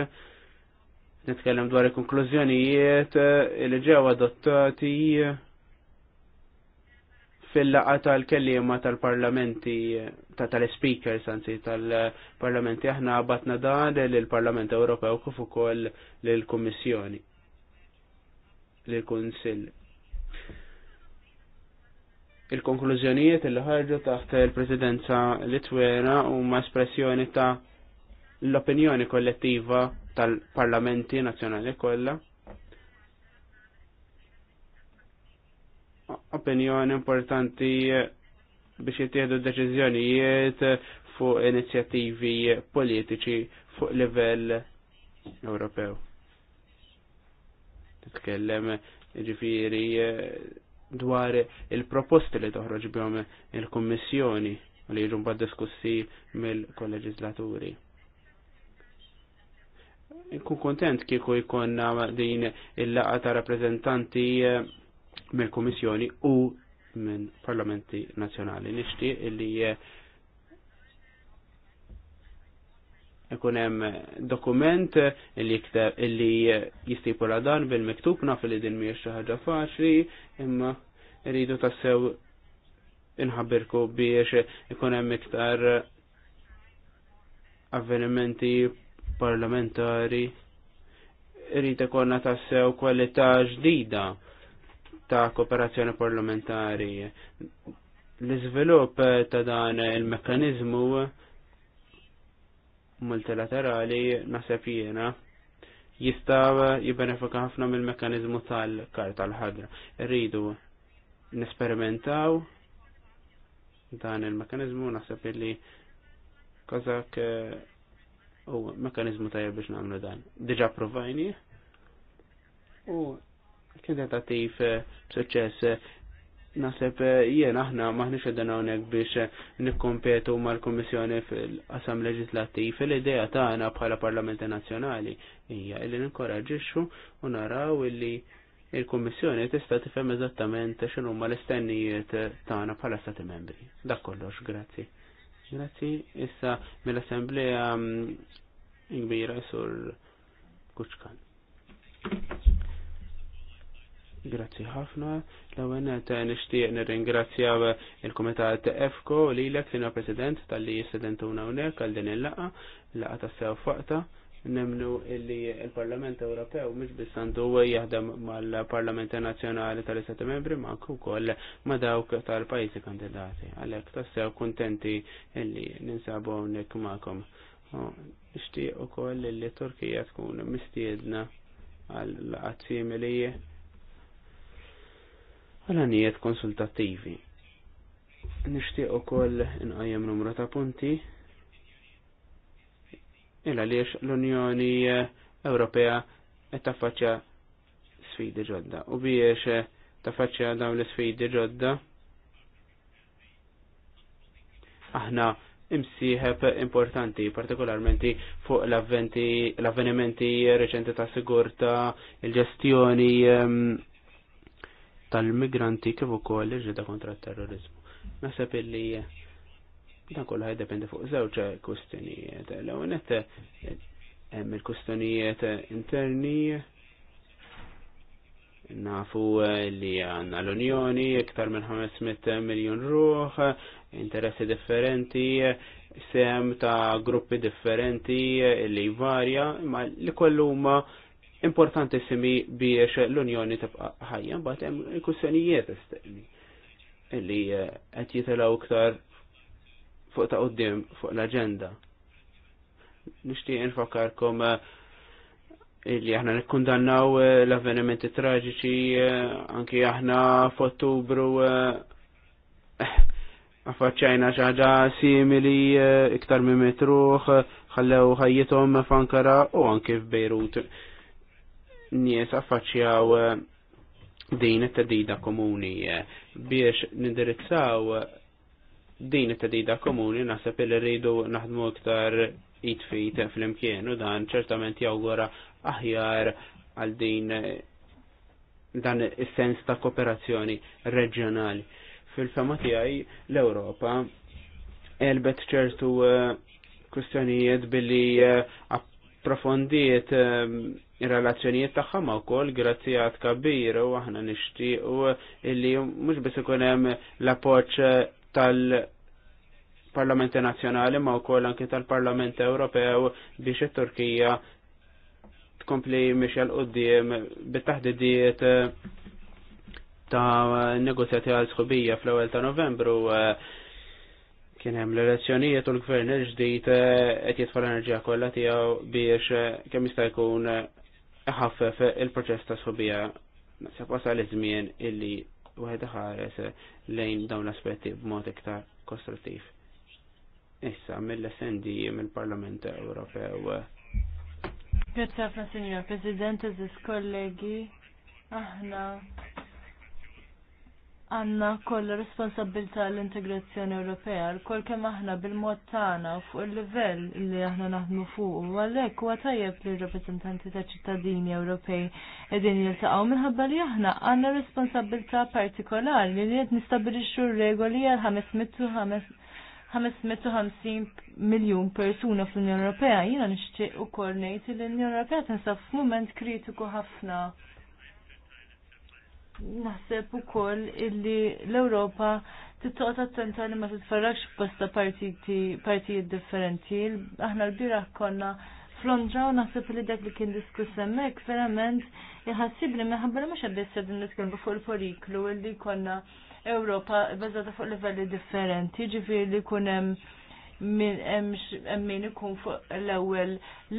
nitkellem dwar il-konklużjonijiet eh, li ġew adottati fil-laqa tal-kellima tal-parlamenti tal-speakers anzi tal-parlamenti aħna batna dan lill-Parlament Ewropew kif ukoll lill-Kummissjoni lill-Kunsill il-konklużjonijiet li ħarġu taħt il-presidenza Litwera huma espressjoni ta' l-opinjoni kollettiva tal-parlamenti nazzjonali kollha. Opinjoni importanti biex jittieħdu deċiżjonijiet fuq inizjattivi politiċi fuq livell Ewropew. Titkellem ġifiri dwar il-proposti li toħroġ bjom il-Kommissjoni u li jiġu mbagħad diskussi mill-kolleġislaturi. Nkun kontent kieku jkonna din il-laqa ta' rappresentanti eh, mill-Kommissjoni u minn parlamenti nazzjonali. Nixtieq li ikun hemm dokument li jikteb illi jistipula dan bil-miktub naf li din mhijiex xi ħaġa faċli imma rridu tassew inħabbirku biex ikun hemm iktar avvenimenti parlamentari rrid ikonna tassew kwalità ġdida ta' kooperazzjoni parlamentari. L-iżvilupp ta' dan il-mekkanizmu multilaterali naħseb jiena jista' jibbenefika ħafna mill-mekkaniżmu tal-karta l-ħadra. Rridu nesperimentaw dan il-mekkaniżmu naħseb li kazak eh, u mekkaniżmu tajjeb biex nagħmlu dan. Diġà provajni u kien tentativ eh, b'suċċess Naħseb eh, jien aħna maħniex għedin hawnhekk biex eh, nikkompetu mal-Kummissjoni fil-Qasam Leġislattiv. L-idea tagħna bħala Parlamenti Nazzjonali hija illi ninkoraġixxu u naraw illi il-Kummissjoni tista' tifhem eżattament x'inhu ma l-istennijiet tagħna bħala Stati Membri. Dak kollox, grazzi. Grazzi, issa mill-Assemblea mm, kbira sur Kuċkan. Grazzi ħafna. L-għenet eh, nishtiq nir-ingrazzja eh, il-Komitat EFCO li l-ek president tal-li jistedentuna unek għal din il-laqa, laqa ta' sew faqta. Nemnu illi il-Parlament Ewropew mhux biss għandu jaħdem mal-Parlament Nazzjonali tal-Istati Membri ma' wkoll ma' dawk tal-pajjiżi kandidati. Għalhekk tassew kuntenti illi ninsabu hawnhekk magħkom. Nixtieq ukoll li Turkija tkun mistiedna għal laqgħat simili għal-għanijiet konsultattivi. Nishtiq u koll nqajjem numru ta' punti illa liex l-Unjoni Ewropea qed taffaċċja sfidi ġodda u biex taffaċċja dawn l-sfidi ġodda aħna imsiħeb importanti, partikolarmenti fuq l-avvenimenti reċenti ta' sigurta, il-ġestjoni ehm, tal-migranti kif ukoll ir kontra t-terrorizmu. Naħseb illi dan kollha jiddependi fuq żewġ kustinijiet. L-ewwel hemm il-kustinijiet interni nafu li għanna l-Unjoni iktar minn 500 miljon ruħ, interessi differenti, sem ta' gruppi differenti li varja, ma li kollu ma' importanti simi biex l-Unjoni tibqa' ħajja, mbagħad hemm il-kussjonijiet esterni li eh, qed jitilgħu iktar fuq ta' qudiem fuq l-aġenda. Nixtieq nfakkarkom eh, illi aħna nikkundannaw eh, l-avvenimenti traġiċi anki aħna f'Ottubru affaċċajna xi ħaġa simili iktar minn mitruħ ħallew ħajjithom f'Ankara u anke f'Bejrut nies affaċċjaw eh, din it-tedida komuni eh, biex nindirizzaw eh, din it-tedida komuni naħseb li rridu naħdmu iktar it-fit fl-imkien u dan ċertament jawgura aħjar għal din dan is-sens ta' kooperazzjoni reġjonali. Fil-fema tiegħi l-Ewropa elbet ċertu kwistjonijiet billi approfondiet ir-relazzjonijiet tagħha ma wkoll grazzi għad kabbir u aħna nixtiequ illi mhux biss ikun hemm l-appoġġ tal- Parlamenti Nazzjonali ma wkoll anke tal-Parlament Ewropew biex it-Turkija tkompli mixja l-qoddim bit-taħdidiet ta' negozjati għal sħubija fl-ewwel ta' Novembru kien hemm l-elezzjonijiet u l-gvern il-ġdid qed jitfa' l-enerġija kollha tiegħu biex kemm jista' jkun ħaffef il-proċess ta' sobija se pasa l żmien illi wieħed ħares lejn dawn l-aspetti b'mod iktar kostruttiv. Issa mill-SND mill-Parlament Ewropew. Grazie ħafna Presidente, Zis, kollegi, aħna għanna koll responsabilta l-integrazzjoni Ewropea, l-koll kem aħna bil-mod tagħna fuq il-livell li aħna naħdmu fuq, u għalhekk huwa tajjeb li r-rappreżentanti ta' ċittadini Ewropej qegħdin jiltaqgħu minħabba li aħna għandna responsabilta partikolari li qed nistabilixxu r-regoli għal 550 miljun persuna fl-Unjoni Ewropea. Jiena nixtieq ukoll ngħid li l-Unjoni Ewropea tinsab f'mument kritiku ħafna naħseb ukoll illi l-Ewropa tittoqgħod attenta li ma titfarrakx bosta partijiet differenti. Aħna l birax konna f'Londra u naħseb li dak li kien diskuss hemmhekk verament iħassibni minħabba li mhux qed jissedin nitkellmu fuq il-poriklu illi konna Ewropa bazzata fuq livelli differenti, ġifiri li kunem hemm min hemm min ikun fuq l-ewwel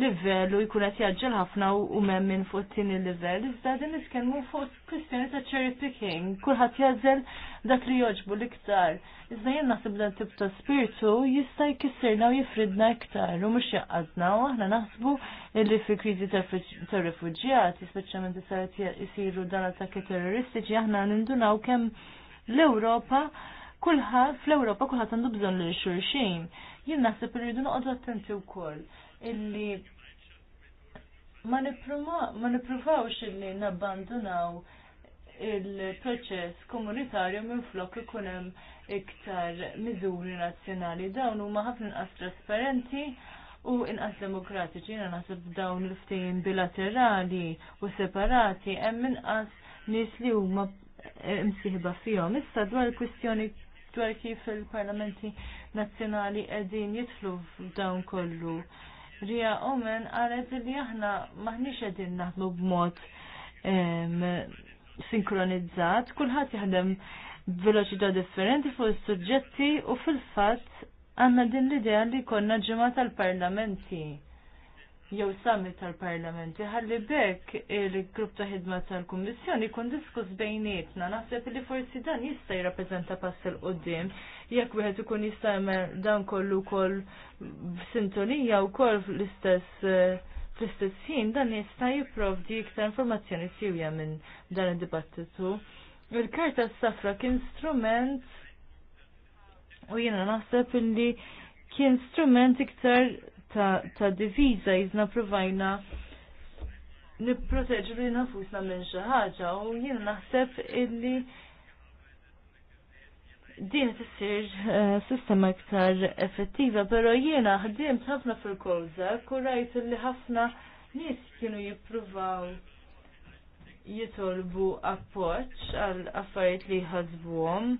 livell u jkun qed jaġġel ħafna u hemm min fuq it-tieni livell. Iżda din nitkellmu fuq kwistjoni ta' cherry picking, kulħadd jażel dak li jogħġbu l-iktar. Iżda jien naħseb dan tip ta' spiritu jista' jkissirna u jifridna iktar u mhux jaqadna u aħna naħsbu li fi kriżi tar refuġjati, speċjalment saret isiru dan attakki terroristiċi aħna nindunaw kemm l-Ewropa kulħadd fl-Ewropa kulħadd għandu bżonn lil xulxin. Jien naħseb irridu noqogħdu attenti wkoll illi ma nippruvawx illi nabbandunaw il-proċess komunitarju minn flok ikun hemm iktar miżuri nazzjonali dawn huma ħafna inqas trasparenti u inqas demokratiċi jiena naħseb dawn l ftehim bilaterali u separati hemm inqas nies li huma msieħba fihom. Issa dwar il-kwistjoni dwar kif il-parlamenti nazzjonali qegħdin jitlu f'dawn kollu. Ria Omen qalet li aħna maħniex qegħdin naħdmu b'mod sinkronizzat, kulħadd jaħdem veloċità differenti fuq is-suġġetti u fil-fatt għandna din l-idea li konna ġimgħa tal-parlamenti jew summit tal-Parlament ħalli bekk il-grupp ta' ħidma tal-Kummissjoni jkun diskus bejnietna naħseb li forsi dan jista' jirrappreżenta pass il qudiem jekk wieħed ikun jista' jagħmel dan kollu wkoll b'sintonija wkoll fl-istess eh, fl-istess ħin dan jista' jipprovdi iktar informazzjoni siwja minn dan id-dibattitu. Il-karta s-safra kien strument u jiena naħseb illi kien strument iktar ta', ta diviża jizna provajna nipproteġu li nafusna minn xi ħaġa u jina naħseb illi din tissir eh, sistema iktar effettiva, pero jiena ħdimt ħafna fil-kowza, kurajt li ħafna nies kienu jippruvaw jitolbu appoġġ għal affarijiet li jħasbuhom.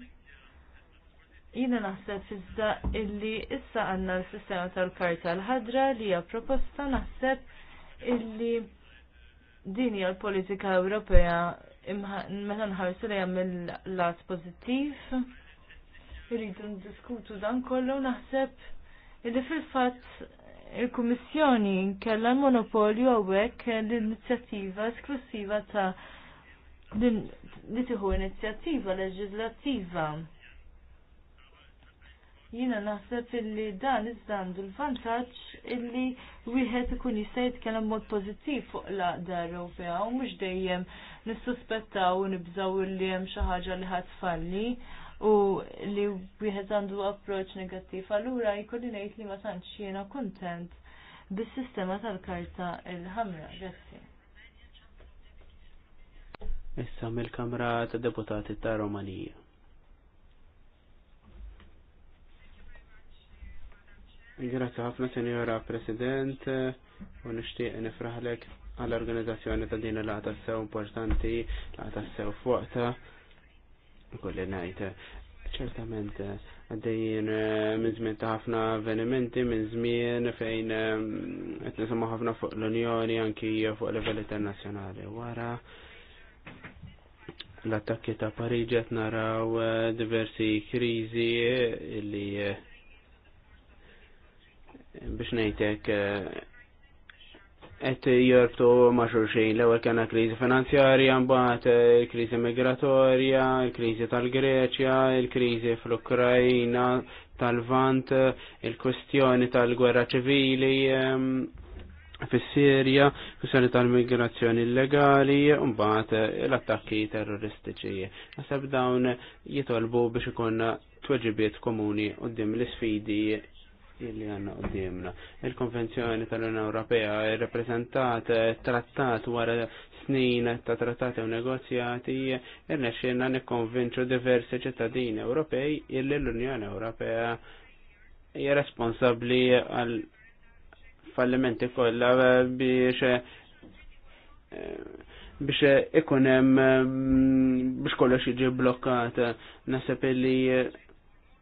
Jina naħseb iżda illi issa għanna l-sistema tal-karta l-ħadra li hija proposta naħseb illi din hija l-politika Ewropea meta nħarsu li mill lat pożittiv. Irridu ndiskutu dan kollu naħseb illi fil-fatt il-Kummissjoni kellha monopolju hawnhekk l-inizjattiva esklusiva ta' li tieħu inizjattiva leġislattiva Jina naħseb illi dan iżda għandu l-vantaġġ illi wieħed ikun jista' jitkellem mod pożittiv fuq l-aqda Ewropea u mhux dejjem nissuspettaw u nibżaw illi hemm xi ħaġa li ħadd falli u li wieħed għandu approċċ negattiv. Allura jkolli ngħid li ma tantx jiena kuntent bis-sistema tal-karta l ħamra Grazzi. Issa mill-Kamra ta' Deputati ta' Romanija. Grazie ħafna, Senjora President, u nishtiq nifraħlek għall-organizzazzjoni ta' din l-għata sew importanti, l-għata sew fuqta, kulli najt. ċertament, għaddejjien eh, minn zmin ta' ħafna avvenimenti, minn zmin fejn eh, qed nisimgħu ħafna fuq l-Unjoni anki fuq livell internazzjonali. Wara l-attakki ta' Pariġi qed naraw eh, diversi krizi li biex ngħidlek eh, qed jorbtu ma' xejn l-ewwel kena kriżi finanzjarja, mbagħad il-kriżi eh, migratorja, il-kriżi tal-Greċja, il-kriżi fl-Ukrajna, tal-Vant, eh, il-kwestjoni tal-gwerra ċivili fis-Sirja, kustjoni tal-migrazzjoni illegali, mbagħad l-attakki terroristiċi. Għasab dawn jitolbu biex ikun tweġibiet komuni d-dim l-isfidi illi għanna għoddimna. Il-Konvenzjoni tal-Unjoni Ewropea il-reprezentat trattat wara snin ta' trattati u negozjati irnexxinna nikkonvinċu diversi ċittadini Ewropej illi l-Unjoni Ewropea hija responsabbli għal fallimenti kollha biex eh, biex ikun hemm mm, biex kollox jiġi blokkat nasab li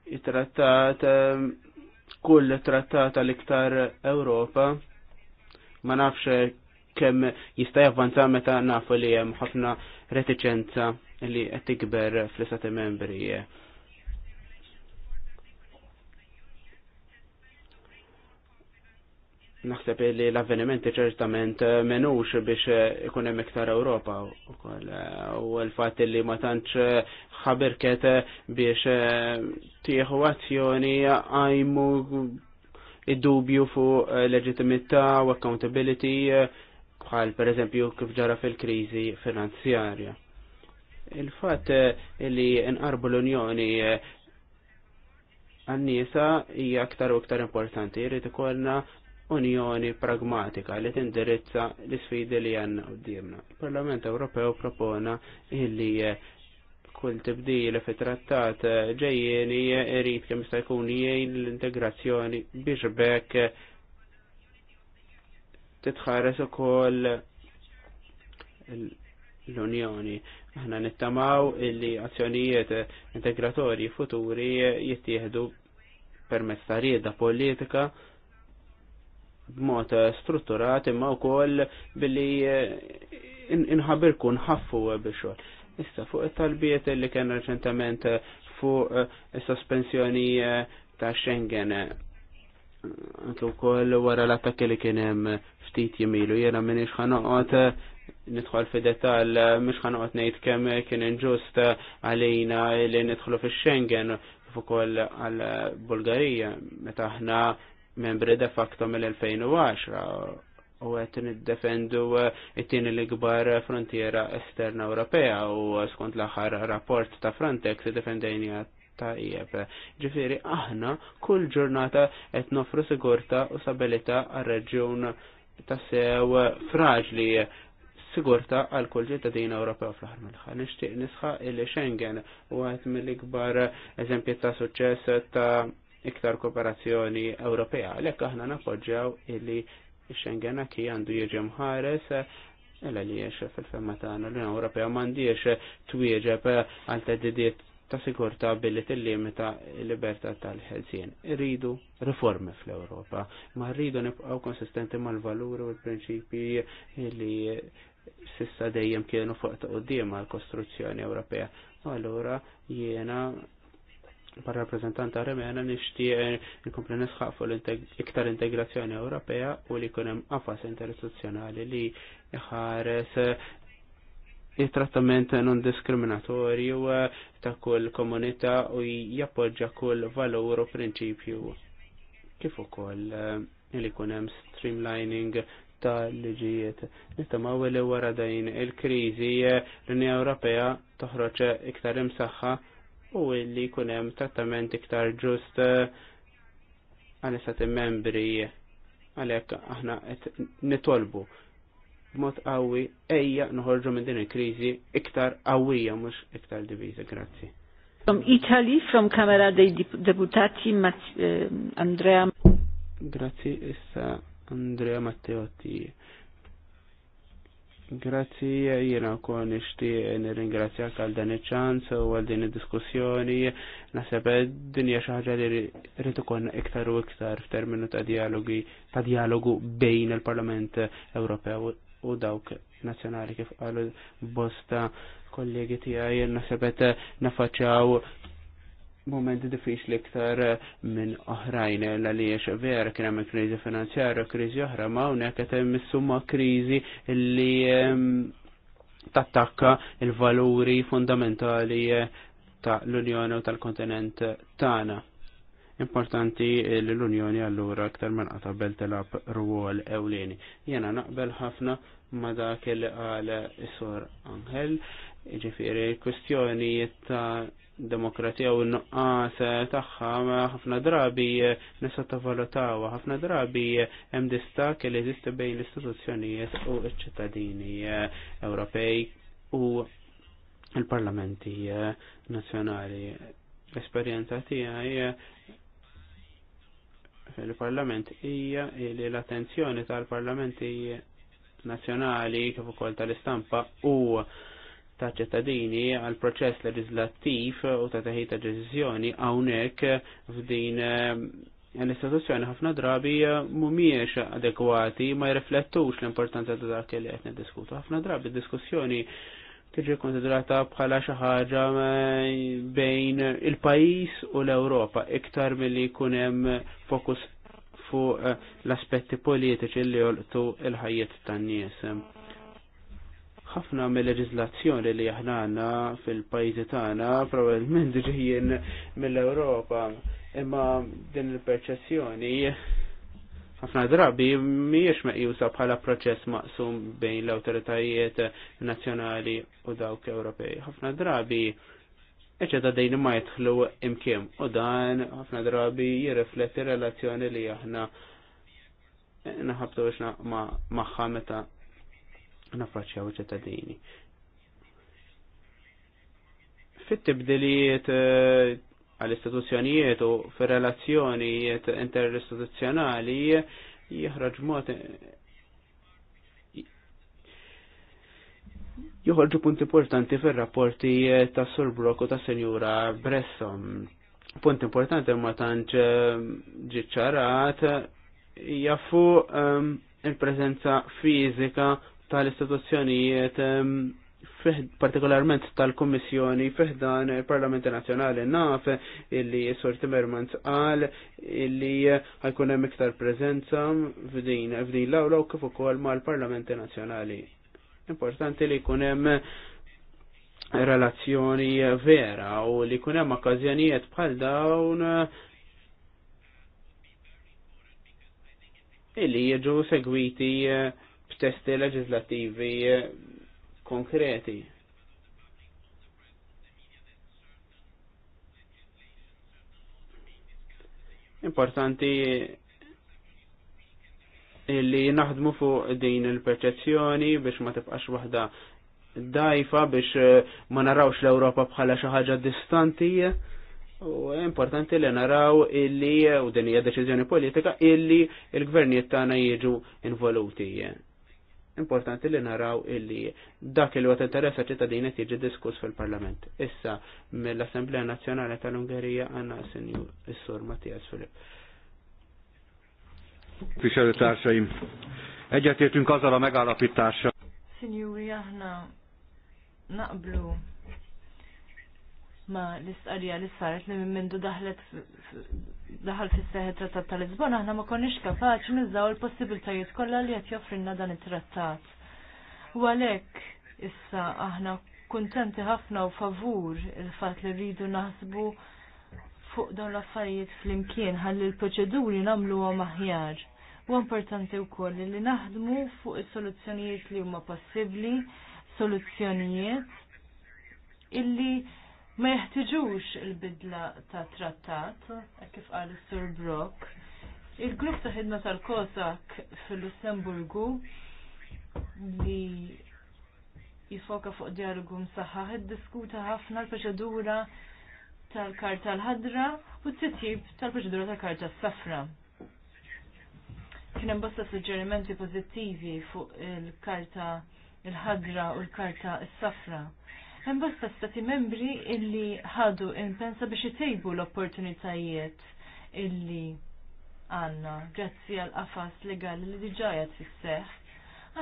t-trattat. Eh, kull trattata l iktar Ewropa ma nafx kemm jista' javvanza meta nafu li hemm ħafna reticenza li qed tikber fl-istati membri. naħseb li l-avvenimenti ċertament eh, menux biex eh, ikun hemm iktar Ewropa wkoll. Eh, u l-fatt li ma tantx ħabirket biex tieħu azzjoni għajmu id-dubju fuq leġitimità u accountability bħal pereżempju kif ġara fil-kriżi finanzjarja. Il-fatt li nqarbu l-Unjoni għannisa hija aktar u aktar importanti. jrid ikollna unjoni pragmatika li tindirizza l-sfidi li għanna u Il-Parlament Ewropew propona illi kull tibdil fi trattat ġejjeni irrit kemm jista' jkun jgħin l-integrazzjoni biex bekk titħares ukoll l-Unjoni. Aħna nittamaw illi azzjonijiet integratorji futuri jittieħdu permezz ta' rieda politika b'mod eh, strutturat imma wkoll billi eh, inħabirku nħaffu eh, bixol. Issa fuq it-talbiet li kien reċentament fuq is-sospensjoni ta' Schengen anke wkoll wara l-attakki li kien hemm ftit jimilu jiena m'iniex ħanoqgħod nidħol fi detal mhux ħanoqgħod ngħid kemm kien inġust għalina li nidħlu fix-Schengen fuq ukoll għall Bulgarija meta aħna membri de facto mill-2010 u għet niddefendu eh, it-tieni l-ikbar frontiera esterna Ewropea u skont l-aħħar rapport ta' Frontex ta' tajjeb. Ġifiri, aħna kull ġurnata qed nofru sigurta u stabilita għal-reġjun ta' sew fraġli sigurta għal kull ċittadin Ewropew fl-ħar mill-ħar. Nixtieq nisħaq il-Schengen u għet mill-ikbar eżempji ta' suċċess ta' iktar kooperazzjoni Ewropea. Lekka aħna napoġġaw illi Schengen ki għandu jieġem ħares illa li jiex fil-femma tagħna l-Unjoni Ewropea m'għandix twieġeb għal teddidiet ta' sigurta billi tillimita l-libertà tal-ħelsien. Rridu riformi fl-Ewropa, ma rridu nibqgħu konsistenti mal-valuri u l-prinċipji li sissa dejjem kienu fuq ta' qudiem kostruzzjoni Ewropea. Allura jiena par ta' remena nixtieq nkompli nisħaq fuq iktar integrazzjoni Ewropea u li jkun hemm qafas interistituzzjonali li ħares il-trattament non diskriminatorju ta' kull komunità u jappoġġa kull valur u prinċipju. Kif ukoll eh, li jkun hemm streamlining ta' liġijiet. Nittama u li wara dajn il-krizi l-Unja Ewropea toħroġ iktar imsaħħa u illi jkun hemm trattament iktar ġust eh, għal istati membri għalhekk aħna qed nitolbu b'mod qawwi ejja nħorġu minn din il-kriżi iktar qawwija mhux iktar diviża. Grazzi. From Italy, from Kamera dei Deputati, eh, Andrea. Grazzi, issa Andrea Matteotti. Grazzi, jena kon ixti nir-ingrazzja għal dan iċ-ċans u għal din id-diskussjoni. Naseb dinja xaħġa li rritu kon iktar u iktar f'terminu ta' dialogi, ta' dialogu bejn il-Parlament Ewropew u dawk nazjonali kif qalu bosta kollegi tijaj nasebet nafaċaw moment diffiċli iktar eh, minn oħrajn għaliex vera kien hemm kriżi finanzjarja, kriżi oħra, ma hawnhekk qed hemm summa kriżi li ehm, tattakka il-valuri fundamentali eh, ta' l-Unjoni u tal-kontinent tagħna. Importanti li l-Unjoni allura aktar minn qata' tilab rwol ewlieni. Jena naqbel ħafna ma dak il qal is-sor Angel, ġifieri kwestjonijiet ta' demokratija u n-nuqqas taħħa ħafna drabi nisa tavalutawa, ħafna drabi hemm distak li jeżisti bejn l-istituzzjonijiet u ċ-ċittadini Ewropej u il parlamenti nazzjonali. L-esperjenza tiegħi fil-parlament hija li l-attenzjoni tal-parlamenti nazzjonali kif ukoll tal-istampa u ta' ċittadini għal proċess leġislattiv u ta' teħita deċiżjoni hawnhekk f'din eh, l-istituzzjoni ħafna drabi eh, mumiex adekwati ma jirriflettux l-importanza ta' dak li qed diskutu Ħafna drabi diskussjoni tiġi konsiderata bħala xi ħaġa eh, bejn il-pajjiż u l-Ewropa iktar milli jkun hemm fokus fuq l-aspetti politiċi li jolqtu il-ħajjiet tan-nies ħafna mill-leġizlazzjoni li aħna għandna fil-pajjiżi tagħna probabbilment ġejjin mill-Ewropa, imma din il perċessjoni ħafna drabi mhijiex meqjusa bħala proċess maqsum bejn l-awtoritajiet nazzjonali u dawk Ewropej. Ħafna drabi eċeta dejn ma jidħlu imkiem u dan ħafna drabi jirrifletti relazzjoni li aħna naħabtu biex maħħa meta nafaċċjaw ċittadini. Fit-tibdilijiet eh, għall-istituzzjonijiet u fil relazzjonijiet interistituzzjonali jieħraġ mod punt importanti fir-rapporti ta' surbrok u ta' Senjura Bresson. Punt importanti ma tantx eh, ġiċċarat jaffu eh, il-prezenza fizika tal-istituzzjonijiet ehm, partikolarment tal-Kommissjoni fiħdan il-Parlamenti Nazzjonali naf illi sorti Timmermans għal illi għajkun hemm iktar preżenza f'din f'din l-awla u kif ukoll mal-Parlamenti Nazzjonali. Importanti li jkun hemm relazzjoni vera u li jkun hemm okkażjonijiet bħal dawn illi jiġu segwiti eh, testi leġislattivi konkreti. Importanti li naħdmu fuq din il-perċezzjoni biex ma tibqax waħda dajfa biex ma narawx l-Ewropa bħala xi ħaġa distanti. U importanti li naraw illi, u din hija deċiżjoni politika, illi il-gvernijiet tagħna jiġu involuti importanti li naraw illi dak il għat interessa ċittadini tiġi diskuss fil-Parlament. Issa, mill-Assemblea Nazjonali tal-Ungerija għanna senju s-sur Mattias Filip. tarsajim. egyetértünk azzal a megállapítással. Signori, aħna naqblu ma l-istqarrija li saret li minn mindu daħlet daħal fis seħet trattat tal-Lisbona aħna ma konniex kapaċi nizzaw il-possibiltajiet kollha li qed joffrinna dan it-trattat. U għalhekk issa aħna kuntenti ħafna u favur il-fatt li rridu naħsbu fuq dawn l-affarijiet flimkien ħalli l-proċeduri nagħmluhom aħjar. U importanti wkoll li naħdmu fuq is-soluzzjonijiet li huma possibbli, soluzzjonijiet illi ma jeħtiġux il-bidla ta' trattat, kif qal is-Sur Brock. Il-grupp ta' ħidma tal-Kosak fil-Lussemburgu li jifoka fuq dialogu msaħħaħ id-diskuta ħafna l-proċedura tal-karta l-ħadra u t-titjib tal-proċedura tal-karta s-safra. Kien hemm bosta suġġerimenti pożittivi fuq il-karta l-ħadra u l-karta s-safra. Hemm bosta stati membri illi ħadu impensa biex itejbu l-opportunitajiet illi għanna grazzi għal qafas legali li diġa qed fisseħ.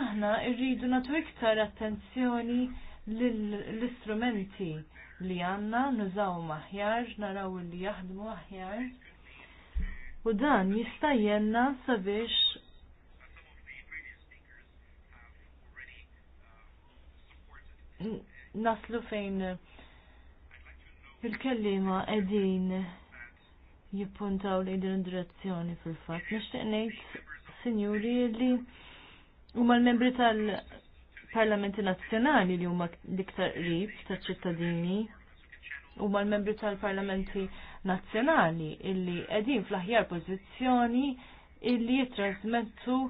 Aħna rridu nagħtu iktar attenzjoni l-istrumenti li għanna nużaw maħjar, naraw li jaħdmu aħjar. U dan jista' jenna sabiex Mm naslu fejn il-kellima edin jippuntaw li din direzzjoni fil-fat. Nishtiq ngħid sinjuri li huma l-membri tal-Parlamenti Nazzjonali li huma l-iktar qrib taċ-ċittadini huma l-membri tal-Parlamenti Nazzjonali illi qegħdin fl-aħjar pożizzjoni illi jitrasmettu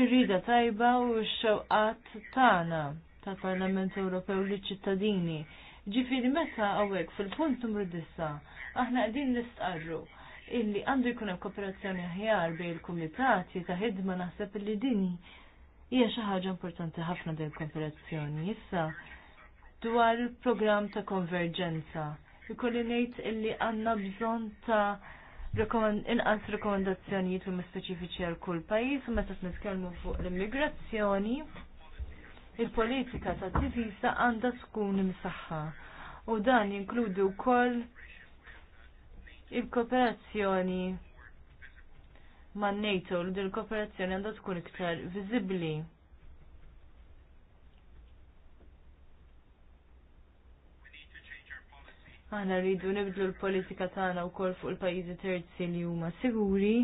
ir-rida tajba u x-xewqat tagħna tal-Parlament Ewropew li ċittadini. Ġifiri meta għawek fil-punt numru dissa, aħna għadin nistqarru illi għandu jkun hemm kooperazzjoni aħjar bejn il-kumitati ta' ħidma naħseb illi din hija xi ħaġa importanti ħafna din kooperazzjoni issa dwar il-programm ta' konverġenza. Ikolli ngħid illi għandna bżonn ta' inqas rekomendazzjonijiet fil speċifiċi għal kull pajjiż u meta tnitkellmu fuq l-immigrazzjoni il-politika ta' divisa għandha tkun imsaħħa. U dan jinkludi wkoll il-kooperazzjoni man NATO li din kooperazzjoni għandha tkun iktar viżibbli. Aħna rridu nibdlu l-politika tagħna wkoll fuq il-pajjiżi terzi li huma siguri.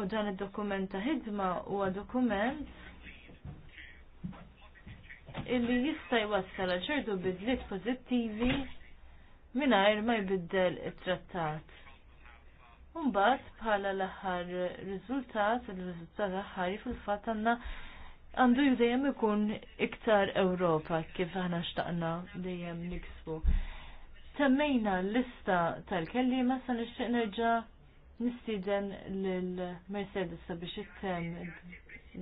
u dan id-dokument ta' ħidma huwa dokument illi jista' jwassal għal ċertu bidliet pożittivi mingħajr ma jbiddel it-trattat. Mbagħad bħala l-aħħar riżultat, il-riżultat aħħari fil-fatt għandna għandu dejjem ikun iktar Ewropa kif aħna xtaqna dejjem niksbu. Semmejna l-lista tal kelliema sa nixtieq nerġa' nistiden l-Mercedes sabiex it-tem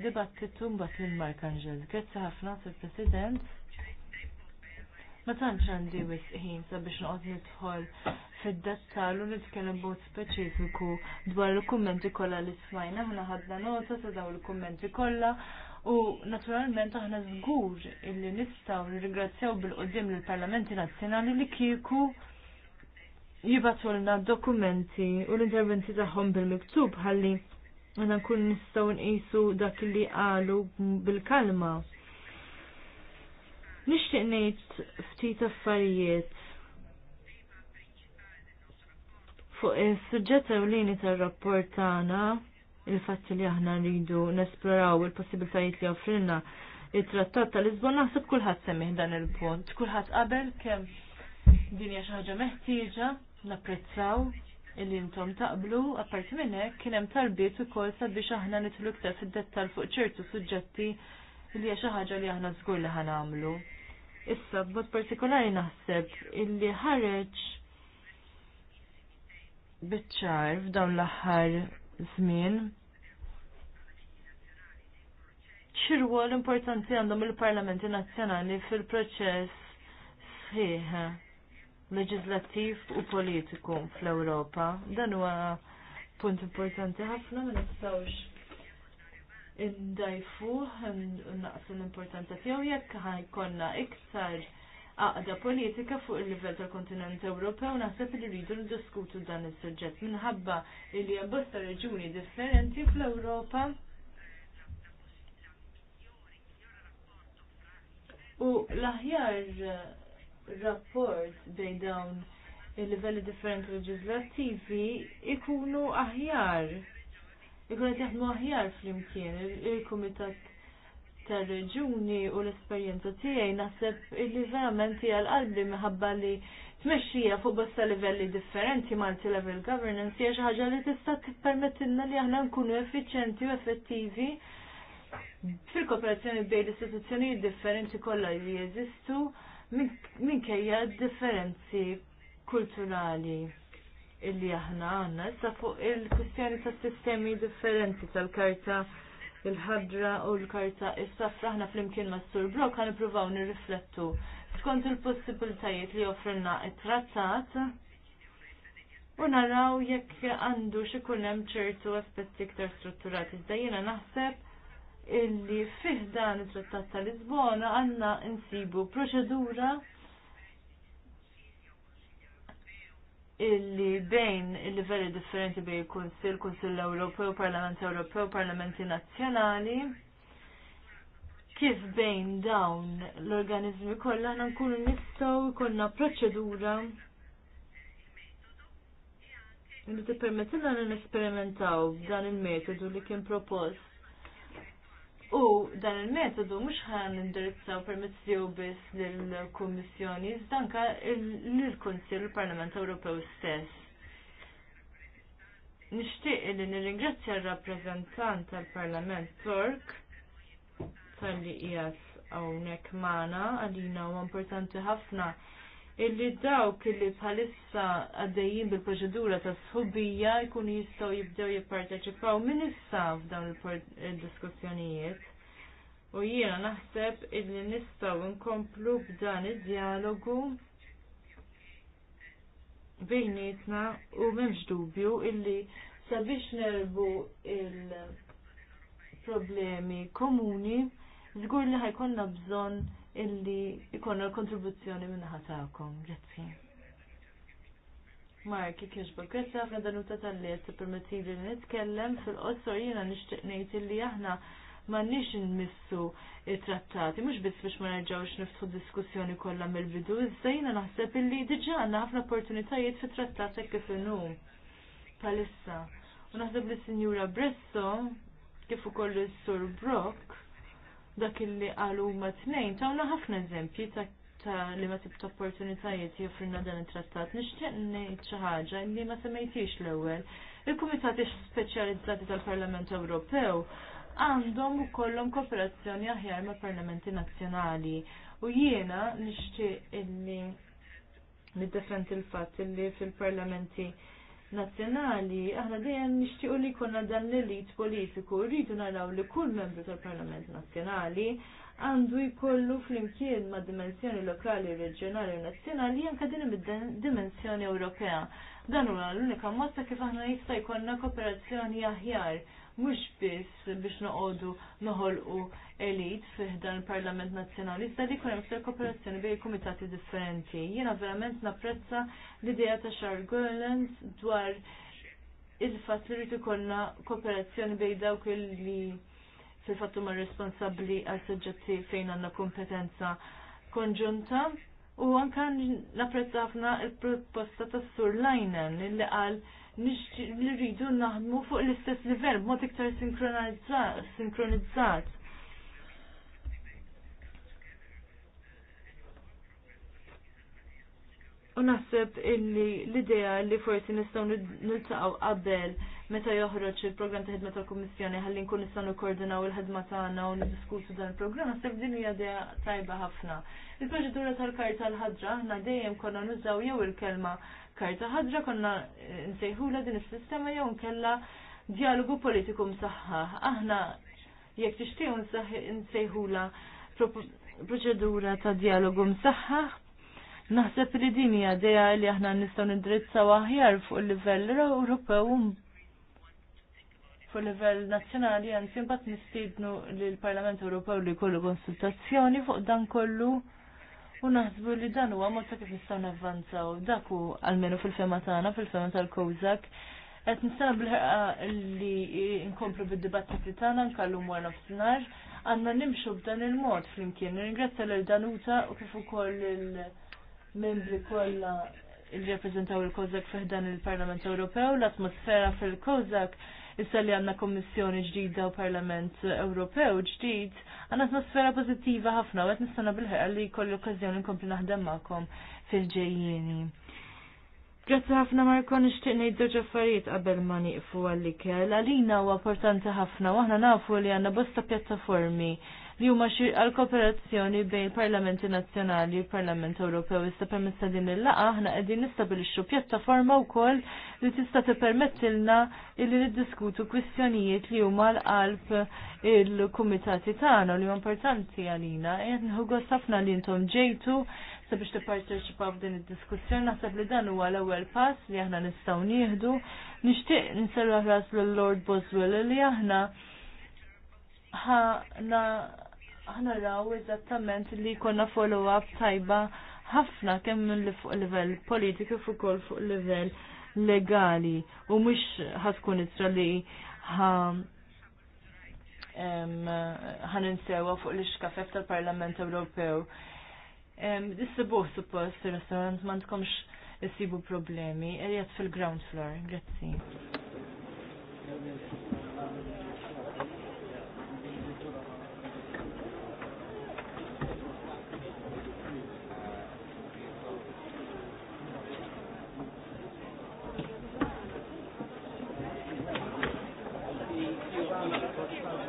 dibattitu mbagħad minn Mark Angel. Grazzi ħafna sur President. Ma tantx għandi wisqin sabiex noqgħod nidħol fid-dettal u nitkellem b'mod speċifiku dwar il-kummenti kollha li smajna aħna ħadna nota ta' dawn il-kummenti kollha. U naturalment aħna żgur illi nistgħu nirringrazzjaw bil-qudiem lill-Parlamenti Nazzjonali li kieku jibatolna dokumenti u l-interventi tagħhom bil-miktub ħalli għana kun nistaw nqisu dak li qalu bil-kalma. Nixtieq ngħid ftit affarijiet fuq is-suġġett ewlieni tar-rapport tagħna il-fatt li aħna rridu nesploraw il-possibilitajiet li offrilna it-trattat tal-Lisbon naħseb kulħadd semmih dan il-punt, kulħadd qabel kemm dinja xi ħaġa meħtieġa napprezzaw illi intom taqblu, apparti minn hekk kien hemm kol ukoll sabiex aħna nidħlu fid dettar fuq ċertu suġġetti li hija xi ħaġa li aħna żgur li għamlu. Issa b'mod partikolari naħseb illi ħareġ bitċar f'dawn l-aħħar żmien xirwol importanti għandhom il-Parlamenti Nazzjonali fil-proċess sħiħ leġislattiv u politiku fl-Ewropa. Dan huwa punt importanti ħafna ma nistgħux indajfu naqsu l-importanza tiegħu jekk ħajkonna iktar għaqda politika fuq il-livell tal-kontinent Ewropew naħseb li rridu ndiskutu dan is-suġġett minħabba li hemm bosta reġuni differenti fl-Ewropa. U l-aħjar rapport bejn dawn il-livelli differenti leġislattivi ikunu aħjar. Ikunu jaħdmu aħjar flimkien il-Kumitat tar-Reġuni u l-esperjenza tiegħi naħseb illi verament hija l-qalbi minħabba li tmexxija fuq bosta livelli differenti multi-level governance hija xi ħaġa li tista' tippermettilna li aħna nkunu effiċjenti u effettivi fil-kooperazzjoni bejn l-istituzzjonijiet differenti kollha li jeżistu minkejja differenzi kulturali illi aħna għanna. Issa fuq il-kwistjoni ta' sistemi differenti tal-karta il-ħadra u l-karta is-safra aħna fl-imkien ma' sur blok għan ipruvaw nirriflettu skont il-possibilitajiet li joffrilna il trattat u naraw jekk għandu xikunem hemm ċertu aspetti iktar strutturati. Iżda naħseb illi fih dan it-Trattat ta' Lisbona għandna insibu proċedura illi bejn il-livelli differenti bejn il-Kunsill, Kunsill Ewropew, Parlament Ewropew, Parlamenti Nazzjonali kif bejn dawn l-organizmi kollha għanna nkunu nistgħu jkollna proċedura li tippermettilna nesperimentaw b'dan il-metodu li kien propost U dan il-metodu mhux ħan indirizzaw permezz tiegħu biss lill-Kummissjoni, iżda anke lill-Kunsill il-Parlament Ewropew stess. Nixtieq li nirringrazzja r-rappreżentant tal-Parlament Tork tal-li hawnhekk magħna għalina u importanti ħafna illi dawk illi bħalissa għaddejjin bil-proċedura ta' sħubija jkun jistgħu jibdew jipparteċipaw minn issa f'dawn il-diskussjonijiet. U jiena naħseb illi nistgħu nkomplu b'dan id-dialogu bejnietna u m'hemmx dubju illi sabiex nerbu il-problemi komuni, żgur li ħajkonna bżonn illi ikonna l-kontribuzzjoni minna ħatakom. Grazzi. Mark, kieġba, grazzi għafna danuta tal-li t-permetti li nitkellem fil-qossor jina nishtiqnejt illi aħna ma nix nmissu trattati, mux biss biex ma nerġawx niftħu diskussjoni kollha mill-bidu, iżda jina naħseb illi diġa għanna ħafna opportunitajiet fit trattat kif inhu palissa. U naħseb li Sinjura Bresso kif ukoll is-Sur Brock dak illi qalu ma tnejn għuna ħafna eżempji ta' ta' li ma tib opportunitajiet joffrinna dan it-trattat. Nixtieq ngħid xi ħaġa li ma semmejtix l-ewwel. Il-Kumitati Speċjalizzati tal-Parlament Ewropew għandhom kollom kooperazzjoni aħjar ma' parlamenti nazzjonali. U jiena nishtiq illi illi fil-parlamenti il-fatt illi fil-parlamenti nazzjonali, aħna dejjem nixtiequ li jkollna dan l-elit politiku, rridu naraw li kull membru tal-Parlament Nazzjonali għandu jkollu flimkien ma' dimensjoni lokali, reġjonali u nazzjonali anke din id-dimensjoni Ewropea. Dan huwa l-unika mod ta' kif aħna jista' jkollna kooperazzjoni aħjar mux biss biex noqogħdu noħolqu elit fiħdan il-Parlament Nazzjonali, sta' di kunem fil kooperazzjoni bejn kumitati differenti. Jiena verament napprezza l-idea ta' Charles Gerlens dwar il-fatt li rritu ikollna kooperazzjoni bejn dawk li fil-fatt huma responsabbli għal suġġetti fejn għandna kompetenza konġunta. U għankan napprezza ħafna il-proposta ta' Sur Lajnen li qal li rridu naħdmu fuq l-istess livell b'mod iktar sinkronizzat. U naħseb illi l-idea li forsi nistgħu niltaqgħu qabel meta joħroġ il-programm ta' ħidma tal-Kummissjoni ħalli nkun nistgħu nikkoordinaw il-ħidma tagħna u niddiskutu dan il-programm naħseb din hija idea tajba ħafna. Il-proċedura tal-karta tal-ħadra aħna dejjem konna nużaw jew il-kelma karta ħadra konna eh, nsejħula din is-sistema jew nkella dialogu politiku msaħħaħ. Aħna jekk tixtiequ nsejħula proċedura ta' dialogu msaħħaħ, naħseb li din hija dejja li aħna nistgħu nindrizzaw aħjar fuq il-livell Ewropew fuq livell nazzjonali għan simbat nistidnu li l-Parlament Ewropew li kollu konsultazzjoni fuq dan kollu U naħsbu li dan huwa mod ta' kif nistgħu navvanzaw. Dak hu għalmenu fil-fema tagħna, fil-fema tal-Kowzak. Qed nistgħu bil-ħerqa li nkomplu bid-dibattiti tagħna nkallu wara nofsinhar. Għandna nimxu b'dan il-mod flimkien. Nirringrazzja lil Danuta u kif ukoll il-membri kollha il-rappresentaw il-Kozak dan il-Parlament Ewropew, l-atmosfera fil-Kozak issa li għandna Kommissjoni ġdida u Parlament Ewropew ġdid, għanna atmosfera pożittiva ħafna u qed nistana bil-ħeqa li kolli okkażjoni nkompli naħdem magħkom fil ġejjeni Grazzi ħafna Marko nixtieq ngħid żewġ affarijiet qabel ma nieqfu għalli kell. Għalina huwa importanti ħafna u aħna nafu li għandna bosta pjattaformi li huma xi għal kooperazzjoni bejn parlamenti nazzjonali u parlament Ewropew. Issa permessa din il-laqa aħna qegħdin nistabilixxu pjattaforma wkoll li tista' tippermettilna illi niddiskutu kwistjonijiet li huma l-qalb il-kumitati tagħna li huma importanti għalina. Qed Nħu ħafna li intom ġejtu sabiex tipparteċipaw f'din id-diskussjoni naħseb li dan huwa l-ewwel pass li aħna nistgħu nieħdu. Nixtieq nsellwa ras lil Lord Boswell li aħna ħana aħna raw eżattament li konna follow-up tajba ħafna kemm li fuq livell politiku fuq kol fuq livell legali u mhux ħaskun itra li ħaninsewa fuq l-iskafef tal-Parlament Ewropew. Dissibuħ suppost il-restorant ma tkomx issibu problemi, erjat fil-ground floor. Grazzi.